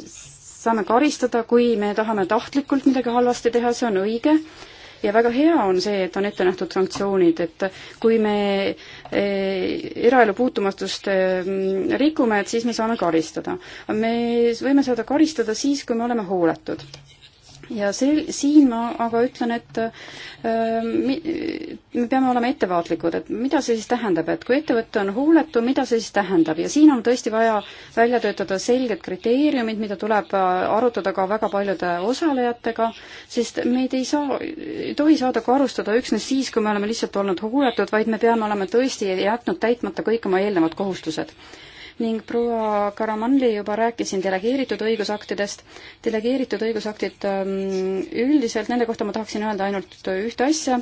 saame karistada, kui me tahame tahtlikult midagi halvasti teha, see on õige, ja väga hea on see, et on ette nähtud sanktsioonid, et kui me eh, eraelu puutumatust eh, rikume, et siis me saame karistada. me võime saada karistada siis, kui me oleme hooletud ja sel-, siin ma aga ütlen, et äh, mi, me peame olema ettevaatlikud, et mida see siis tähendab, et kui ettevõte on hooletu, mida see siis tähendab ja siin on tõesti vaja välja töötada selged kriteeriumid, mida tuleb äh, arutada ka väga paljude osalejatega, sest meid ei saa, ei tohi saada karustada üksnes siis, kui me oleme lihtsalt olnud hooletud, vaid me peame olema tõesti jätnud täitmata kõik oma eelnevad kohustused ning proua Karamanli juba rääkisin delegeeritud õigusaktidest. delegeeritud õigusaktid ähm, üldiselt, nende kohta ma tahaksin öelda ainult ühte asja.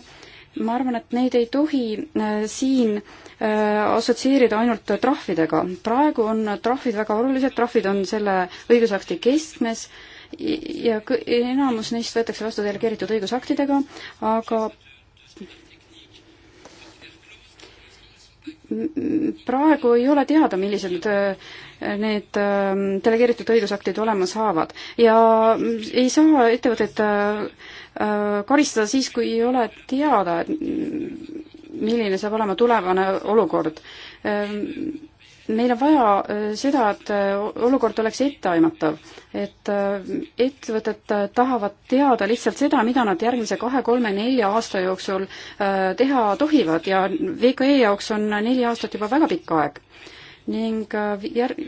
ma arvan, et neid ei tohi äh, siin äh, assotsieerida ainult trahvidega. praegu on trahvid väga olulised, trahvid on selle õigusakti keskmes ja enamus neist võetakse vastu delegeeritud õigusaktidega, aga praegu ei ole teada, millised äh, need ähm, delegeeritud õigusaktid olema saavad ja ei saa ettevõtet äh, äh, karistada siis, kui ei ole teada, et milline saab olema tulevane olukord. Ähm, meil on vaja äh, seda, et äh, olukord oleks etteaimatav, et äh, ettevõtted tahavad teada lihtsalt seda, mida nad järgmise kahe-kolme-nelja aasta jooksul teha tohivad ja VKE jaoks on neli aastat juba väga pikk aeg. ning järg-,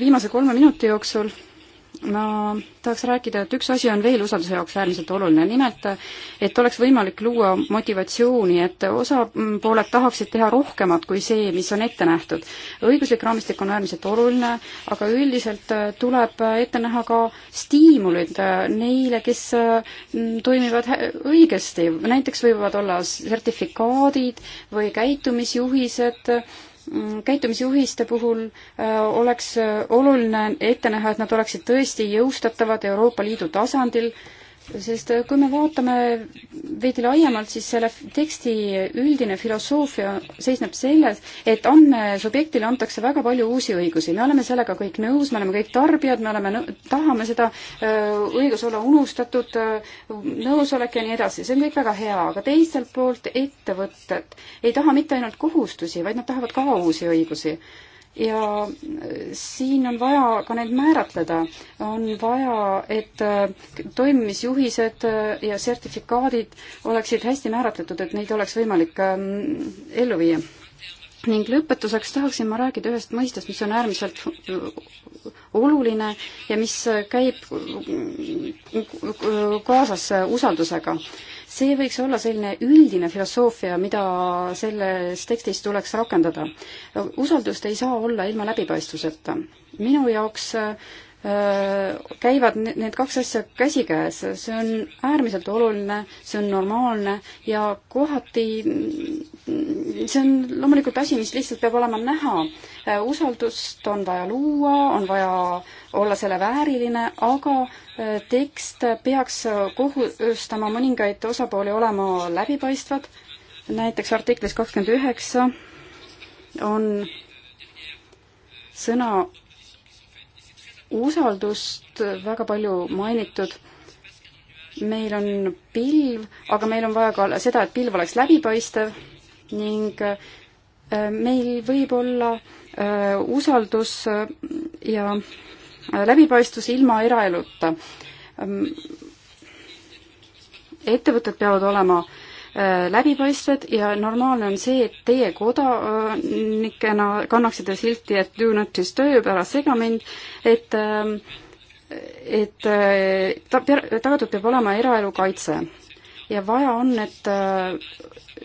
viimase kolme minuti jooksul ma tahaks rääkida, et üks asi on veel usalduse jaoks äärmiselt oluline, nimelt et oleks võimalik luua motivatsiooni, et osapooled tahaksid teha rohkemat kui see, mis on ette nähtud. õiguslik raamistik on äärmiselt oluline, aga üldiselt tuleb ette näha ka stiimulid neile, kes mm, toimivad õigesti, näiteks võivad olla sertifikaadid või käitumisjuhised, Mm, käitumisjuhiste puhul äh, oleks äh, oluline ette näha, et nad oleksid tõesti jõustatavad Euroopa Liidu tasandil sest äh, kui me vaatame veidi laiemalt, siis selle teksti üldine filosoofia seisneb selles, et andmesubjektile antakse väga palju uusi õigusi, me oleme sellega kõik nõus, me oleme kõik tarbijad, me oleme, tahame seda äh, õigus olla unustatud, äh, nõusolek ja nii edasi, see on kõik väga hea, aga teiselt poolt ettevõtted ei taha mitte ainult kohustusi, vaid nad tahavad ka uusi õigusi ja äh, siin on vaja ka need määratleda. on vaja, et äh, toimimisjuhised äh, ja sertifikaadid oleksid hästi määratletud, et neid oleks võimalik ähm, ellu viia. ning lõpetuseks tahaksin ma rääkida ühest mõistest, mis on äärmiselt oluline ja mis käib kaasas usaldusega see võiks olla selline üldine filosoofia, mida selles tekstis tuleks rakendada. usaldust ei saa olla ilma läbipaistvuseta. minu jaoks äh, käivad need kaks asja käsikäes, see on äärmiselt oluline, see on normaalne ja kohati mm, see on loomulikult asi, mis lihtsalt peab olema näha. usaldust on vaja luua, on vaja olla selle vääriline, aga äh, tekst peaks kohustama mõningaid osapooli olema läbipaistvad, näiteks artiklis kakskümmend üheksa on sõna usaldust väga palju mainitud meil on pilv, aga meil on vaja ka seda, et pilv oleks läbipaistev ning äh, meil võib olla äh, usaldus ja läbipaistvus ilma eraeluta. ettevõtted peavad olema äh, läbipaistvad ja normaalne on see, et teie kodanikena kannaksite silti, et do not disturb, ära sega mind, et äh, et äh, ta, tagatud peab olema eraelu kaitse. ja vaja on, et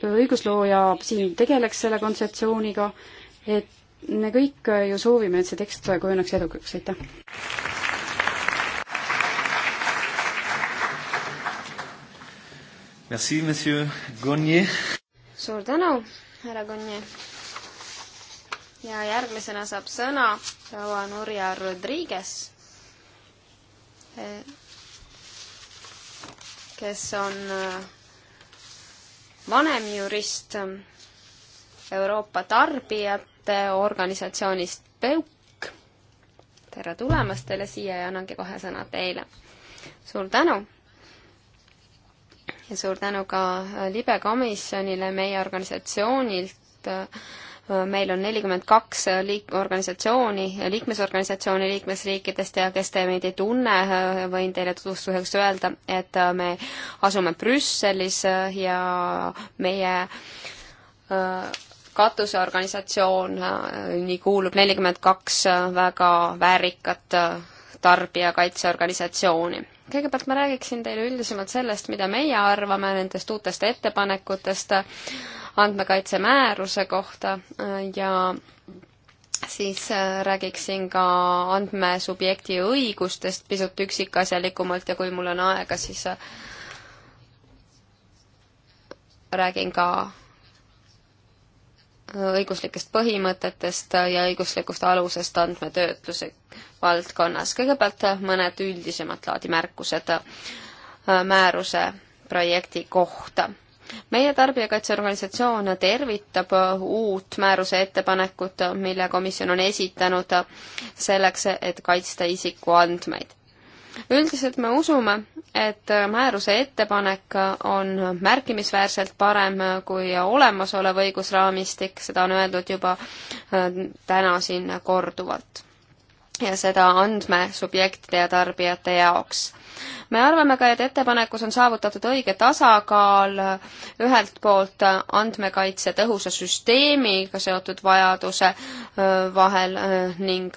õiguslooja siin tegeleks selle kontseptsiooniga, et me kõik äh, ju soovime, et see tekst kujuneks edukaks, aitäh! Merci, monsieur Gonnier. suur tänu, härra Gonnier. ja järgmisena saab sõna proua Nurja Rodriguez, eh, kes on eh, vanem jurist eh, Euroopa tarbijat liikmete organisatsioonist PEUK. tere tulemast teile siia ja annangi kohe sõna teile. suur tänu! ja suur tänu ka libe komisjonile meie organisatsioonilt meil on nelikümmend kaks liik-, organisatsiooni, liikmesorganisatsiooni liikmesriikidest ja kes te meid ei tunne, võin teile tutvustuseks öelda, et me asume Brüsselis ja meie katuseorganisatsiooni kuulub nelikümmend kaks väga väärikat tarbijakaitseorganisatsiooni. kõigepealt ma räägiksin teile üldisemalt sellest, mida meie arvame nendest uutest ettepanekutest andmekaitse määruse kohta ja siis äh, räägiksin ka andmesubjekti õigustest pisut üksikasjalikumalt ja kui mul on aega, siis äh, räägin ka õiguslikest põhimõtetest ja õiguslikust alusest andmetöötluse valdkonnas. kõigepealt mõned üldisemat laadi märkused äh, määruse projekti kohta. meie tarbijakaitseorganisatsioon tervitab uut määruse ettepanekut, mille komisjon on esitanud selleks, et kaitsta isikuandmeid üldiselt me usume, et äh, määruse ettepanek äh, on märkimisväärselt parem äh, kui olemasolev õigusraamistik, seda on öeldud juba täna siin korduvalt. ja seda andmesubjektide ja tarbijate jaoks me arvame ka, et ettepanekus on saavutatud õige tasakaal ühelt poolt andmekaitse tõhusa süsteemiga seotud vajaduse vahel ning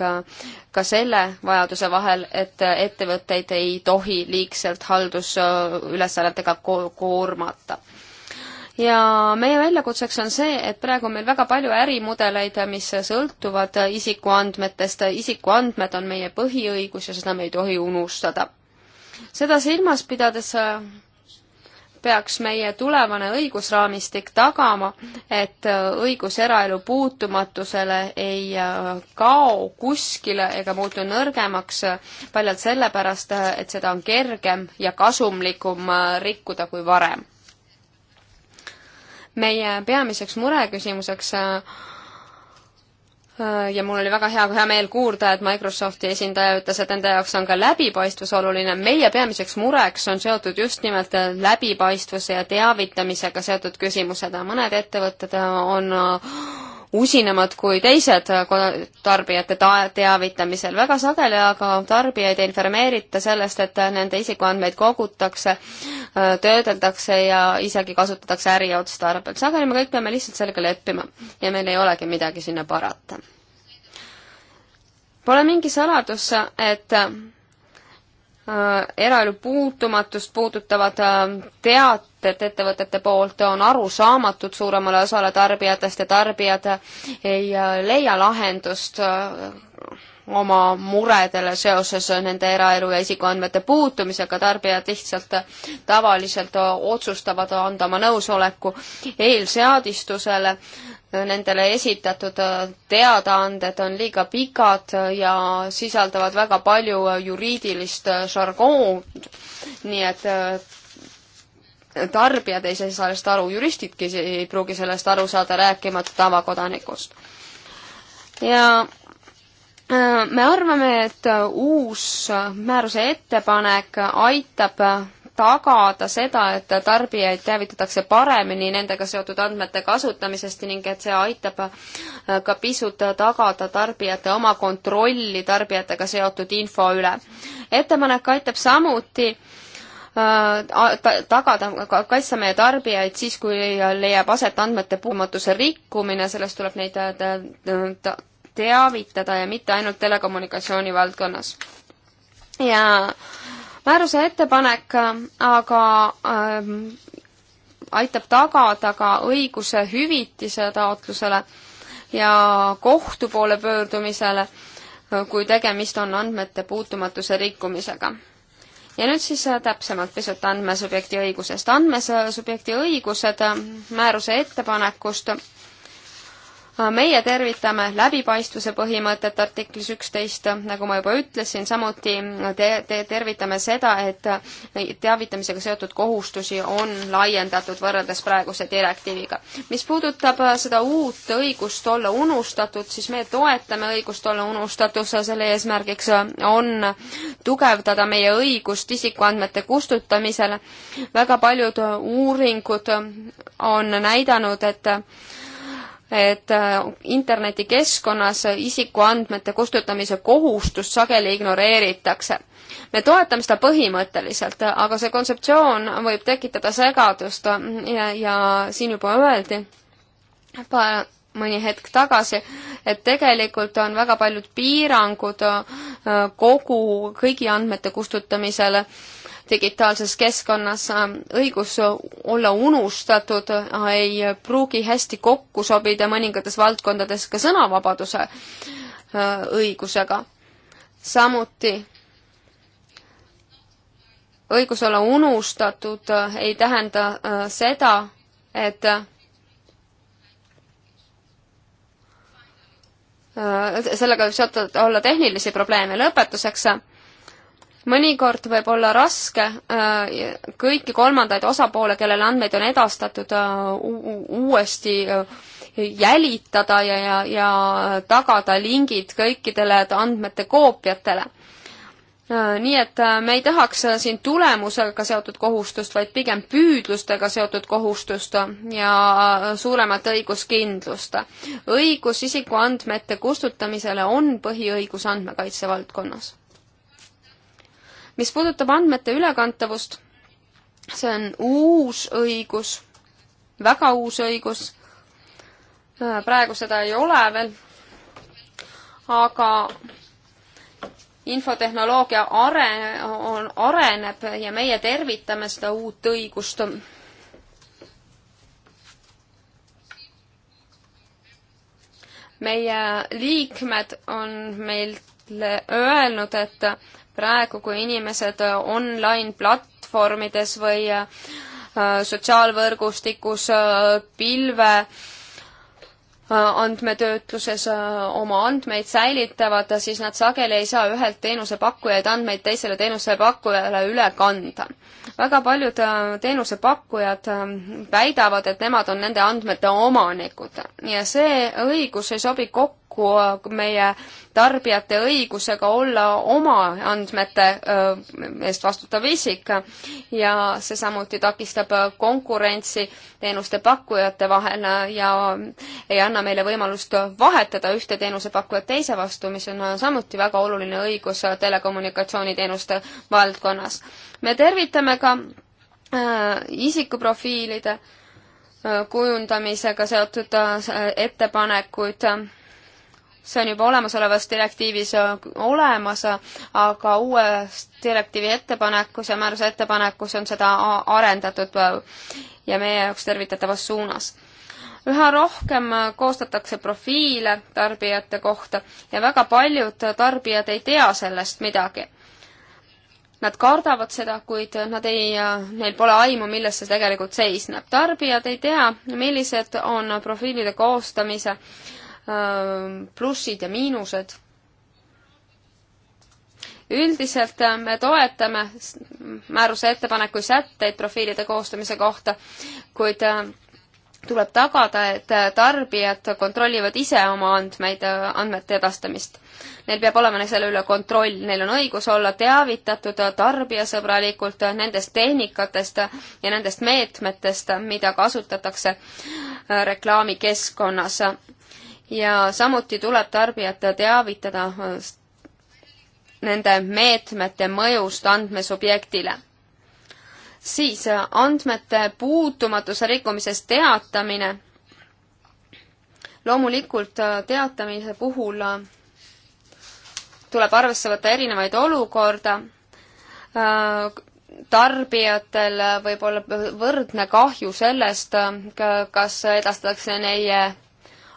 ka selle vajaduse vahel, et ettevõtteid ei tohi liigselt haldusülesannetega koormata ja meie väljakutseks on see, et praegu on meil väga palju ärimudeleid, mis sõltuvad isikuandmetest, isikuandmed on meie põhiõigus ja seda me ei tohi unustada seda silmas pidades äh, peaks meie tulevane õigusraamistik tagama, et äh, õigus eraelu puutumatusele ei äh, kao kuskile ega muutu nõrgemaks paljalt sellepärast, et seda on kergem ja kasumlikum rikkuda kui varem. meie peamiseks mureküsimuseks ja mul oli väga hea, hea meel kuulda, et Microsofti esindaja ütles, et nende jaoks on ka läbipaistvus oluline. meie peamiseks mureks on seotud just nimelt läbipaistvuse ja teavitamisega seotud küsimused. mõned ettevõtted on usinamad kui teised tarbijate ta-, teavitamisel. väga sageli aga tarbijaid ei informeerita sellest, et nende isikuandmeid kogutakse, töödeldakse ja isegi kasutatakse äriotstarbel. sageli me kõik peame lihtsalt sellega leppima ja meil ei olegi midagi sinna parata. Pole mingi saladus, et äh, eraelu puutumatust puudutavad äh, teat-, ettevõtted, ettevõtete poolt on arusaamatud suuremale osale tarbijatest ja tarbijad ei äh, leia lahendust äh, oma muredele seoses nende eraelu ja isikuandmete puutumisega, tarbijad lihtsalt äh, tavaliselt otsustavad anda oma nõusoleku eelseadistusele, nendele esitatud teadaanded on liiga pikad ja sisaldavad väga palju juriidilist žargoon, nii et tarbijad ei saa sellest aru, juristidki ei pruugi sellest aru saada, rääkimata tavakodanikust. ja äh, me arvame, et uus määruse ettepanek aitab tagada seda, et tarbijaid teavitatakse paremini nendega seotud andmete kasutamisest ning et see aitab äh, ka pisut tagada tarbijate oma kontrolli tarbijatega seotud info üle. ettepanek aitab samuti äh, Äh, tagada, kaitsta meie tarbijaid siis, kui leiab aset andmete puutumatuse rikkumine, sellest tuleb neid äh, teavitada ja mitte ainult telekommunikatsiooni valdkonnas. ja määruse ettepanek aga ähm, aitab tagada ka õiguse hüvitise taotlusele ja kohtu poole pöördumisele, kui tegemist on andmete puutumatuse rikkumisega ja nüüd siis äh, täpsemalt pisut andmesubjekti õigusest. andmesubjekti õigused äh, määruse ettepanekust meie tervitame läbipaistvuse põhimõtet artiklis üksteist, nagu ma juba ütlesin, samuti te, te tervitame seda, et teavitamisega seotud kohustusi on laiendatud võrreldes praeguse direktiiviga. mis puudutab seda uut õigust olla unustatud, siis me toetame õigust olla unustatud, selle eesmärgiks on tugevdada meie õigust isikuandmete kustutamisele. väga paljud uuringud on näidanud, et et äh, internetikeskkonnas isikuandmete kustutamise kohustust sageli ignoreeritakse. me toetame seda põhimõtteliselt, aga see kontseptsioon võib tekitada segadust ja, ja siin juba öeldi, mõni hetk tagasi, et tegelikult on väga paljud piirangud äh, kogu, kõigi andmete kustutamisele äh, digitaalses keskkonnas äh, õigus olla unustatud äh, ei pruugi hästi kokku sobida mõningates valdkondades ka sõnavabaduse äh, õigusega. samuti õigus olla unustatud ei tähenda seda, et sellega võib seotud olla tehnilisi probleeme. lõpetuseks mõnikord võib olla raske äh, kõiki kolmandaid osapoole, kellele andmeid on edastatud, äh, uuesti äh, jälitada ja, ja, ja tagada lingid kõikidele andmete koopiatele nii et me ei tahaks siin tulemusega seotud kohustust, vaid pigem püüdlustega seotud kohustust ja suuremat õiguskindlust. õigus isikuandmete kustutamisele on põhiõigus andmekaitse valdkonnas mis puudutab andmete ülekantavust, see on uus õigus, väga uus õigus, äh, praegu seda ei ole veel, aga infotehnoloogia are-, on, areneb ja meie tervitame seda uut õigust. meie liikmed on meilt öelnud, et praegu, kui inimesed online platvormides või äh, sotsiaalvõrgustikus äh, pilve äh, andmetöötluses oma andmeid säilitavad, siis nad sageli ei saa ühelt teenusepakkujaid andmeid teisele teenusepakkujale üle kanda. väga paljud teenusepakkujad väidavad, et nemad on nende andmete omanikud ja see õigus ei sobi kokku kokku meie tarbijate õigusega olla oma andmete eest vastutav isik ja see samuti takistab konkurentsi teenuste pakkujate vahel ja ei anna meile võimalust vahetada ühte teenusepakkujat teise vastu, mis on samuti väga oluline õigus telekommunikatsiooniteenuste valdkonnas. me tervitame ka isikuprofiilide kujundamisega seotud ettepanekuid see on juba olemasolevas direktiivis äh, olemas, aga uues direktiivi ettepanekus ja määruse ettepanekus on seda arendatud äh, ja meie jaoks tervitatavas suunas. üha rohkem äh, koostatakse profiile tarbijate kohta ja väga paljud tarbijad ei tea sellest midagi. Nad kardavad seda, kuid nad ei, neil pole aimu, milles see tegelikult seisneb. tarbijad ei tea, millised on profiilide koostamise äh, Ähm, plussid ja miinused. üldiselt äh, me toetame määruse ettepanekuid sätteid profiilide koostamise kohta, kuid äh, tuleb tagada, et äh, tarbijad kontrollivad ise oma andmeid, andmete edastamist. Neil peab olema selle üle kontroll, neil on õigus olla teavitatud tarbijasõbralikult nendest tehnikatest ja nendest meetmetest, mida kasutatakse reklaamikeskkonnas ja samuti tuleb tarbijat teavitada äh, nende meetmete mõjust andmesubjektile. siis äh, andmete puutumatuse rikkumisest teatamine. loomulikult äh, teatamise puhul tuleb arvesse võtta erinevaid olukorda tarbijatel võib olla võrdne kahju sellest, kas edastatakse neie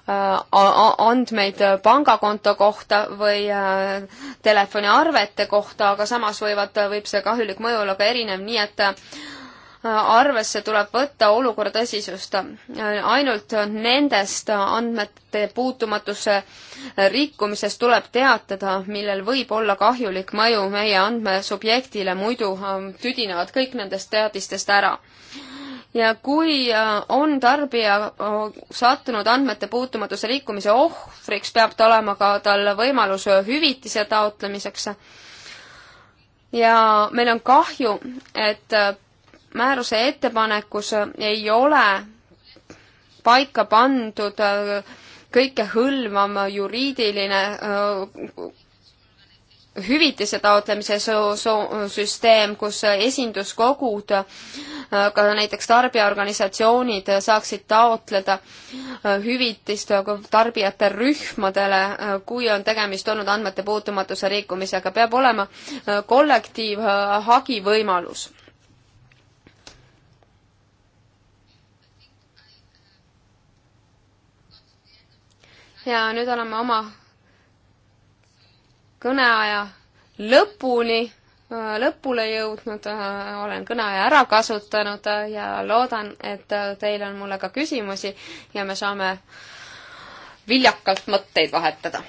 Äh, andmeid pangakonto kohta või äh, telefoniarvete kohta, aga samas võivad, äh, võib see kahjulik mõju olla ka erinev, nii et arvesse tuleb võtta olukorra tõsisust. ainult nendest andmete puutumatuse rikkumisest tuleb teatada, millel võib olla kahjulik mõju meie andmesubjektile, muidu ähm, tüdinevad kõik nendest teadistest ära ja kui äh, on tarbija äh, sattunud andmete puutumatuse rikkumise ohvriks, peab ta olema ka tal võimalus hüvitise taotlemiseks. ja meil on kahju, et äh, määruse ettepanekus ei ole paika pandud kõikehõlmav juriidiline hüvitise taotlemise süsteem, kus esinduskogud, ka näiteks tarbijaorganisatsioonid saaksid taotleda äh, hüvitist äh, tarbijate rühmadele, äh, kui on tegemist olnud andmete puutumatuse rikkumisega, peab olema kollektiivhagi võimalus. ja nüüd oleme oma kõneaja lõpuni, lõpule jõudnud, olen kõneaja ära kasutanud ja loodan, et teil on mulle ka küsimusi ja me saame viljakalt mõtteid vahetada.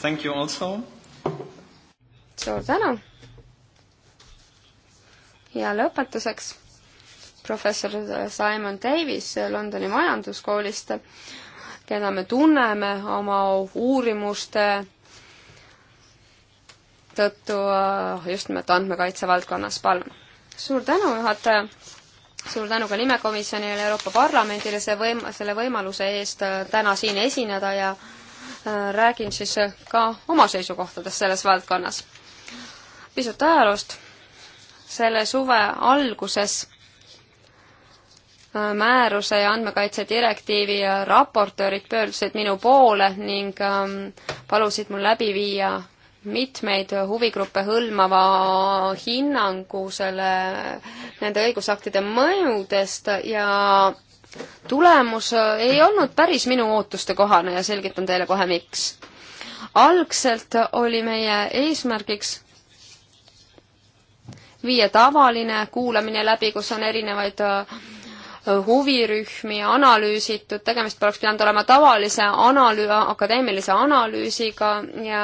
Thank you also. suur tänu. ja lõpetuseks professor Simon Davis Londoni majanduskoolist keda me tunneme oma uurimuste tõttu äh, just nimelt andmekaitse valdkonnas. palun! suur tänu, juhataja! suur tänu ka nimekomisjonile, Euroopa Parlamendile see võim-, selle võimaluse eest äh, täna siin esineda ja äh, räägin siis ka oma seisukohtadest selles valdkonnas. pisut ajaloost, selle suve alguses määruse ja andmekaitse direktiivi raportöörid pöördusid minu poole ning ähm, palusid mul läbi viia mitmeid huvigruppe hõlmava hinnangu selle, nende õigusaktide mõjudest ja tulemus ei olnud päris minu ootuste kohane ja selgitan teile kohe, miks. algselt oli meie eesmärgiks viia tavaline kuulamine läbi, kus on erinevaid äh, huvirühmi analüüsitud, tegemist poleks pidanud olema tavalise analüü-, akadeemilise analüüsiga ja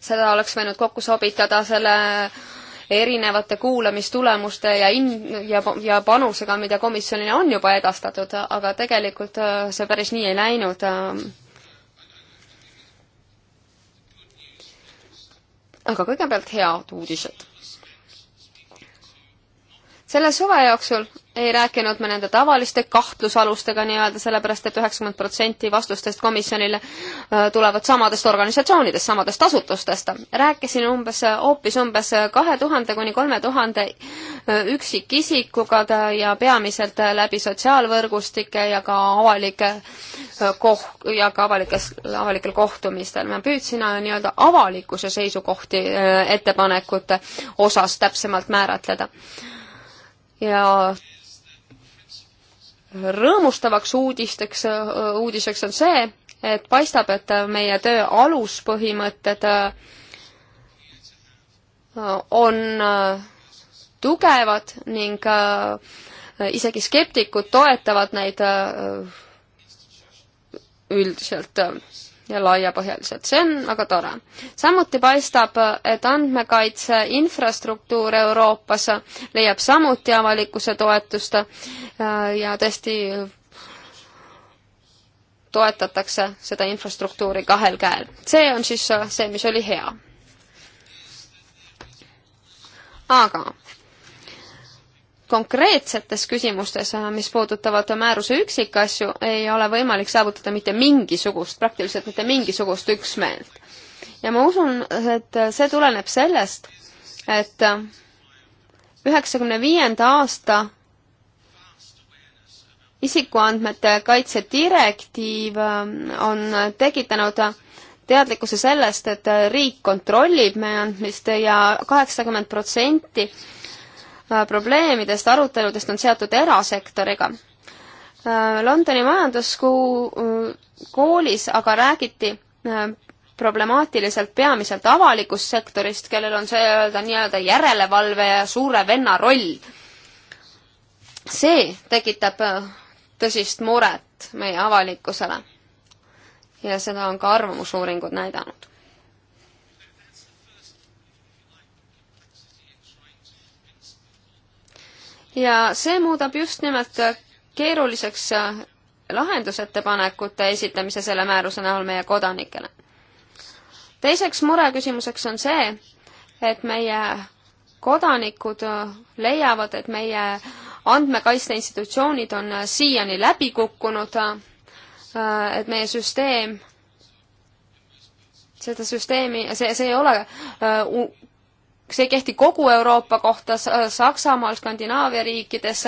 seda oleks võinud kokku sobitada selle erinevate kuulamistulemuste ja in- ja, ja panusega, mida komisjonile on juba edastatud, aga tegelikult äh, see päris nii ei läinud. aga kõigepealt head uudised selle suve jooksul ei rääkinud me nende tavaliste kahtlusalustega nii-öelda, sellepärast et üheksakümmend protsenti vastustest komisjonile äh, tulevad samadest organisatsioonidest, samadest asutustest. rääkisin umbes, hoopis umbes kahe tuhande kuni kolme tuhande äh, üksikisikuga ja peamiselt läbi sotsiaalvõrgustike ja ka avalike äh, koh- ja ka avalikes, avalikel kohtumistel. ma püüdsin nii-öelda avalikkuse seisukohti ettepanekute osas täpsemalt määratleda ja rõõmustavaks uudisteks, uudiseks on see, et paistab, et meie töö aluspõhimõtted äh, on äh, tugevad ning äh, isegi skeptikud toetavad neid üldiselt ja laiapõhjaliselt, see on väga tore. samuti paistab, et andmekaitse infrastruktuur Euroopas leiab samuti avalikkuse toetust äh, ja tõesti toetatakse seda infrastruktuuri kahel käel. see on siis äh, see, mis oli hea. aga konkreetsetes küsimustes, äh, mis puudutavad määruse üksikasju, ei ole võimalik saavutada mitte mingisugust, praktiliselt mitte mingisugust üksmeelt. ja ma usun, et see tuleneb sellest, et üheksakümne viienda aasta isikuandmete kaitse direktiiv äh, on tekitanud teadlikkuse sellest, et riik kontrollib meie andmist ja kaheksakümmend protsenti Äh, probleemidest, aruteludest on seotud erasektoriga. Äh, Londoni majanduskuu äh, koolis aga räägiti problemaatiliselt peamiselt avalikust sektorist, kellel on see öelda nii-öelda järelevalve ja suure venna roll. see tekitab tõsist muret meie avalikkusele. ja seda on ka arvamusuuringud näidanud. ja see muudab just nimelt keeruliseks lahendusettepanekute esitamise selle määruse näol meie kodanikele. teiseks mureküsimuseks on see, et meie kodanikud leiavad, et meie andmekaitse institutsioonid on siiani läbi kukkunud, et meie süsteem, seda süsteemi, see, see ei ole see ei kehti kogu Euroopa kohta, Saksamaal, Skandinaavia riikides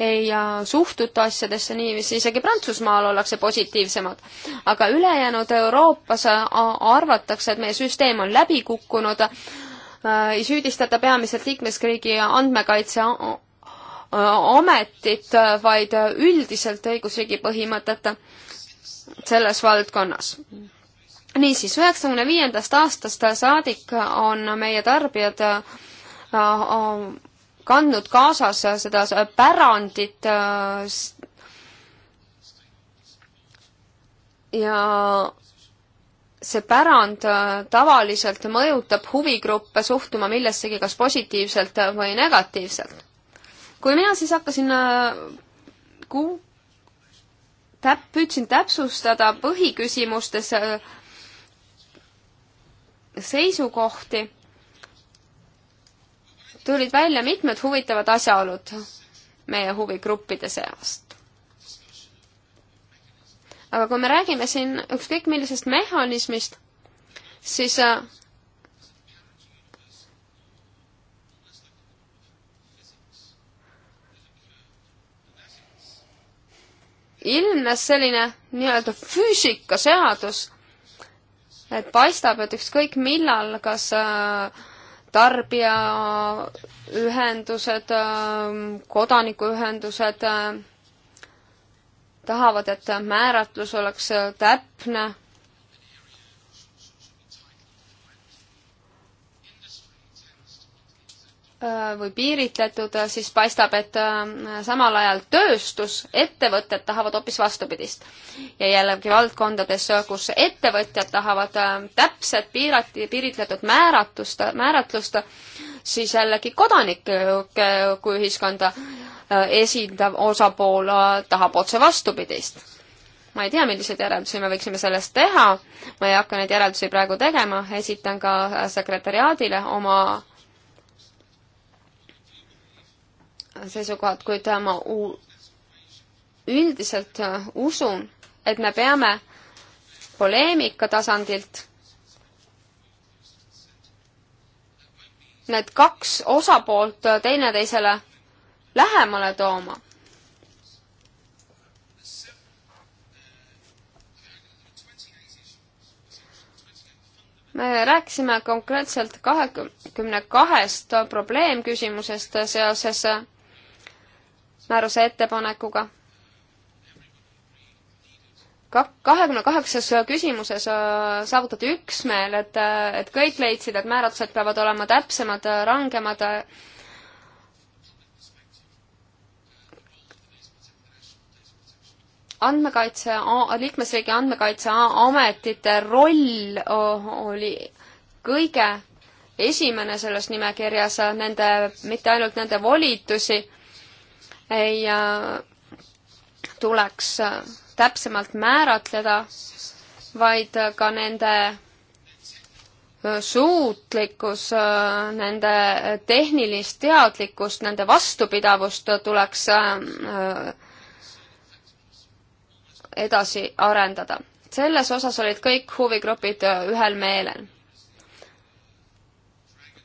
ei eh, suhtuta asjadesse niiviisi, isegi Prantsusmaal ollakse positiivsemad. aga ülejäänud Euroopas eh, arvatakse, et meie süsteem on läbi kukkunud, eh, ei süüdistata peamiselt liikmesriigi andmekaitse ametit, vaid üldiselt õigusriigi põhimõtet selles valdkonnas niisiis, üheksakümne viiendast aastast saadik on meie tarbijad äh, kandnud kaasas seda pärandit äh, ja see pärand äh, tavaliselt mõjutab huvigruppe suhtuma millessegi kas positiivselt või negatiivselt. kui mina siis hakkasin ku-, täp-, püüdsin täpsustada põhiküsimustes seisukohti, tulid välja mitmed huvitavad asjaolud meie huvigruppide seast. aga kui me räägime siin ükskõik millisest mehhanismist, siis äh, ilmnes selline nii-öelda füüsikaseadus, et paistab, et ükskõik millal, kas äh, tarbijaühendused, äh, kodanikuühendused äh, tahavad, et määratlus oleks täpne Äh, või piiritletud, äh, siis paistab, et äh, samal ajal tööstus, ettevõtted tahavad hoopis vastupidist. ja jällegi valdkondades, kus ettevõtjad tahavad täpset piirati, piiritletud määratust, määratlust, siis jällegi kodanike kui ühiskonda esindav osapool tahab otse vastupidist. ma ei tea, milliseid järeldusi me võiksime sellest teha, ma ei hakka neid järeldusi praegu tegema, esitan ka sekretäriaadile oma seisukohad, kuid äh, ma üldiselt äh, usun, et me peame poleemika tasandilt need kaks osapoolt äh, teineteisele lähemale tooma. me rääkisime konkreetselt kahekümne kahest probleemküsimusest seoses määruse ettepanekuga. kahekümne kaheksas äh, küsimuses äh, saavutati üksmeel, et, äh, et kõik leidsid, et määratused peavad olema täpsemad, rangemad andmekaitse, liikmesriigi andmekaitseametite roll oli kõige esimene selles nimekirjas, nende, mitte ainult nende volitusi ei tuleks täpsemalt määratleda, vaid ka nende suutlikkus, nende tehnilist teadlikkust, nende vastupidavust tuleks äh, edasi arendada. selles osas olid kõik huvigrupid äh, ühel meelel.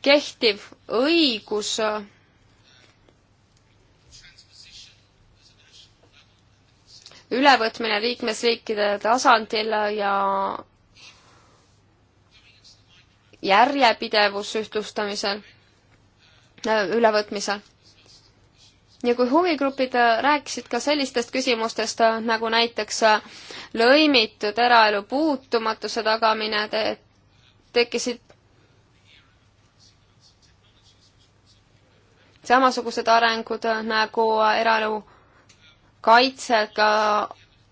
kehtiv õigus äh, ülevõtmine liikmesriikide tasandil ja järjepidevus ühtlustamisel, äh, ülevõtmisel. ja kui huvigrupid äh, rääkisid ka sellistest küsimustest, äh, nagu näiteks lõimitud eraelu puutumatuse tagamine te, tekkisid samasugused arengud nagu eraelu kaitsega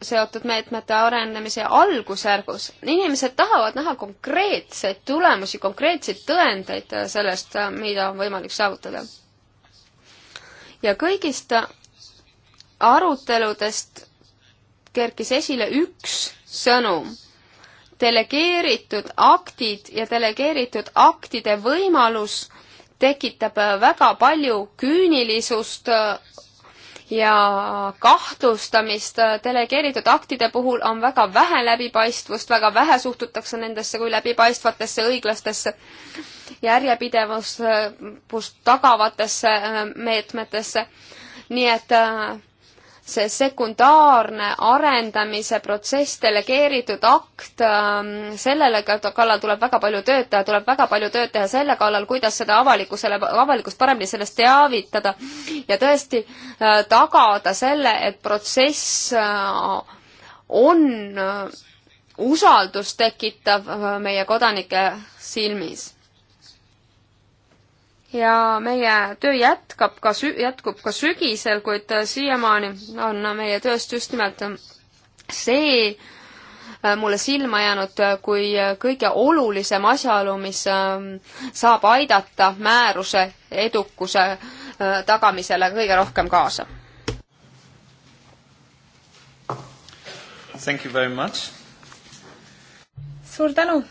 seotud meetmete arenemise algusjärgus. inimesed tahavad näha konkreetseid tulemusi, konkreetseid tõendeid sellest, mida on võimalik saavutada. ja kõigist aruteludest kerkis esile üks sõnum. delegeeritud aktid ja delegeeritud aktide võimalus tekitab väga palju küünilisust ja kahtlustamist delegeeritud aktide puhul on väga vähe läbipaistvust, väga vähe suhtutakse nendesse kui läbipaistvatesse õiglastesse järjepidevust äh, tagavatesse äh, meetmetesse. nii et äh, see sekundaarne arendamise protsess, delegeeritud akt, ähm, sellele kallal tuleb väga palju tööd teha, tuleb väga palju tööd teha selle kallal, kuidas seda avalikkusele, avalikkust paremini sellest teavitada ja tõesti äh, tagada selle, et protsess äh, on äh, usaldust tekitav meie kodanike silmis ja meie töö jätkab ka, jätkub ka sügisel, kuid äh, siiamaani on meie tööst just nimelt äh, see äh, mulle silma jäänud kui kõige olulisem asjaolu, mis saab aidata määruse edukuse tagamisele kõige rohkem kaasa. suur tänu!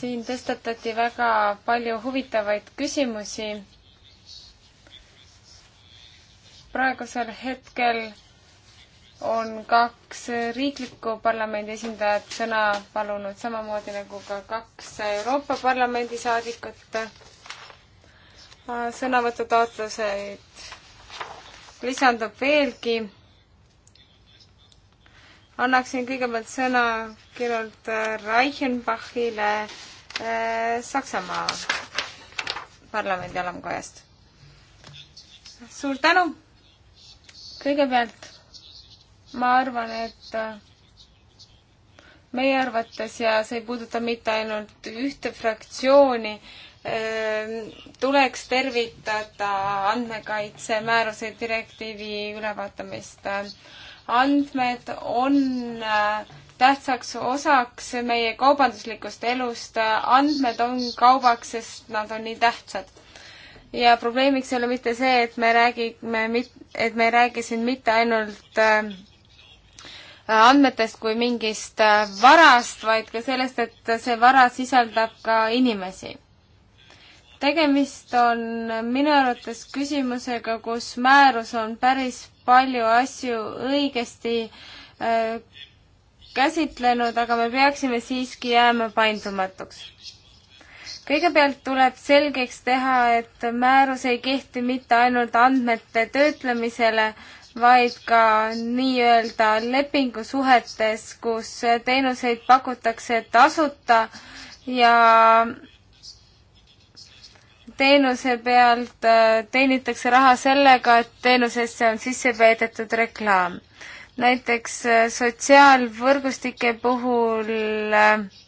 siin tõstatati väga palju huvitavaid küsimusi. praegusel hetkel on kaks riikliku parlamendi esindajat sõna palunud, samamoodi nagu ka kaks Euroopa Parlamendi saadikut. sõnavõtutaotluseid lisandub veelgi. annaksin kõigepealt sõna Gerald Reichenbachile Äh, Saksamaa parlamendi alamkojast. suur tänu! kõigepealt ma arvan, et äh, meie arvates ja see ei puuduta mitte ainult ühte fraktsiooni, äh, tuleks tervitada andmekaitse määruse direktiivi ülevaatamist. andmed on tähtsaks osaks meie kaubanduslikust elust. andmed on kaubaks, sest nad on nii tähtsad. ja probleemiks ei ole mitte see, et me räägime, et me ei räägi siin mitte ainult äh, andmetest kui mingist äh, varast, vaid ka sellest, et see vara sisaldab ka inimesi. tegemist on minu arvates küsimusega, kus määrus on päris palju asju õigesti äh, käsitlenud, aga me peaksime siiski jääma paindumatuks. kõigepealt tuleb selgeks teha, et määrus ei kehti mitte ainult andmete töötlemisele, vaid ka nii-öelda lepingusuhetes, kus teenuseid pakutakse tasuta ja teenuse pealt äh, teenitakse raha sellega, et teenusesse on sisse peedetud reklaam näiteks äh, sotsiaalvõrgustike puhul äh,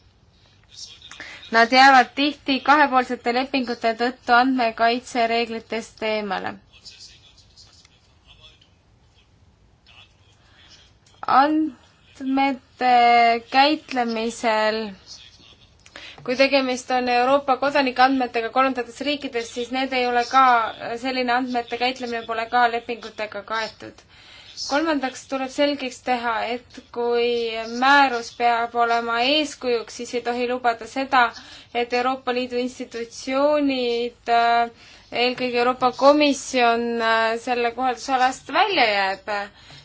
nad jäävad tihti kahepoolsete lepingute tõttu andmekaitsereeglitest eemale. andmete käitlemisel kui tegemist on Euroopa kodanike andmetega kolmandates riikides, siis need ei ole ka, selline andmete käitlemine pole ka lepingutega kaetud kolmandaks tuleb selgeks teha, et kui määrus peab olema eeskujuks, siis ei tohi lubada seda, et Euroopa Liidu institutsioonid, äh, eelkõige Euroopa Komisjon äh, selle kohaldusalast välja jääb.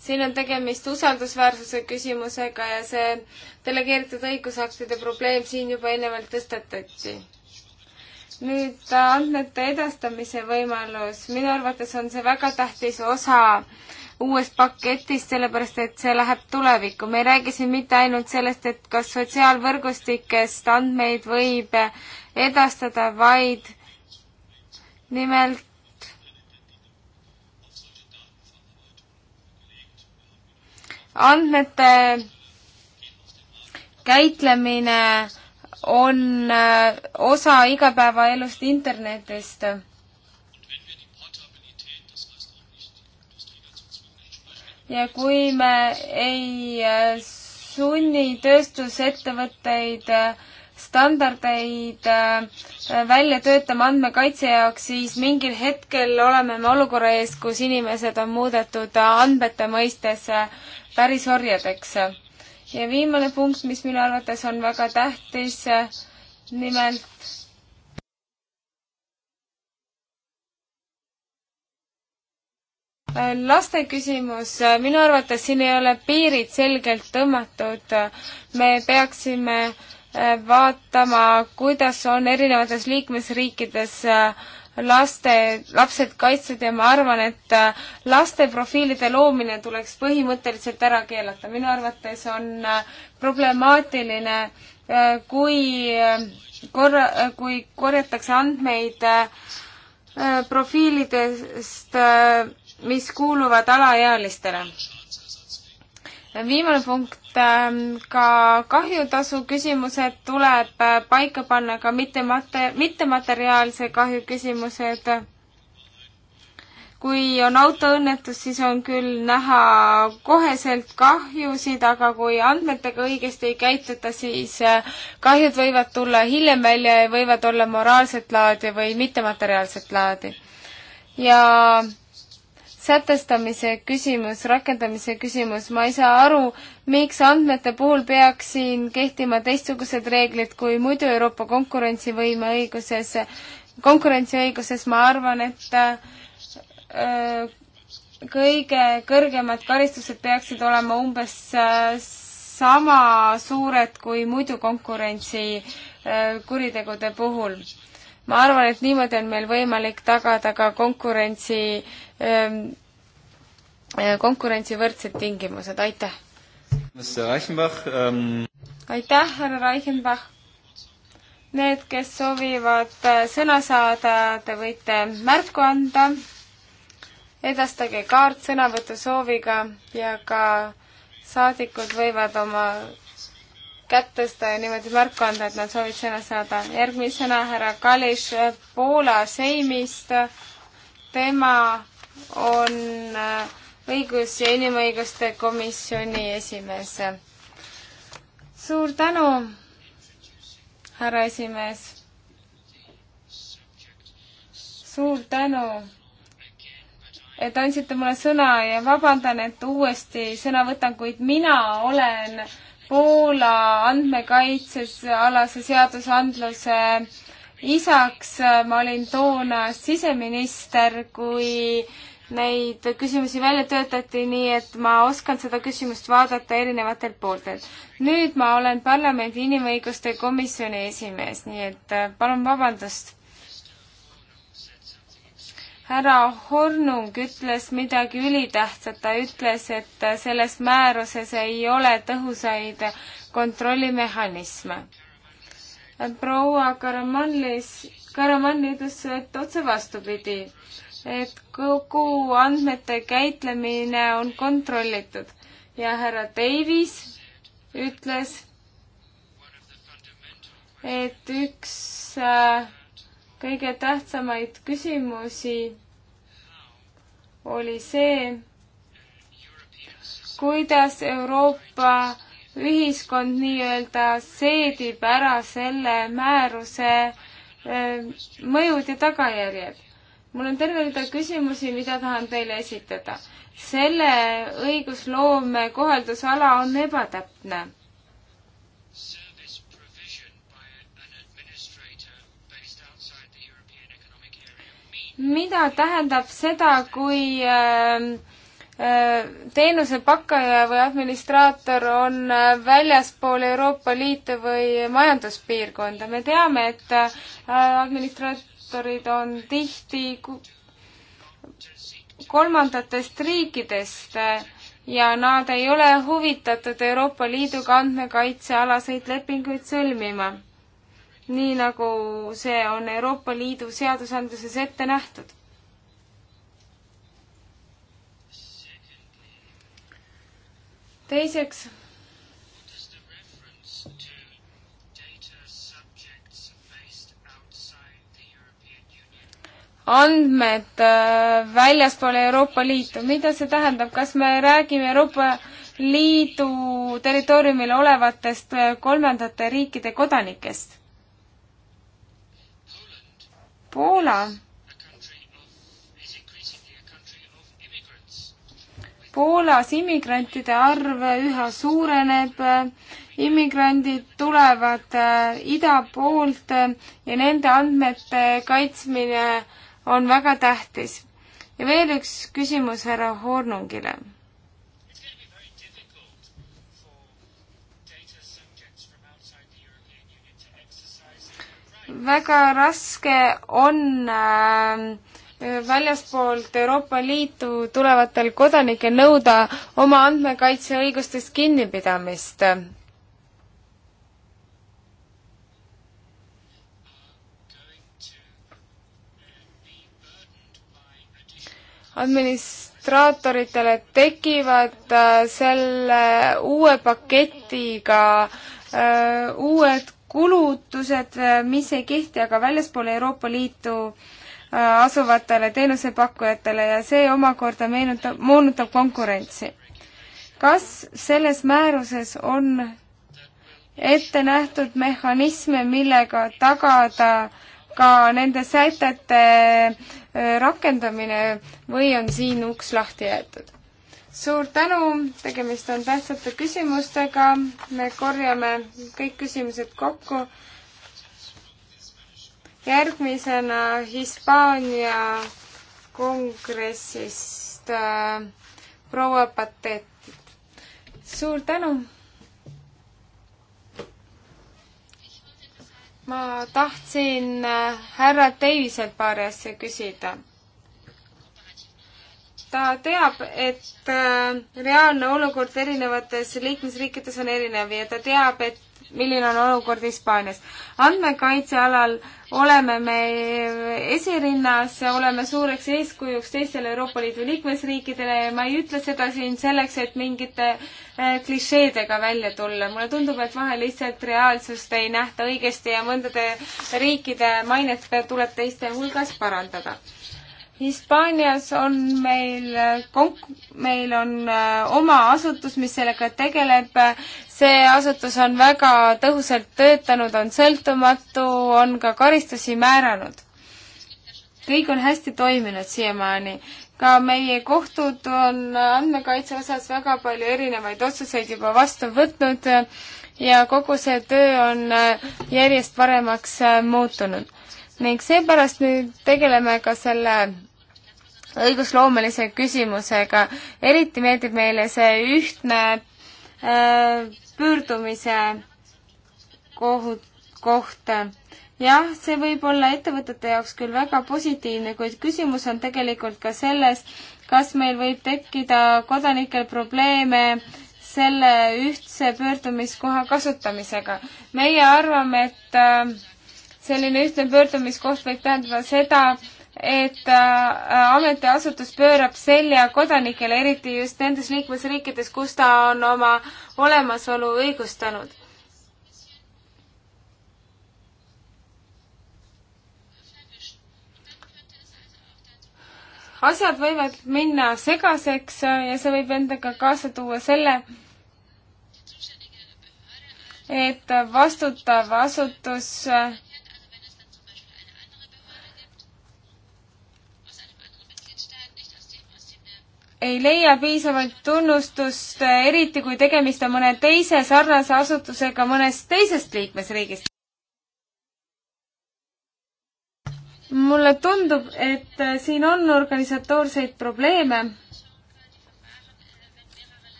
siin on tegemist usaldusväärsuse küsimusega ja see delegeeritud õigusaktide probleem siin juba eelnevalt tõstatati nüüd äh, andmete edastamise võimalus, minu arvates on see väga tähtis osa uuest paketist, sellepärast et see läheb tulevikku. me ei räägi siin mitte ainult sellest, et kas sotsiaalvõrgustikest andmeid võib edastada, vaid nimelt andmete käitlemine on äh, osa igapäevaelust internetist ja kui me ei äh, sunni tööstusettevõtteid äh, standardeid äh, välja töötama andmekaitse jaoks, siis mingil hetkel oleme me olukorra ees, kus inimesed on muudetud andmete mõistes päris orjadeks. ja viimane punkt, mis minu arvates on väga tähtis, nimelt laste küsimus, minu arvates siin ei ole piirid selgelt tõmmatud. me peaksime äh, vaatama, kuidas on erinevates liikmesriikides äh, laste, lapsed kaitstud ja ma arvan, et äh, laste profiilide loomine tuleks põhimõtteliselt ära keelata. minu arvates on problemaatiline, kui korra, kui korjatakse andmeid profiilidest mis kuuluvad alaealistele. viimane punkt, ähm, ka kahjutasu küsimused tuleb äh, paika panna, ka mitte mate-, mittemateriaalse kahju küsimused. kui on autoõnnetus, siis on küll näha koheselt kahjusid, aga kui andmetega õigesti ei käituta, siis äh, kahjud võivad tulla hiljem välja ja võivad olla moraalset laadi või mittemateriaalset laadi. ja sätestamise küsimus, rakendamise küsimus, ma ei saa aru, miks andmete puhul peaks siin kehtima teistsugused reeglid kui muidu Euroopa konkurentsivõime õiguses, konkurentsiõiguses, ma arvan, et öö, äh, kõige kõrgemad karistused peaksid olema umbes äh, sama suured kui muidu konkurentsi äh, kuritegude puhul ma arvan, et niimoodi on meil võimalik tagada ka konkurentsi, ähm, äh, konkurentsi võrdsed tingimused, aitäh! Ähm, aitäh, härra Reichenbach! Need, kes soovivad äh, sõna saada, te võite märku anda, edastage kaart sõnavõtusooviga ja ka saadikud võivad oma kätt tõsta ja niimoodi märku anda, et nad soovid sõna saada. järgmisena härra Kalis Poola Seimist. tema on äh, õigus- ja inimõiguste komisjoni esimees. suur tänu, härra esimees. suur tänu et andsite mulle sõna ja vabandan, et uuesti sõna võtan, kuid mina olen Poola andmekaitsealase seadusandluse isaks. ma olin toona siseminister, kui neid küsimusi välja töötati, nii et ma oskan seda küsimust vaadata erinevatelt pooltelt. nüüd ma olen parlamendi inimõiguste komisjoni esimees, nii et palun vabandust härra Hornung ütles midagi ülitähtsat, ta ütles, et selles määruses ei ole tõhusaid kontrollimehhanisme. proua Karamanlis, Karamanli ütles, et otse vastupidi, et kogu andmete käitlemine on kontrollitud ja härra Davis ütles, et üks äh, kõige tähtsamaid küsimusi oli see, kuidas Euroopa ühiskond nii-öelda seedib ära selle määruse ähm, mõjud ja tagajärjed. mul on terve rida küsimusi, mida tahan teile esitada. selle õigusloome kohaldusala on ebatäpne mida tähendab seda, kui ähm, äh, teenusepakkaja või administraator on äh, väljaspool Euroopa Liitu või majanduspiirkonda. me teame, et äh, administraatorid on tihti kolmandatest riikidest ja nad ei ole huvitatud Euroopa Liiduga andmekaitsealaseid lepinguid sõlmima nii nagu see on Euroopa Liidu seadusandluses ette nähtud. teiseks andmed äh, väljaspool Euroopa Liitu, mida see tähendab, kas me räägime Euroopa Liidu territooriumil olevatest äh, kolmandate riikide kodanikest? Poola Poolas immigrantide arv üha suureneb, immigrandid tulevad äh, ida poolt äh, ja nende andmete kaitsmine on väga tähtis. ja veel üks küsimus härra Hornungile. väga raske on äh, väljaspoolt Euroopa Liitu tulevatel kodanikel nõuda oma andmekaitseõigustest kinnipidamist. administraatoritele tekivad äh, selle uue paketiga äh, uued kulutused, mis ei kehti aga väljaspool Euroopa Liitu äh, asuvatele teenusepakkujatele ja see omakorda meenutab, moonutab konkurentsi. kas selles määruses on ette nähtud mehhanisme, millega tagada ka nende sätete äh, rakendamine või on siin uks lahti jäetud? suur tänu, tegemist on tähtsate küsimustega, me korjame kõik küsimused kokku. järgmisena Hispaania kongressist äh, proua Patet. suur tänu. ma tahtsin äh, härra Daviselt paari asja küsida ta teab, et äh, reaalne olukord erinevates liikmesriikides on erinev ja ta teab, et milline on olukord Hispaanias. andmekaitse alal oleme me esirinnas, oleme suureks eeskujuks teistele Euroopa Liidu liikmesriikidele ja ma ei ütle seda siin selleks, et mingite äh, klišeedega välja tulla. mulle tundub, et vahel lihtsalt reaalsust ei nähta õigesti ja mõndade riikide mainet tuleb teiste hulgas parandada Hispaanias on meil konk-, meil on äh, oma asutus, mis sellega tegeleb, see asutus on väga tõhusalt töötanud, on sõltumatu, on ka karistusi määranud. kõik on hästi toiminud siiamaani. ka meie kohtud on andmekaitse osas väga palju erinevaid otsuseid juba vastu võtnud ja kogu see töö on äh, järjest paremaks äh, muutunud. ning seepärast nüüd tegeleme ka selle õigusloomelise küsimusega. eriti meeldib meile see ühtne äh, pöördumise kohut, koht. jah, see võib olla ettevõtete jaoks küll väga positiivne, kuid küsimus on tegelikult ka selles, kas meil võib tekkida kodanikel probleeme selle ühtse pöördumiskoha kasutamisega. meie arvame, et äh, selline ühtne pöördumiskoht võib tähendada seda, et äh, ametiasutus pöörab selja kodanikele, eriti just nendes liikmesriikides, kus ta on oma olemasolu õigustanud. asjad võivad minna segaseks ja see võib endaga kaasa tuua selle, et vastutav asutus äh, ei leia piisavalt tunnustust, eriti kui tegemist on mõne teise sarnase asutusega mõnest teisest liikmesriigist. mulle tundub, et siin on organisatoorseid probleeme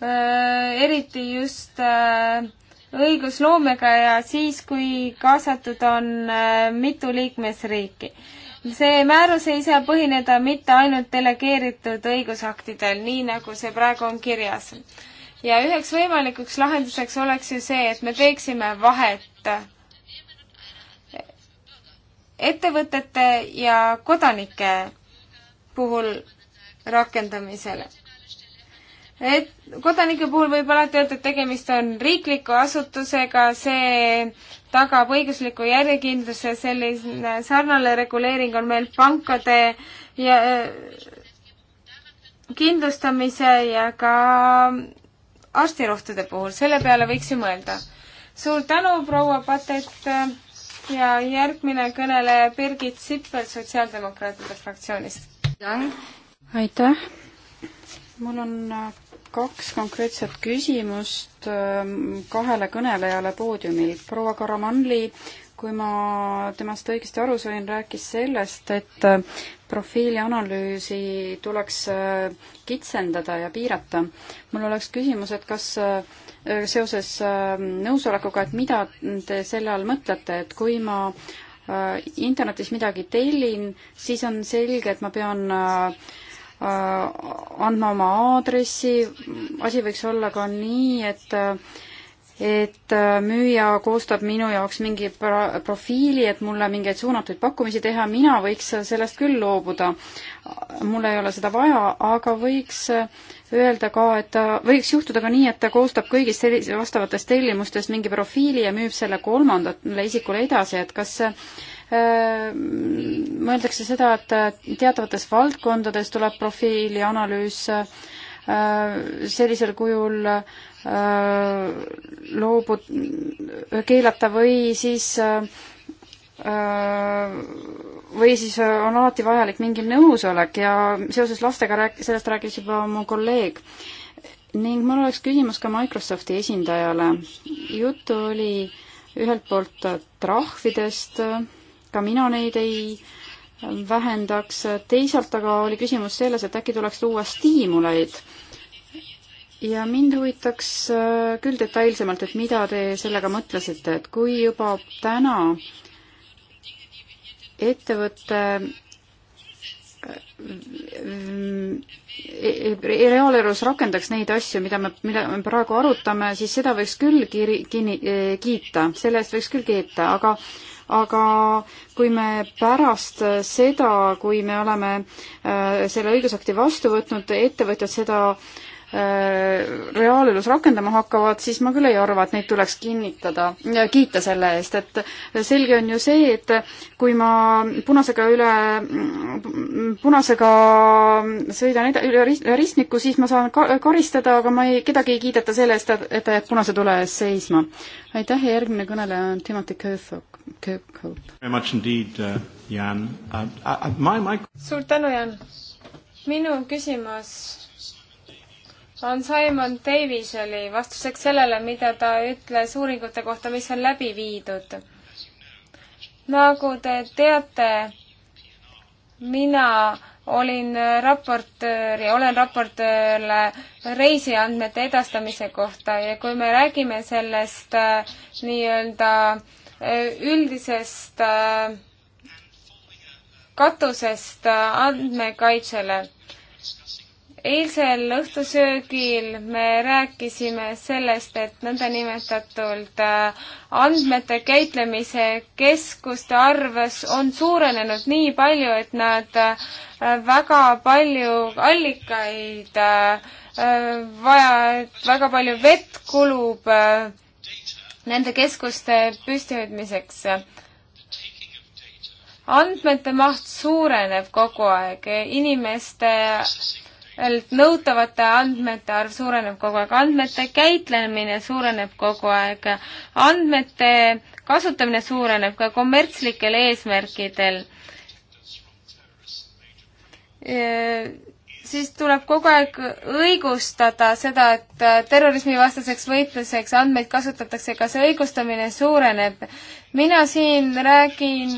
eriti just äh, õigusloomega ja siis, kui kaasatud on äh, mitu liikmesriiki see määrus ei saa põhineda mitte ainult delegeeritud õigusaktidel, nii nagu see praegu on kirjas. ja üheks võimalikuks lahenduseks oleks ju see, et me teeksime vahet ettevõtete ja kodanike puhul rakendamisele. et kodanike puhul võib alati öelda, et tegemist on riikliku asutusega, see tagab õigusliku järjekindluse, selline sarnane reguleering on meil pankade ja äh, kindlustamise ja ka arstirohtude puhul, selle peale võiks ju mõelda. suur tänu, proua Patet ja järgmine kõneleja Birgit Sippel Sotsiaaldemokraatide fraktsioonist. aitäh, mul on äh, kaks konkreetset küsimust ähm, kahele kõnelejale poodiumil. proua Karamanli, kui ma temast õigesti aru sain, rääkis sellest, et äh, profiilianalüüsi tuleks äh, kitsendada ja piirata. mul oleks küsimus, et kas äh, seoses nõusolekuga, et mida te selle all mõtlete, et kui ma internetis midagi tellin, siis on selge, et ma pean äh, Äh, andma oma aadressi, asi võiks olla ka nii, et et äh, müüja koostab minu jaoks mingi profiili, et mulle mingeid suunatuid pakkumisi teha, mina võiks sellest küll loobuda. mul ei ole seda vaja, aga võiks öelda ka, et ta, võiks juhtuda ka nii, et ta koostab kõigist sellise, vastavatest tellimustest mingi profiili ja müüb selle kolmandale isikule edasi, et kas see Äh, mõeldakse seda, et äh, teatavates valdkondades tuleb profiili analüüs äh, sellisel kujul loobu-, keelata või siis või siis on alati vajalik mingi nõusolek ja seoses lastega rääk-, sellest rääkis juba mu kolleeg. ning mul oleks küsimus ka Microsofti esindajale. juttu oli ühelt poolt trahvidest äh, ka mina neid ei vähendaks. teisalt aga oli küsimus selles, et äkki tuleks luua stiimuleid. ja mind huvitaks äh, küll detailsemalt, et mida te sellega mõtlesite, et kui juba täna ettevõte äh, e, e, reaalelus rakendaks neid asju, mida me, mida me praegu arutame, siis seda võiks küll kiri, kinni, e, kiita, selle eest võiks küll kiita, aga aga kui me pärast seda, kui me oleme äh, selle õigusakti vastu võtnud, ettevõtjad seda äh, reaalelus rakendama hakkavad, siis ma küll ei arva, et neid tuleks kinnitada, äh, kiita selle eest, et selge on ju see, et kui ma punasega üle, mm, punasega sõidan eda, üle ristmiku, siis ma saan ka karistada, aga ma ei, kedagi ei kiideta selle eest, et ta jääb punase tule ees seisma. aitäh ja järgmine kõneleja on Timothy Köthok. Kirkhope. Uh, uh, uh, suur tänu, Jan. minu küsimus on Simon Daviseli vastuseks sellele, mida ta ütles uuringute kohta, mis on läbi viidud. nagu te teate, mina olin raportöör ja olen raportöör reisiandmete edastamise kohta ja kui me räägime sellest äh, nii-öelda äh, Äh, üldisest äh, katusest äh, andmekaitsele. eilsel õhtusöögil me rääkisime sellest, et nõndanimetatud andmete käitlemise keskuste arv on suurenenud nii palju, et nad väga palju allikaid vaja, et väga palju vett kulub nende keskuste püstihoidmiseks. andmete maht suureneb kogu aeg, inimeste nõutavate andmete arv suureneb kogu aeg, andmete käitlemine suureneb kogu aeg, andmete kasutamine suureneb ka kommertslikel eesmärkidel siis tuleb kogu aeg õigustada seda, et äh, terrorismivastaseks võitluseks andmeid kasutatakse, ka see õigustamine suureneb. mina siin räägin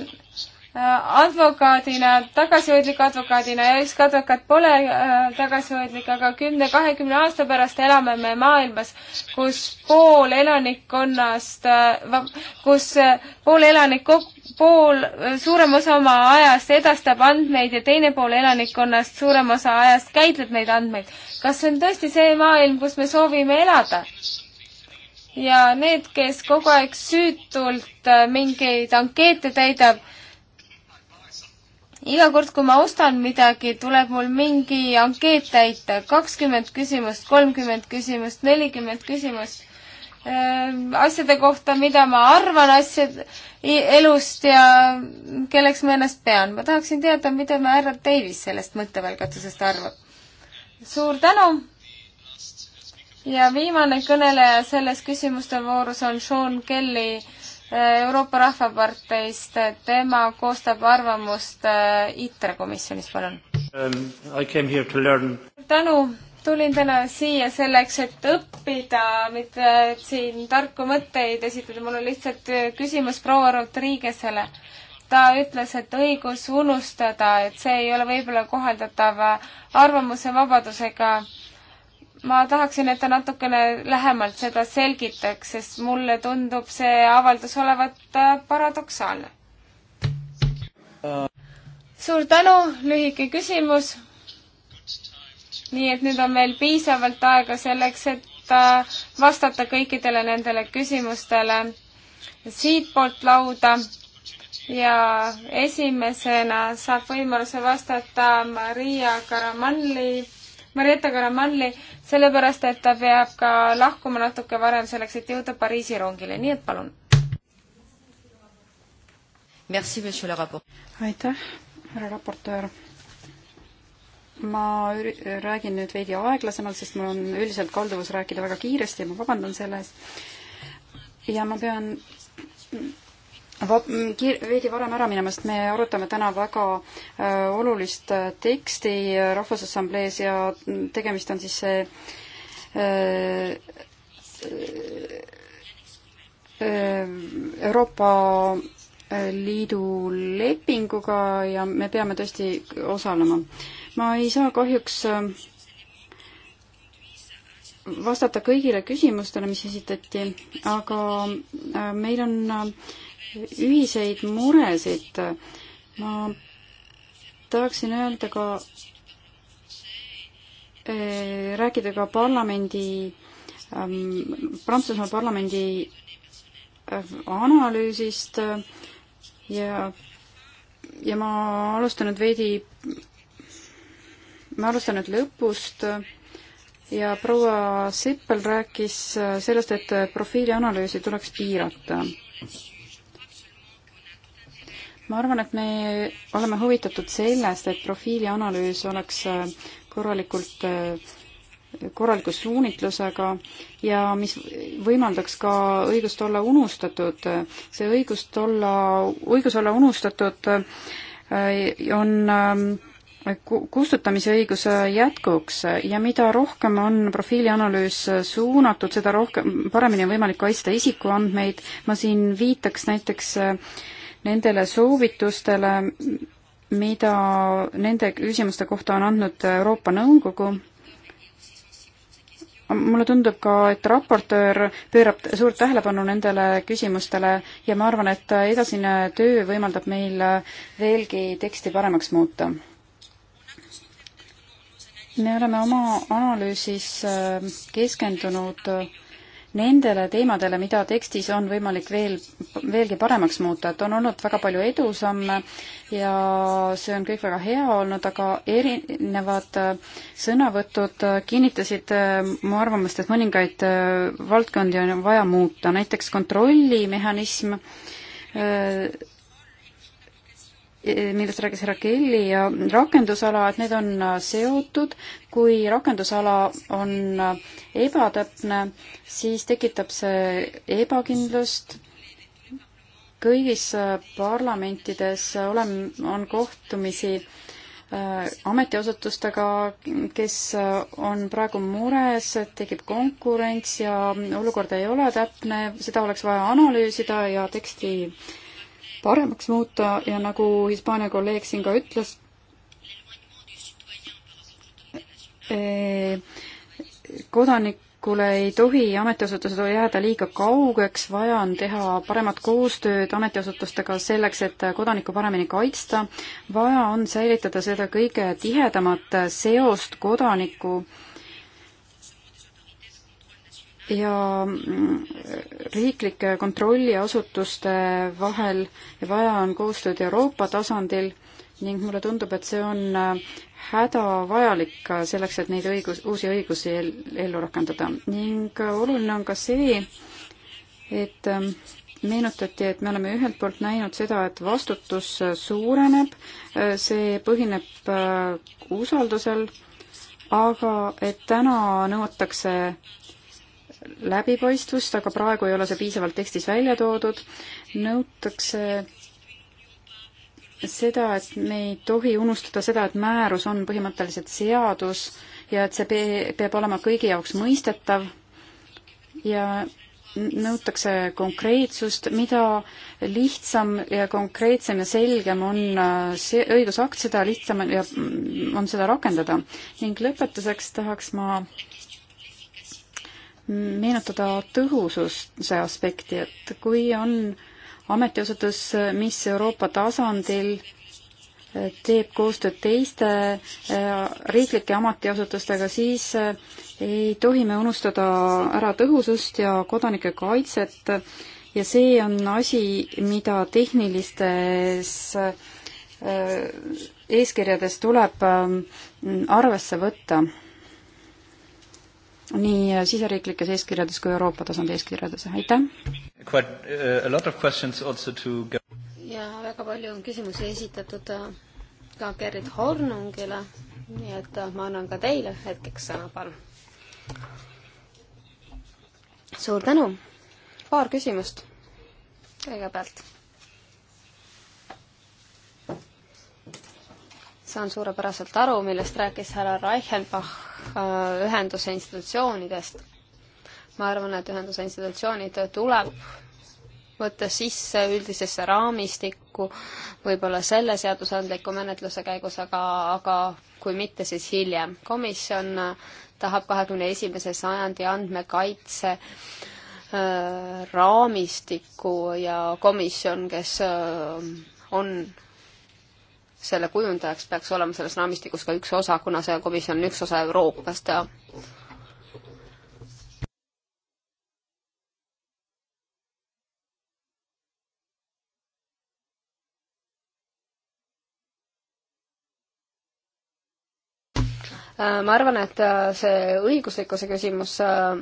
advokaadina, tagasihoidliku advokaadina ja ükski advokaat pole äh, tagasihoidlik, aga kümne-kahekümne aasta pärast elame me maailmas, kus pool elanikkonnast, äh, kus äh, pool elanikku, pool, suurem osa oma ajast edastab andmeid ja teine pool elanikkonnast suurem osa ajast käitleb neid andmeid. kas see on tõesti see maailm, kus me soovime elada? ja need, kes kogu aeg süütult mingeid ankeete täidab iga kord, kui ma ostan midagi, tuleb mul mingi ankeet täita, kakskümmend küsimust, kolmkümmend küsimust, nelikümmend küsimust ehm, asjade kohta, mida ma arvan asjad, elust ja kelleks ma ennast pean. ma tahaksin teada, mida ma härra Davis sellest mõttevälgatusest arvab. suur tänu! ja viimane kõneleja selles küsimuste voorus on Sean Kelly Euroopa Rahvaparteist, tema koostab arvamust äh, ITRE komisjonis, palun um,. tänu, tulin täna siia selleks, et õppida, mitte siin tarku mõtteid esitada, mul on lihtsalt äh, küsimus proua Rodriguez'ele ta ütles, et õigus unustada, et see ei ole võib-olla kohaldatav arvamuse vabadusega ma tahaksin, et ta natukene lähemalt seda selgitaks, sest mulle tundub see avaldus olevat äh, paradoksaalne. suur tänu, lühike küsimus. nii et nüüd on meil piisavalt aega selleks, et äh, vastata kõikidele nendele küsimustele siitpoolt lauda ja esimesena saab võimaluse vastata Maria Karamanli Marietta Karamalli, sellepärast et ta peab ka lahkuma natuke varem, selleks et jõuda Pariisi rongile, nii et palun. aitäh, härra raportöör ma räägin nüüd veidi aeglasemalt, sest mul on üldiselt kalduvus rääkida väga kiiresti ja ma vabandan selle eest. ja ma pean veidi varem ära minemast, me arutame täna väga äh, olulist äh, teksti Rahvusassamblees ja tegemist on siis see äh, äh Euroopa äh, Liidu lepinguga ja me peame tõesti osalema. ma ei saa kahjuks vastata kõigile küsimustele, mis esitati, aga meil on äh, ühiseid muresid. ma tahaksin öelda ka, eh, rääkida ka parlamendi, ähm, Prantsusmaa parlamendi äh, analüüsist äh, ja, ja ma alustan nüüd veidi, ma alustan nüüd lõpust äh, ja proua Sippel rääkis sellest, et profiilianalüüsi tuleks piirata ma arvan, et me oleme huvitatud sellest, et profiilianalüüs oleks äh, korralikult, äh, korraliku suunitlusega ja mis võimaldaks ka õigust olla unustatud. see õigust olla, õigus olla unustatud äh, on kustutamise õiguse jätkuks ja mida rohkem on profiilianalüüs suunatud, seda rohkem, paremini on võimalik kaitsta isikuandmeid. ma siin viitaks näiteks äh, nendele soovitustele, mida nende küsimuste kohta on andnud Euroopa Nõukogu. mulle tundub ka, et raportöör pöörab suurt tähelepanu nendele küsimustele ja ma arvan, et edasine töö võimaldab meil veelgi teksti paremaks muuta. me oleme oma analüüsis keskendunud nendele teemadele, mida tekstis on võimalik veel, veelgi paremaks muuta, et on olnud väga palju edusamme ja see on kõik väga hea olnud, aga erinevad sõnavõtud kinnitasid mu arvamust, et mõningaid valdkondi on vaja muuta, näiteks kontrollimehhanism, millest rääkis härra Kelly ja rakendusala, et need on äh, seotud. kui rakendusala on äh, ebatäpne, siis tekitab see ebakindlust. kõigis äh, parlamentides olen, on kohtumisi ametiasutustega, kes on praegu mures, et tekib konkurents ja olukord ei ole täpne, seda oleks vaja analüüsida ja teksti paremaks muuta ja nagu Hispaania kolleeg siin ka ütles, eh, kodanikule ei tohi ametiasutused jääda liiga kaugeks, vaja on teha paremat koostööd ametiasutustega selleks, et kodanikku paremini kaitsta, vaja on säilitada seda kõige tihedamat seost kodaniku äh, ja mm, riiklike kontrolliasutuste vahel ja vaja on koostööd Euroopa tasandil ning mulle tundub, et see on äh, hädavajalik selleks, et neid õigus, uusi õigusi ellu rakendada. ning äh, oluline on ka see, et ähm, meenutati, et me oleme ühelt poolt näinud seda, et vastutus äh, suureneb, see põhineb usaldusel, aga et täna nõutakse läbipaistvust, aga praegu ei ole see piisavalt tekstis välja toodud. nõutakse seda, et me ei tohi unustada seda, et määrus on põhimõtteliselt seadus ja et see peab olema kõigi jaoks mõistetav ja nõutakse konkreetsust, mida lihtsam ja konkreetsem ja selgem on äh, see õigusakt, seda lihtsam ja mm, on seda rakendada. ning lõpetuseks tahaks ma meenutada tõhususe aspekti, et kui on ametiasutus, mis Euroopa tasandil teeb koostööd teiste äh, riiklike ametiasutustega, siis äh, ei tohi me unustada ära tõhusust ja kodanike kaitset ja see on asi, mida tehnilistes äh, eeskirjades tuleb ähm, arvesse võtta nii siseriiklikes eeskirjades kui Euroopa tasandi eeskirjades, aitäh! Uh, ja väga palju on küsimusi esitatud uh, ka Gerrit Hornungile, nii et uh, ma annan ka teile hetkeks sõna, palun. suur tänu, paar küsimust kõigepealt. saan suurepäraselt aru, millest rääkis härra Reichenbach Äh, ühenduse institutsioonidest. ma arvan, et ühenduse institutsioonid tuleb võtta sisse üldisesse raamistikku, võib-olla selle seadusandliku menetluse käigus, aga, aga kui mitte, siis hiljem. komisjon tahab kahekümne esimese sajandi andmekaitse äh, raamistikku ja komisjon, kes äh, on selle kujundajaks peaks olema selles raamistikus ka üks osa, kuna see komisjon on üks osa Euroopast ja ma arvan, et äh, see õiguslikkuse küsimus äh,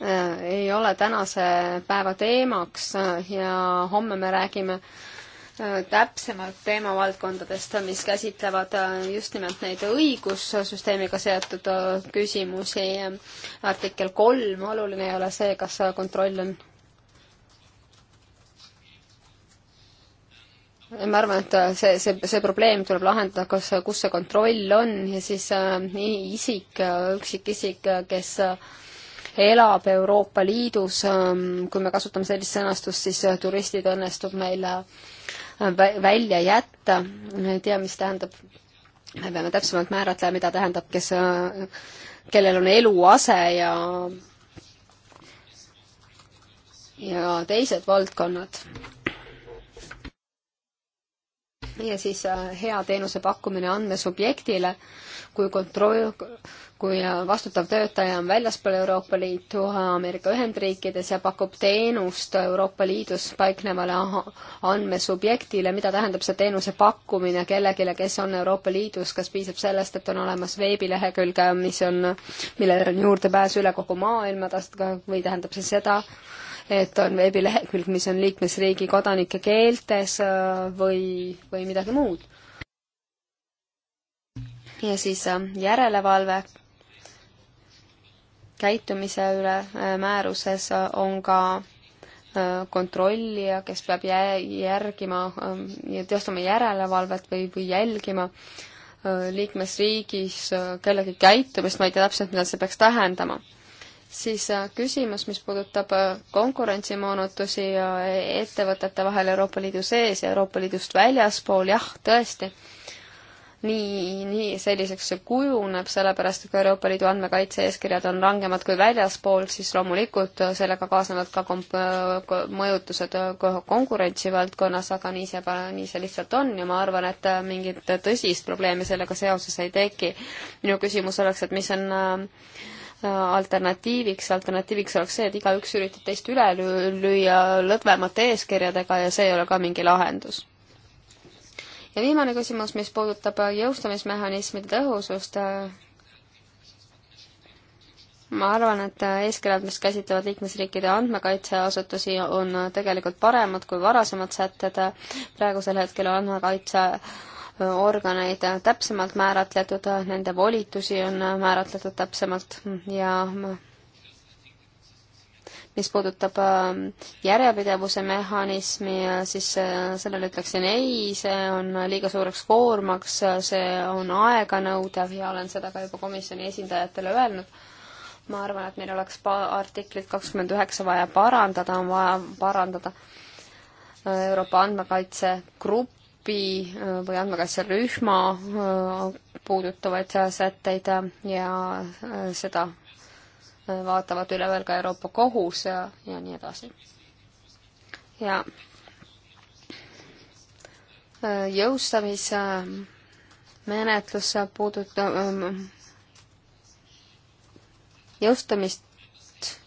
äh, ei ole tänase päeva teemaks ja homme me räägime äh, täpsemalt teemavaldkondadest, mis käsitlevad äh, just nimelt neid õigussüsteemiga seotud äh, küsimusi. artikkel kolm, oluline ei ole see, kas äh, kontroll on. ma arvan, et see, see, see probleem tuleb lahendada, kas, kus see kontroll on ja siis äh, isik, üksikisik, kes äh, elab Euroopa Liidus, ähm, kui me kasutame sellist sõnastust, siis äh, turistid õnnestub meil äh, välja jätta, ma ei tea, mis tähendab, me peame täpsemalt määratlema, mida tähendab, kes, äh, kellel on eluase ja ja teised valdkonnad ja siis hea teenuse pakkumine andmesubjektile kui kontroll, kui vastutav töötaja on väljaspool Euroopa Liitu, Ameerika Ühendriikides ja pakub teenust Euroopa Liidus paiknevale andmesubjektile, mida tähendab see teenuse pakkumine kellelegi, kes on Euroopa Liidus, kas piisab sellest, et on olemas veebilehekülg, mis on, millel on juurdepääs üle kogu maailma, või tähendab see seda, et on veebilehekülg, mis on liikmesriigi kodanike keeltes või, või midagi muud ja siis äh, järelevalve käitumise üle äh, määruses äh, on ka kontrollija, kes peab järgima ähm, ja teostama järelevalvet või, või jälgima liikmesriigis kellegi käitumist, ma ei tea täpselt, mida see peaks tähendama. siis küsimus, mis puudutab konkurentsimoonutusi ettevõtete vahel Euroopa Liidu sees ja Euroopa Liidust väljaspool, jah, tõesti nii, nii selliseks see kujuneb, sellepärast et kui Euroopa Liidu andmekaitse-eeskirjad on rangemad kui väljaspool, siis loomulikult sellega kaasnevad ka komp-, mõjutused konkurentsi valdkonnas, aga nii see, nii see lihtsalt on ja ma arvan, et mingit tõsist probleemi sellega seoses ei teki. minu küsimus oleks, et mis on äh, alternatiiviks, alternatiiviks oleks see, et igaüks üritab teist üle lüüa lõdvemate eeskirjadega ja see ei ole ka mingi lahendus ja viimane küsimus, mis puudutab äh, jõustumismehhanismide tõhusust. Äh, ma arvan, et äh, eeskirjad, mis käsitlevad liikmesriikide andmekaitseasutusi, on tegelikult paremad kui varasemad sätted. praegusel hetkel on andmekaitse organeid täpsemalt määratletud, nende volitusi on määratletud täpsemalt ja mis puudutab ähm, järjepidevuse mehhanismi, äh, siis äh, sellele ütleksin ei, see on liiga suureks koormaks, äh, see on aeganõudev ja olen seda ka juba komisjoni esindajatele öelnud. ma arvan, et meil oleks artiklit kakskümmend üheksa vaja parandada, on vaja parandada Euroopa andmekaitsegrupp, grupi või andmekaitserühma puudutavaid sätteid ja seda vaatavad üle veel ka Euroopa Kohus ja, ja nii edasi. ja äh, jõustamismenetlus äh, puudutab ähm, jõustamist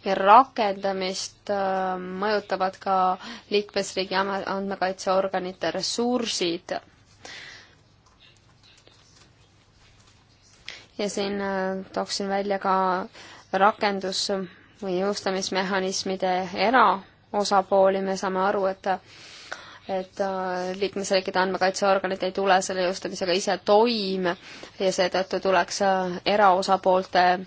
ja rakendamist äh, mõjutavad ka liikmesriigi andmekaitseorganite ressursid. ja siin tooksin välja ka äh, rakendus- või jõustamismehhanismide eraosapooli, me saame aru, et et äh, liikmesriikide andmekaitseorganid ei tule selle jõustamisega ise toime ja seetõttu tuleks äh, eraosapoolte äh,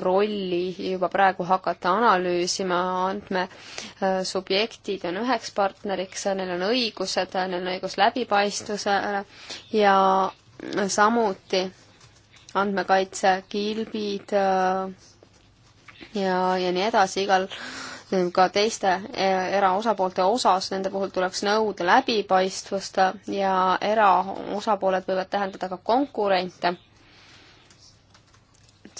rolli juba praegu hakata analüüsima, andmesubjektid on üheks partneriks, neil on õigused, neil on õigus läbipaistvusele ja samuti andmekaitsekilbid ja, ja nii edasi, igal ka teiste e, eraosapoolte osas, nende puhul tuleks nõuda läbipaistvust ja eraosapooled võivad tähendada ka konkurente.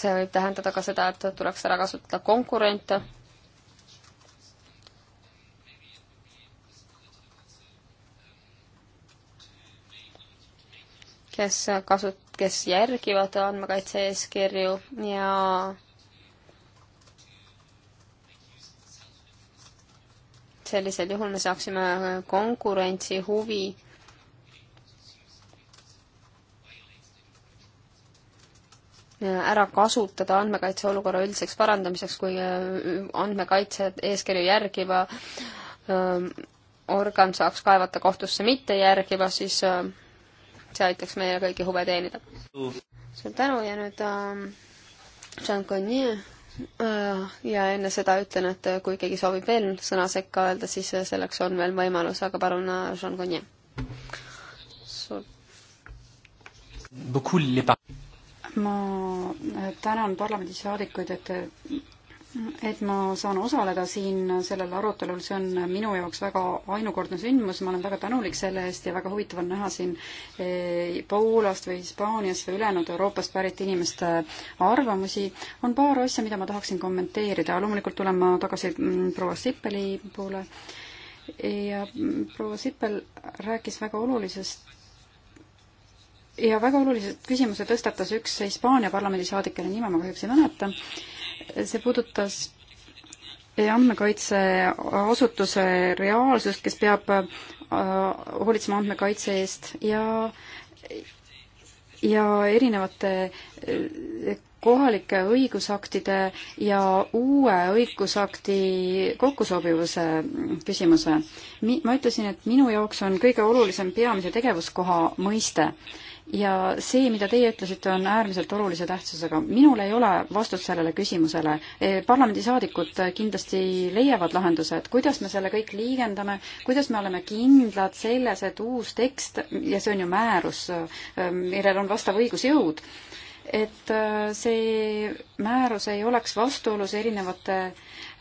see võib tähendada ka seda, et tuleks ära kasutada konkurente. kes kasut-, kes järgivad andmekaitse eeskirju ja sellisel juhul me saaksime konkurentsi huvi ära kasutada andmekaitse olukorra üldiseks parandamiseks, kui äh, andmekaitse eeskirju järgiva ähm, organ saaks kaevata kohtusse mitte järgiva, siis äh, see aitaks meie kõigi huve teenida. suur tänu ja nüüd ähm, Jean Connier Äh, ja enne seda ütlen, et äh, kui keegi soovib veel sõna sekka öelda, siis äh, selleks on veel võimalus, aga palun, Jean Cognier. ma tänan parlamendisaadikuid, et te et ma saan osaleda siin sellel arutelul, see on minu jaoks väga ainukordne sündmus, ma olen väga tänulik selle eest ja väga huvitav on näha siin eh, Poolast või Hispaaniast või ülejäänud Euroopast pärit inimeste arvamusi. on paar asja, mida ma tahaksin kommenteerida, loomulikult tulen ma tagasi mm, proua Sippeli poole ja proua Sippel rääkis väga olulisest ja väga olulised küsimuse tõstatas üks Hispaania parlamendisaadik, kelle nime ma kahjuks ei mäleta, see puudutas andmekaitseasutuse reaalsust, kes peab äh, hoolitsema andmekaitse eest ja ja erinevate äh, kohalike õigusaktide ja uue õigusakti kokkusobivuse küsimuse. Mi-, ma ütlesin, et minu jaoks on kõige olulisem peamise tegevuskoha mõiste ja see, mida teie ütlesite, on äärmiselt olulise tähtsusega. minul ei ole vastust sellele küsimusele. E, parlamendisaadikud kindlasti leiavad lahenduse, et kuidas me selle kõik liigendame, kuidas me oleme kindlad selles, et uus tekst, ja see on ju määrus, e, millel on vastav õigusjõud, et e, see määrus ei oleks vastuolus erinevate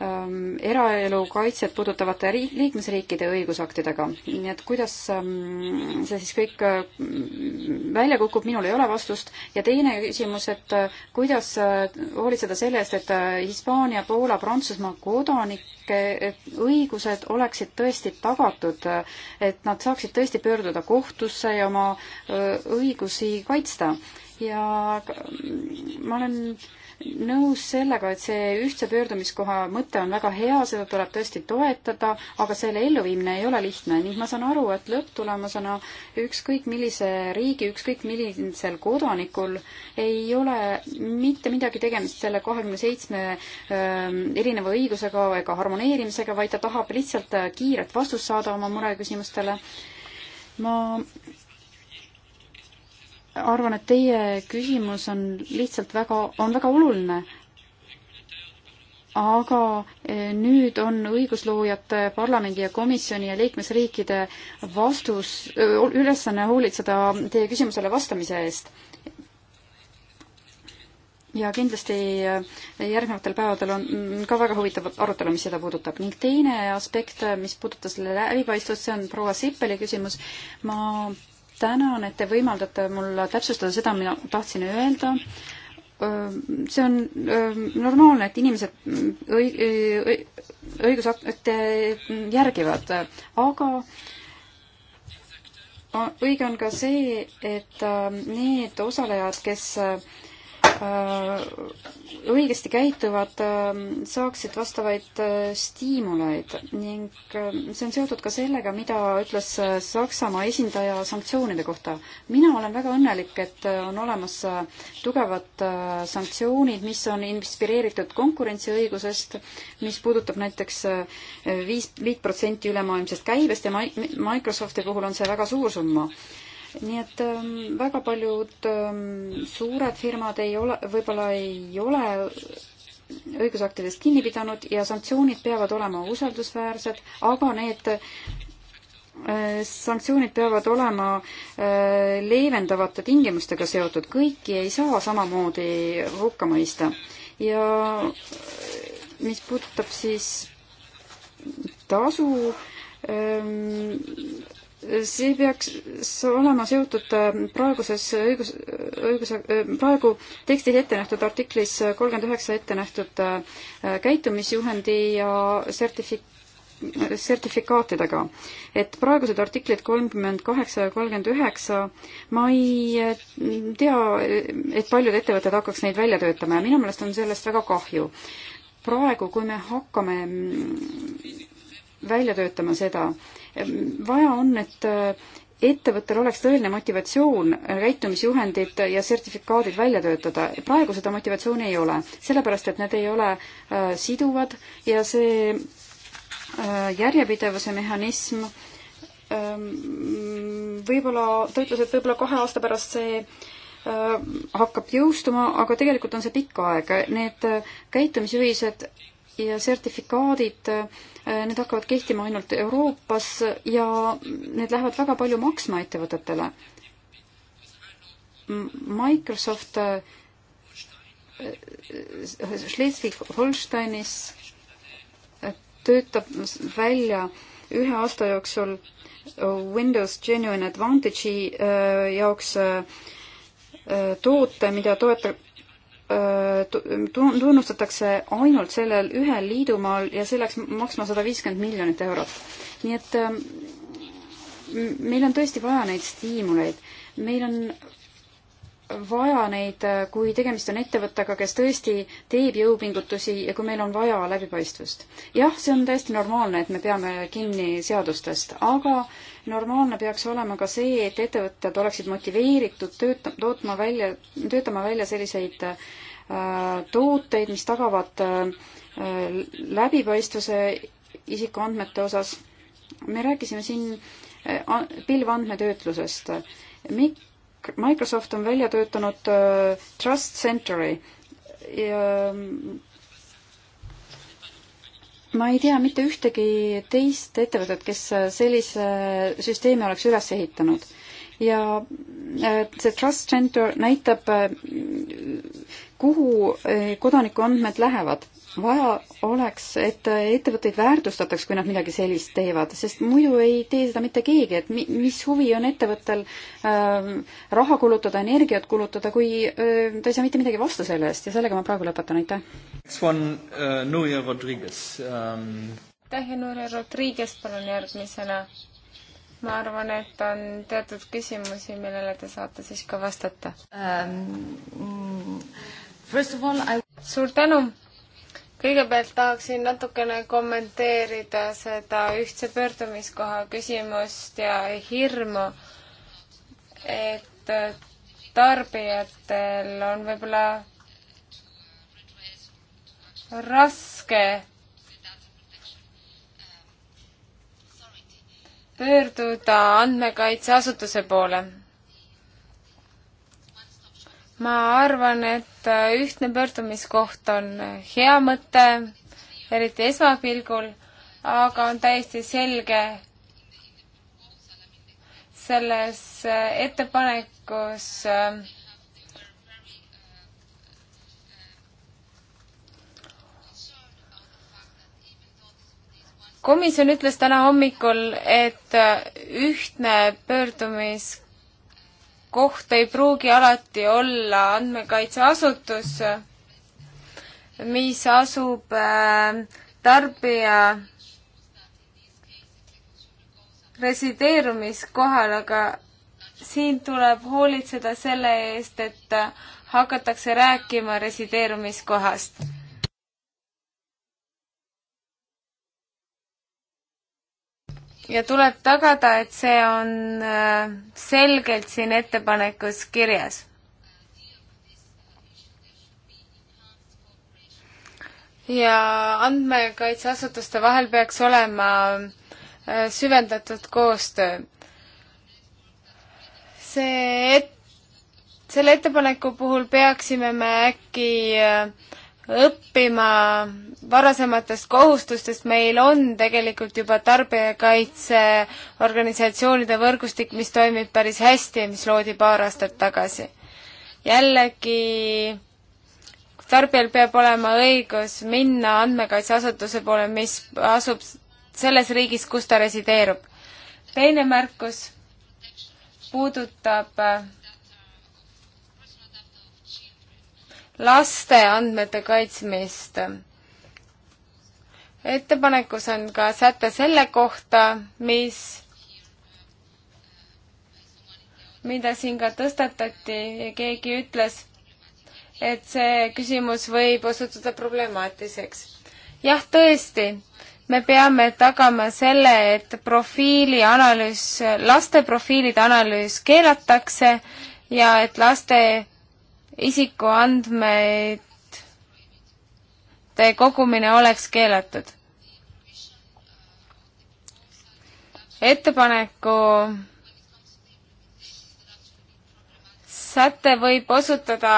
ähm, eraelu kaitset puudutavate riik, liikmesriikide õigusaktidega. nii et kuidas ähm, see siis kõik äh, välja kukub, minul ei ole vastust. ja teine küsimus, et äh, kuidas äh, hoolitseda selle eest, et äh, Hispaania, Poola, Prantsusmaa kodanike äh, õigused oleksid tõesti tagatud, äh, et nad saaksid tõesti pöörduda kohtusse ja oma äh, õigusi kaitsta. ja mm, ma olen äh, nõus sellega, et see ühtse pöördumiskoha mõte on väga hea, seda tuleb tõesti toetada, aga selle elluviimine ei ole lihtne ning ma saan aru, et lõpptulemusena ükskõik millise riigi, ükskõik millisel kodanikul ei ole mitte midagi tegemist selle kahekümne seitsme ähm, erineva õigusega ega harmoneerimisega, vaid ta tahab lihtsalt äh, kiiret vastust saada oma mureküsimustele. ma arvan, et teie küsimus on lihtsalt väga, on väga oluline. aga eh, nüüd on õigusloojate, parlamendi ja komisjoni ja liikmesriikide vastus, eh, ülesanne hoolitseda teie küsimusele vastamise eest ja kindlasti eh, järgnevatel päevadel on mm, ka väga huvitav arutelu, mis seda puudutab. ning teine aspekt, mis puudutas läbipaistvust, see on proua Sippeli küsimus. ma tänan, et te võimaldate mul täpsustada seda, mida tahtsin öelda see on normaalne, et inimesed õig-, õigusakte järgivad, aga õige on ka see, et need osalejad, kes Äh, õigesti käituvad, äh, saaksid vastavaid äh, stiimuleid ning see on seotud ka sellega, mida ütles Saksamaa esindaja sanktsioonide kohta. mina olen väga õnnelik, et on olemas tugevad sanktsioonid, mis on inspireeritud konkurentsiõigusest, mis puudutab näiteks viis, viit protsenti ülemaailmsest käibest ja Microsofti puhul on see väga suur summa nii et ähm, väga paljud ähm, suured firmad ei ole, võib-olla ei ole õigusaktidest kinni pidanud ja sanktsioonid peavad olema usaldusväärsed, aga need äh, sanktsioonid peavad olema äh, leevendavate tingimustega seotud, kõiki ei saa samamoodi hukka mõista. ja äh, mis puudutab siis tasu, ähm, see peaks olema seotud äh, praeguses õigus, õiguse, äh, praegu tekstis ette nähtud artiklis kolmkümmend üheksa ette nähtud äh, käitumisjuhendi ja sertifi-, sertifikaatidega. et praegused artiklid kolmkümmend kaheksa ja kolmkümmend üheksa, ma ei tea, et paljud ettevõtted hakkaks neid välja töötama ja minu meelest on sellest väga kahju. praegu, kui me hakkame mm, välja töötama seda. vaja on, et äh, ettevõttel oleks tõeline motivatsioon äh, käitumisjuhendid ja sertifikaadid välja töötada. praegu seda motivatsiooni ei ole, sellepärast et need ei ole äh, siduvad ja see äh, järjepidevuse mehhanism ähm, võib-olla, ta ütles, et võib-olla kahe aasta pärast see äh, hakkab jõustuma, aga tegelikult on see pikk aeg. Need äh, käitumisjuhised ja sertifikaadid, äh, need hakkavad kehtima ainult Euroopas ja need lähevad väga palju maksma ettevõtetele. Microsoft äh, äh, Schleswig-Holsteinis töötab välja ühe aasta jooksul Windows Genuine Advantage'i jaoks toote, mida toetab tunnustatakse ainult sellel ühel liidumaal ja see läks maksma sada viiskümmend miljonit eurot. nii et meil on tõesti vaja neid stiimuleid. meil on vaja neid, kui tegemist on ettevõttega, kes tõesti teeb jõupingutusi ja kui meil on vaja läbipaistvust. jah, see on täiesti normaalne, et me peame kinni seadustest, aga äh, normaalne peaks olema ka see, et ettevõtted oleksid motiveeritud tööta-, tootma välja, töötama välja selliseid äh, tooteid, mis tagavad äh, läbipaistvuse isikuandmete osas. me rääkisime siin äh, pilvandmetöötlusest. Microsoft on välja töötanud äh, Trust Centeri ja ma ei tea mitte ühtegi teist ettevõtet, kes sellise süsteemi oleks üles ehitanud. ja äh, see Trust Center näitab, äh, kuhu äh, kodanikuandmed lähevad vaja oleks, et ettevõtteid väärtustataks, kui nad midagi sellist teevad, sest muidu ei tee seda mitte keegi, et mi-, mis huvi on ettevõttel äh, raha kulutada, energiat kulutada, kui äh, ta ei saa mitte midagi vastu selle eest ja sellega ma praegu lõpetan, aitäh. Next one uh,, Nuria Rodriguez um.... aitäh ja Nuria Rodriguez, palun järgmisena. ma arvan, et on teatud küsimusi, millele te saate siis ka vastata um,. First of all I suur tänu kõigepealt tahaksin natukene kommenteerida seda ühtse pöördumiskoha küsimust ja hirmu, et tarbijatel on võib-olla raske pöörduda andmekaitseasutuse poole ma arvan, et äh, ühtne pöördumiskoht on äh, hea mõte, eriti esmapilgul, aga on täiesti selge selles äh, ettepanekus komisjon ütles täna hommikul, et ühtne pöördumiskoht koht ei pruugi alati olla andmekaitseasutus, mis asub äh, tarbija resideerumiskohal, aga siin tuleb hoolitseda selle eest, et hakatakse rääkima resideerumiskohast ja tuleb tagada, et see on äh, selgelt siin ettepanekus kirjas. ja andmekaitseasutuste vahel peaks olema äh, süvendatud koostöö. see et-, selle ettepaneku puhul peaksime me äkki äh, õppima varasematest kohustustest, meil on tegelikult juba tarbijakaitseorganisatsioonide võrgustik, mis toimib päris hästi ja mis loodi paar aastat tagasi. jällegi tarbijal peab olema õigus minna andmekaitseasutuse poole, mis asub selles riigis, kus ta resideerub. teine märkus puudutab laste andmete kaitsmist. ettepanekus on ka säte selle kohta, mis, mida siin ka tõstatati ja keegi ütles, et see küsimus võib osutuda problemaatiliseks. jah, tõesti, me peame tagama selle, et profiili analüüs, laste profiilide analüüs keelatakse ja et laste isikuandmete kogumine oleks keelatud. ettepaneku säte võib osutuda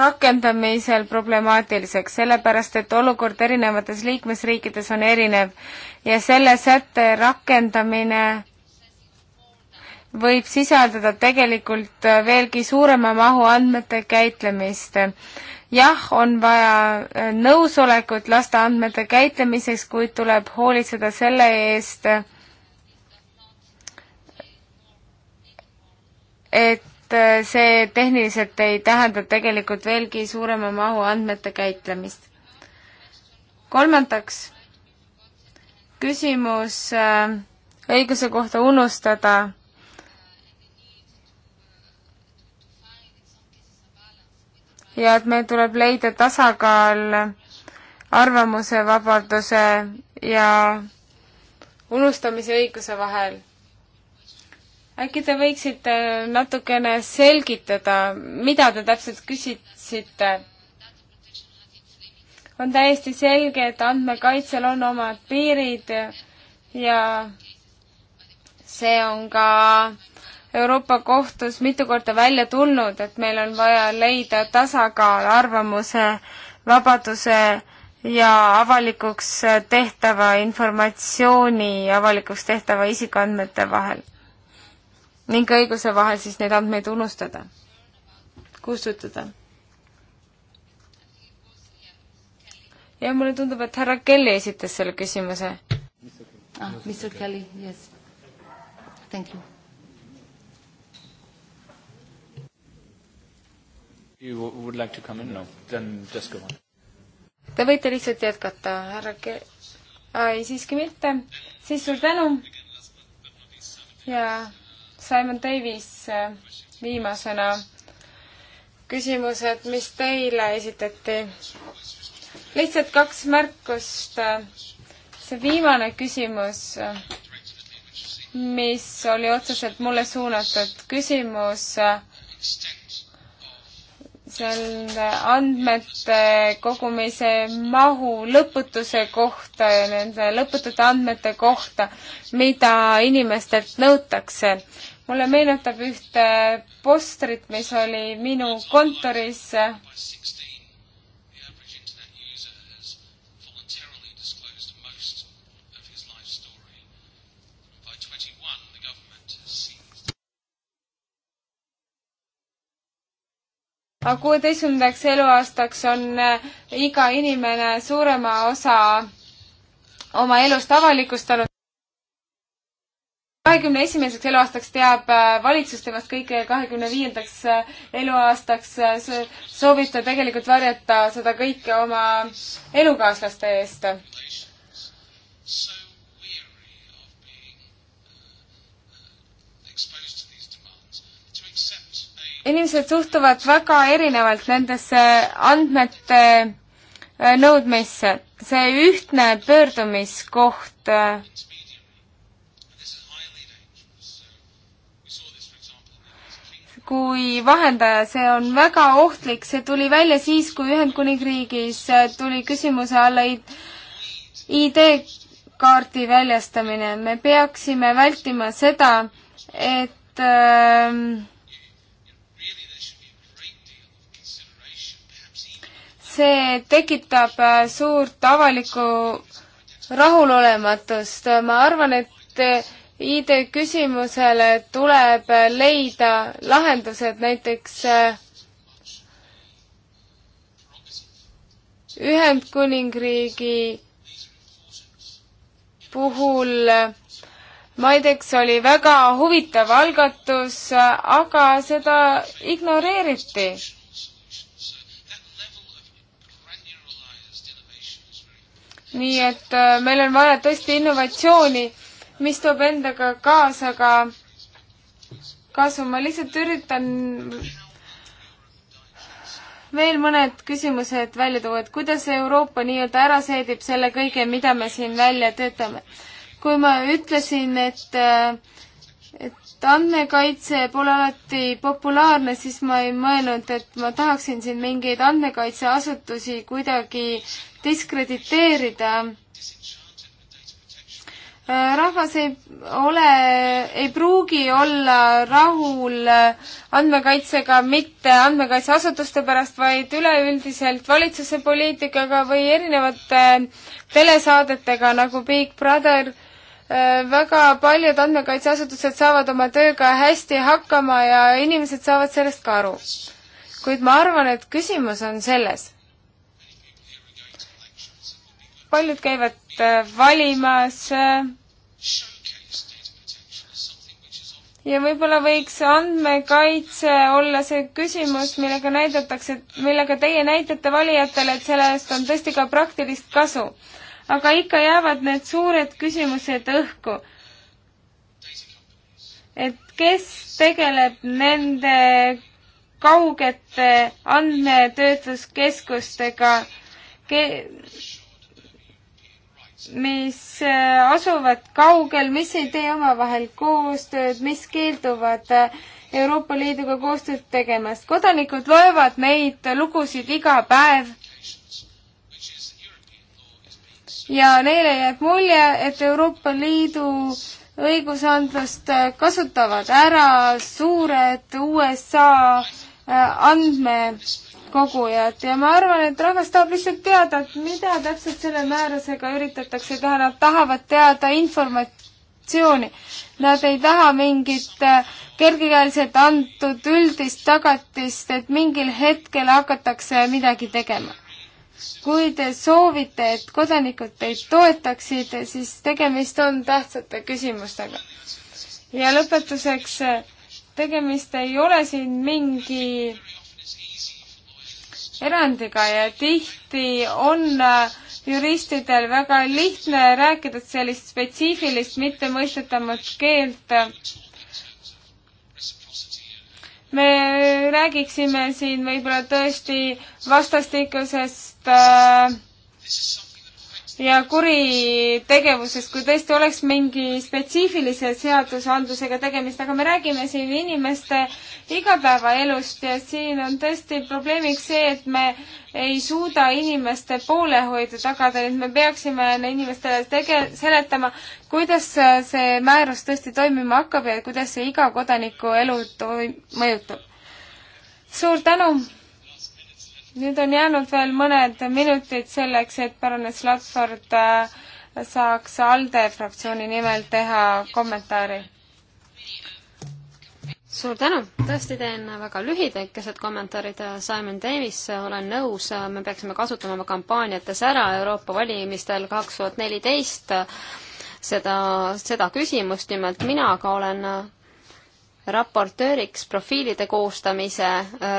rakendamisel problemaatiliseks, sellepärast et olukord erinevates liikmesriikides on erinev ja selle sätte rakendamine võib sisaldada tegelikult äh, veelgi suurema mahu andmete käitlemist. jah, on vaja äh, nõusolekut laste andmete käitlemiseks, kuid tuleb hoolitseda selle eest, et äh, see tehniliselt ei tähenda tegelikult veelgi suurema mahu andmete käitlemist. kolmandaks, küsimus õiguse kohta unustada ja et meil tuleb leida tasakaal arvamusevabaduse ja unustamise õiguse vahel. äkki te võiksite natukene selgitada, mida te täpselt küsisite? on täiesti selge, et andmekaitsel on omad piirid ja see on ka Euroopa Kohtus mitu korda välja tulnud, et meil on vaja leida tasakaal arvamuse, vabaduse ja avalikuks tehtava informatsiooni ja avalikuks tehtava isikuandmete vahel ning õiguse vahel siis neid andmeid unustada, kustutada. ja mulle tundub, et härra Kelly esitas selle küsimuse. ah, Mr Kelly, yes. Thank you You would like to come in? No. Then just go on. Te võite lihtsalt jätkata, härra Ke-, ei siiski mitte. siis suur tänu ja Simon Davis äh, viimasena küsimused, mis teile esitati. lihtsalt kaks märkust. see viimane küsimus, mis oli otseselt mulle suunatud, küsimus seal andmete kogumise mahu lõputuse kohta ja nende lõputute andmete kohta, mida inimestelt nõutakse. mulle meenutab ühte postrit, mis oli minu kontoris aga kuueteistkümnendaks eluaastaks on äh, iga inimene suurema osa oma elust avalikustanud. kahekümne esimeseks eluaastaks teab äh, valitsus temast kõike ja kahekümne viiendaks äh, eluaastaks soovib ta tegelikult varjata seda kõike oma elukaaslaste eest. inimesed suhtuvad väga erinevalt nendesse andmete äh, nõudmisse. see ühtne pöördumiskoht äh, kui vahendaja, see on väga ohtlik, see tuli välja siis, kui Ühendkuningriigis äh, tuli küsimuse alla ID-kaardi väljastamine. me peaksime vältima seda, et äh, see tekitab äh, suurt avalikku rahulolematust. ma arvan, et äh, ID-küsimusele tuleb äh, leida lahendused, näiteks Ühendkuningriigi puhul Maideks oli väga huvitav algatus, aga seda ignoreeriti nii et äh, meil on vaja tõesti innovatsiooni, mis toob endaga kaasa ka kasu. ma lihtsalt üritan veel mõned küsimused välja tuua, et kuidas Euroopa nii-öelda ära seedib selle kõige, mida me siin välja töötame. kui ma ütlesin, et, äh, et et andmekaitse pole alati populaarne, siis ma ei mõelnud, et ma tahaksin siin mingeid andmekaitseasutusi kuidagi diskrediteerida. rahvas ei ole, ei pruugi olla rahul andmekaitsega mitte andmekaitseasutuste pärast, vaid üleüldiselt valitsuse poliitikaga või erinevate telesaadetega nagu Big Brother Äh, väga paljud andmekaitseasutused saavad oma tööga hästi hakkama ja inimesed saavad sellest ka aru. kuid ma arvan, et küsimus on selles. paljud käivad äh, valimas äh, ja võib-olla võiks andmekaitse olla see küsimus, millega näidatakse, millega teie näitate valijatele, et sellest on tõesti ka praktilist kasu aga ikka jäävad need suured küsimused õhku. et kes tegeleb nende kaugete andmetöötluskeskustega ke, mis äh, asuvad kaugel, mis ei tee omavahel koostööd, mis keelduvad äh, Euroopa Liiduga koostööd tegemast. kodanikud loevad neid lugusid iga päev ja neile jääb mulje, et Euroopa Liidu õigusandlust kasutavad ära suured USA äh, andmekogujad ja ma arvan, et rahvas tahab lihtsalt teada, et mida täpselt selle määrusega üritatakse teha, nad tahavad teada informatsiooni. Nad ei taha mingit äh, kergekäeliselt antud üldist tagatist, et mingil hetkel hakatakse midagi tegema kui te soovite, et kodanikud teid toetaksid, siis tegemist on tähtsate küsimustega. ja lõpetuseks, tegemist ei ole siin mingi erandiga ja tihti on äh, juristidel väga lihtne rääkida sellist spetsiifilist mittemõistetamat keelt me räägiksime siin võib-olla tõesti vastastikusest äh, ja kuritegevusest, kui tõesti oleks mingi spetsiifilise seadusandlusega tegemist, aga me räägime siin inimeste igapäevaelust ja siin on tõesti probleemiks see, et me ei suuda inimeste poolehoidu tagada, nii et me peaksime inimestele tege-, seletama, kuidas see määrus tõesti toimima hakkab ja kuidas see iga kodaniku elu toi-, mõjutab. suur tänu! nüüd on jäänud veel mõned minutid selleks, et paranes Ladford äh, saaks ALDE fraktsiooni nimel teha kommentaari. suur tänu, tõesti teen väga lühidikesed kommentaarid, Simon Davis, olen nõus, me peaksime kasutama oma kampaaniates ära Euroopa valimistel kaks tuhat neliteist seda, seda küsimust, nimelt mina ka olen raportööriks profiilide koostamise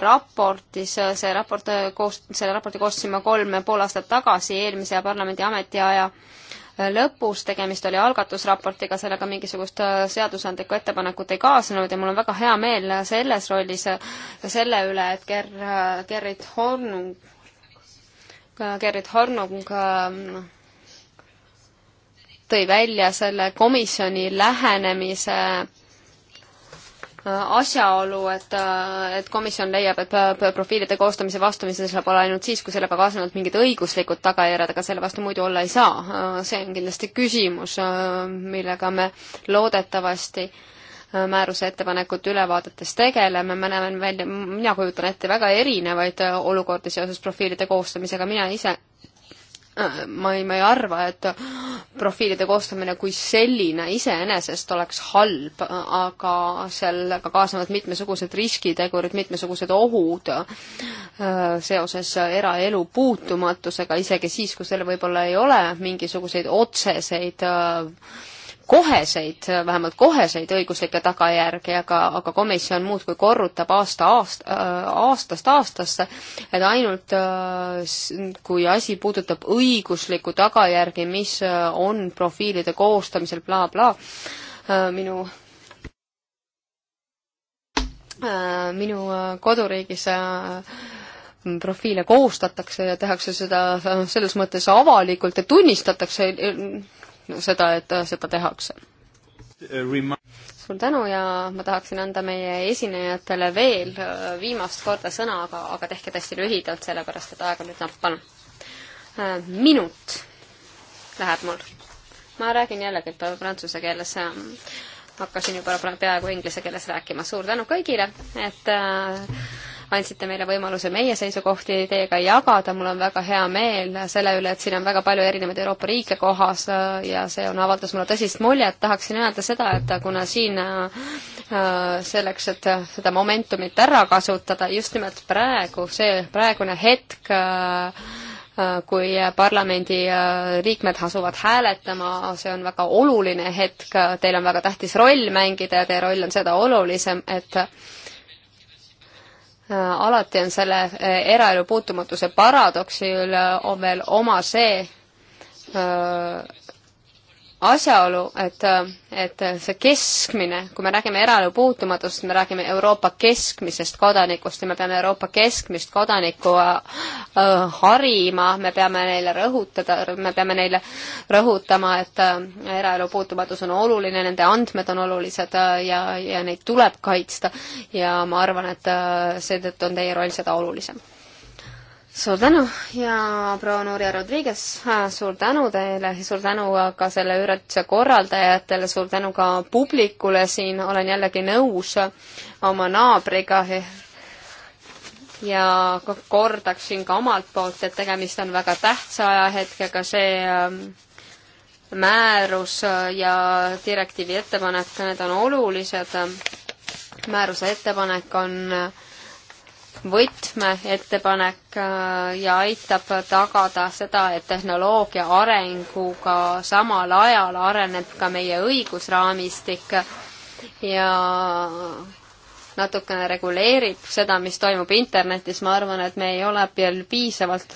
raportis, see raport koost-, selle raporti koostasime kolm ja pool aastat tagasi, eelmise parlamendi ametiaja lõpus, tegemist oli algatusraportiga, sellega mingisugust seadusandlikku ettepanekut ei kaasnenud ja mul on väga hea meel selles rollis selle üle, et Ger-, Gerrit Hornung, Gerrit Hornung ähm, tõi välja selle komisjoni lähenemise Äh, asjaolu, et, äh, et komisjon leiab, et profiilide koostamise vastumise saab olla ainult siis, kui sellega kaasnevad mingid õiguslikud tagajärjed, aga selle vastu muidu olla ei saa. Äh, see on kindlasti küsimus, millega me loodetavasti määruse ettepanekut üle vaadates tegeleme, me näeme välja, mina kujutan ette väga erinevaid olukordi seoses profiilide koostamisega, mina ise Äh, ma ei, ma ei arva, et profiilide koostamine kui selline iseenesest oleks halb, aga sellega kaasnevad mitmesugused riskitegurid, mitmesugused ohud äh, seoses eraelu puutumatusega, isegi siis, kui seal võib-olla ei ole mingisuguseid otseseid äh, koheseid, vähemalt koheseid õiguslikke tagajärgi, aga, aga komisjon muudkui korrutab aasta aast-, äh, aastast aastasse, et ainult äh, kui asi puudutab õiguslikku tagajärgi, mis äh, on profiilide koostamisel blablabla bla,, minu minu koduriigis profiile koostatakse ja tehakse seda selles mõttes avalikult ja tunnistatakse seda, et seda tehakse. suur tänu ja ma tahaksin anda meie esinejatele veel äh, viimast korda sõna, aga, aga tehke tõesti lühidalt, sellepärast et aeg on nüüd napp, palun. Äh, minut läheb mul. ma räägin jällegi prantsuse keeles äh, hakkasin juba peaaegu inglise keeles rääkima. suur tänu kõigile, et andsite meile võimaluse meie seisukohti teiega jagada, mul on väga hea meel selle üle, et siin on väga palju erinevaid Euroopa riike kohas äh, ja see on avaldas mulle tõsist muljet, tahaksin öelda seda, et kuna siin äh, äh, selleks, et seda momentumit ära kasutada, just nimelt praegu, see praegune hetk kui parlamendi liikmed asuvad hääletama, see on väga oluline hetk, teil on väga tähtis roll mängida ja teie roll on seda olulisem, et Äh, alati on selle äh, eraelu puutumatuse paradoksi üle äh, on veel oma see asjaolu, et, et see keskmine, kui me räägime eraelu puutumatust, me räägime Euroopa keskmisest kodanikust ja me peame Euroopa keskmist kodanikku äh, äh, harima, me peame neile rõhutada, me peame neile rõhutama, et äh, eraelu puutumatus on oluline, nende andmed on olulised äh, ja, ja neid tuleb kaitsta ja ma arvan, et äh, seetõttu on teie roll seda olulisem suur tänu ja proua Nuria Rodriguez, suur tänu teile ja suur tänu ka selle ürituse korraldajatele, suur tänu ka publikule siin, olen jällegi nõus oma naabriga ja kordaksin ka omalt poolt, et tegemist on väga tähtsa ajahetkega, see ähm, määrus ja direktiivi ettepanek, need on olulised. määruse ettepanek on äh, võtmeettepanek äh, ja aitab tagada seda, et tehnoloogia arenguga samal ajal areneb ka meie õigusraamistik ja natukene reguleerib seda, mis toimub internetis, ma arvan, et me ei ole veel piisavalt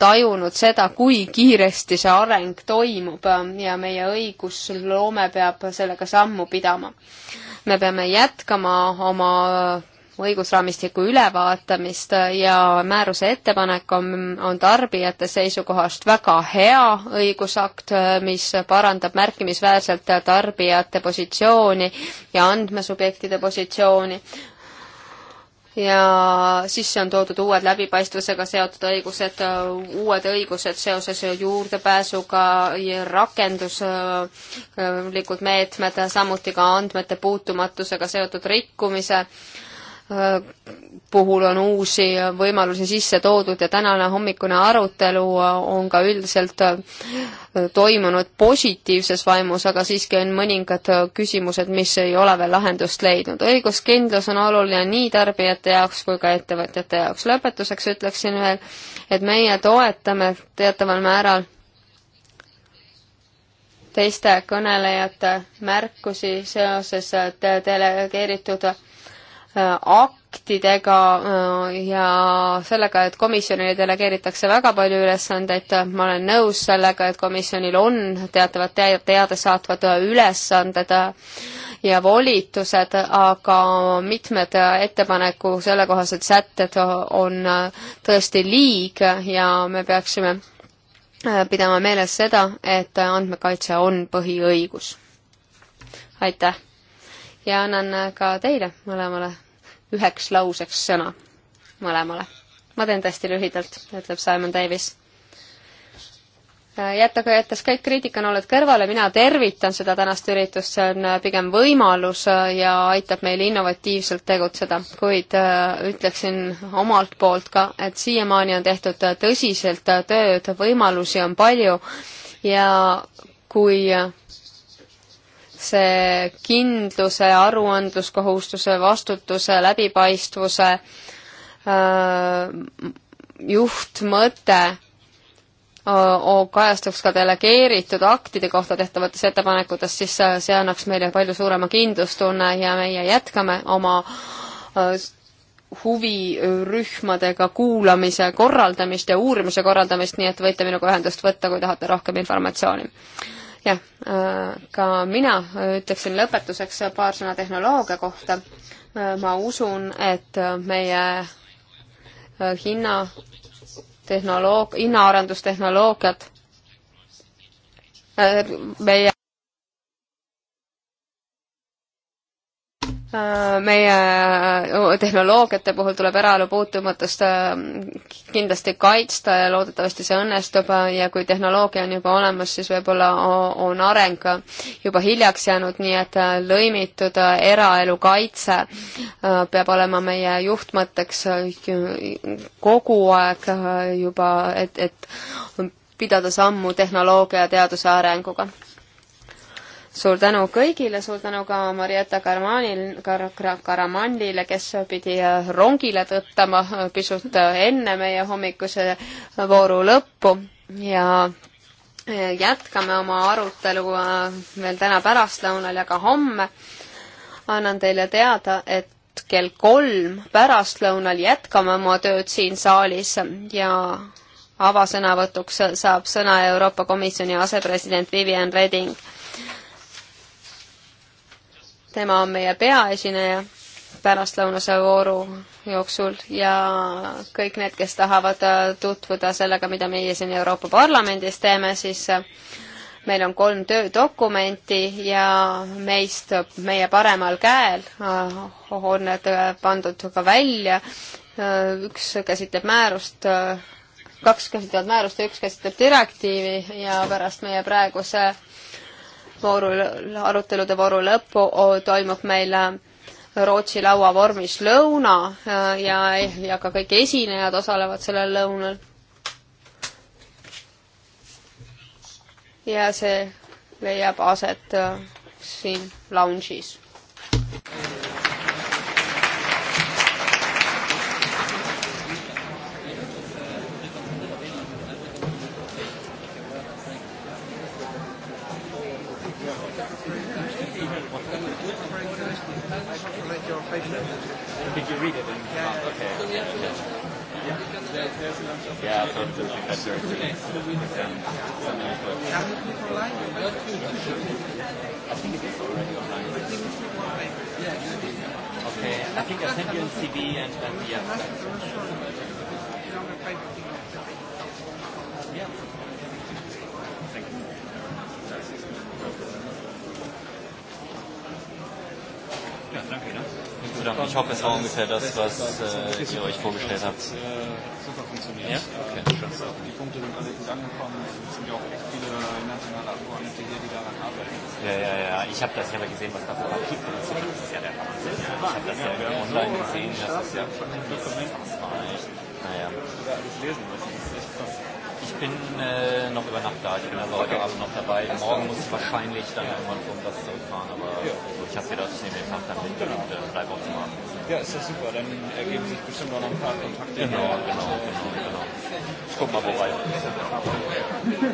tajunud seda, kui kiiresti see areng toimub ja meie õigusloome peab sellega sammu pidama. me peame jätkama oma õigusraamistiku ülevaatamist ja määruse ettepanek on, on tarbijate seisukohast väga hea õigusakt, mis parandab märkimisväärselt tarbijate positsiooni ja andmesubjektide positsiooni ja sisse on toodud uued läbipaistvusega seotud õigused, uued õigused seoses juurdepääsuga ja rakenduslikud meetmed, samuti ka andmete puutumatusega seotud rikkumise äh, puhul on uusi võimalusi sisse toodud ja tänane hommikune arutelu on ka üldiselt äh, toimunud positiivses vaimus, aga siiski on mõningad äh, küsimused, mis ei ole veel lahendust leidnud. õiguskindlus on oluline nii tarbijate jaoks kui ka ettevõtjate jaoks. lõpetuseks ütleksin veel, et meie toetame teataval määral teiste kõnelejate märkusi seoses äh, delegeeritud te Äh, aktidega äh, ja sellega, et komisjonile delegeeritakse väga palju ülesandeid, ma olen nõus sellega, et komisjonil on teatavad te teadesaatvad ülesanded ja volitused, aga mitmed ettepaneku sellekohased sätted on tõesti liig ja me peaksime äh, pidama meeles seda, et andmekaitse on põhiõigus. aitäh! ja annan ka teile mõlemale üheks lauseks sõna, mõlemale. ma teen tõesti lühidalt, ütleb Simon Davis. jätage, jättes kõik kriitikanooled kõrvale, mina tervitan seda tänast üritust, see on pigem võimalus ja aitab meil innovatiivselt tegutseda, kuid äh, ütleksin omalt poolt ka, et siiamaani on tehtud tõsiselt tööd, võimalusi on palju ja kui see kindluse, aruandluskohustuse, vastutuse, läbipaistvuse äh, juhtmõte äh, kajastuks ka delegeeritud aktide kohta tehtavatest ettepanekutest, siis äh, see annaks meile palju suurema kindlustunne ja meie jätkame oma huvirühmadega kuulamise korraldamist ja uurimise korraldamist, nii et võite minuga ühendust võtta, kui tahate rohkem informatsiooni jah, äh, ka mina ütleksin lõpetuseks paar sõna tehnoloogia kohta. Äh, ma usun, et meie äh, hinna tehnoloog-, hinnaarendustehnoloogiad meie Äh, meie äh, tehnoloogiate puhul tuleb eraelu puutumatust äh, kindlasti kaitsta ja loodetavasti see õnnestub ja kui tehnoloogia on juba olemas, siis võib-olla on areng juba hiljaks jäänud, nii et lõimitud eraelu kaitse peab olema meie juhtmõtteks kogu aeg juba, et, et pidada sammu tehnoloogia ja teaduse arenguga suur tänu kõigile, suur tänu ka Marietta Karmanil Kar, Kar, Karamandile, kes pidi äh, rongile tõttama äh, pisut äh, enne meie hommikuse vooru lõppu ja jätkame oma arutelu veel täna pärastlõunal ja ka homme. annan teile teada, et kell kolm pärastlõunal jätkame oma tööd siin saalis ja avasõnavõtuks saab sõna Euroopa Komisjoni asepresident Vivian Reding tema on meie peaesineja pärastlõunase vooru jooksul ja kõik need, kes tahavad äh, tutvuda sellega, mida meie siin Euroopa Parlamendis teeme, siis äh, meil on kolm töödokumenti ja meist, meie paremal käel äh, on need pandud ka välja. üks käsitleb määrust, kaks käsitlevad määrust ja üks käsitleb direktiivi ja pärast meie praeguse vooru, arutelude vooru lõppu toimub meil äh, Rootsi laua vormis lõuna äh, ja, ja ka kõik esinejad osalevad sellel lõunal. ja see leiab aset äh, siin lounge'is I think it is already online. Okay, I think I sent you a CV and, and yeah. Ich hoffe, es war ungefähr das, was äh, ihr euch vorgestellt habt. Äh, super funktioniert. Ja? Okay, schön. Die Punkte sind alle gut angekommen. Es sind ja auch echt viele nationale Abgeordnete hier, die daran arbeiten. Ja, ja, ja. Ich habe das ja mal gesehen, was da vor Ort produziert Das ist ja der Wahnsinn. Ich habe das ja online gesehen. Das ist ja ein Dokument. Naja. Ah, ich alles lesen müssen bin äh, noch über Nacht da. Ich bin also heute okay. Abend noch dabei. Das Morgen muss ich wahrscheinlich dann irgendwann um das zurückfahren. Aber ja. so, ich habe gedacht, ich nehme den Tag dann mit genau. und äh, bleibe auch zum Abend. Ja, ist ja super. Dann ergeben sich bestimmt auch noch ein paar Kontakte. Genau, genau, genau, genau. Ich guck mal, wobei.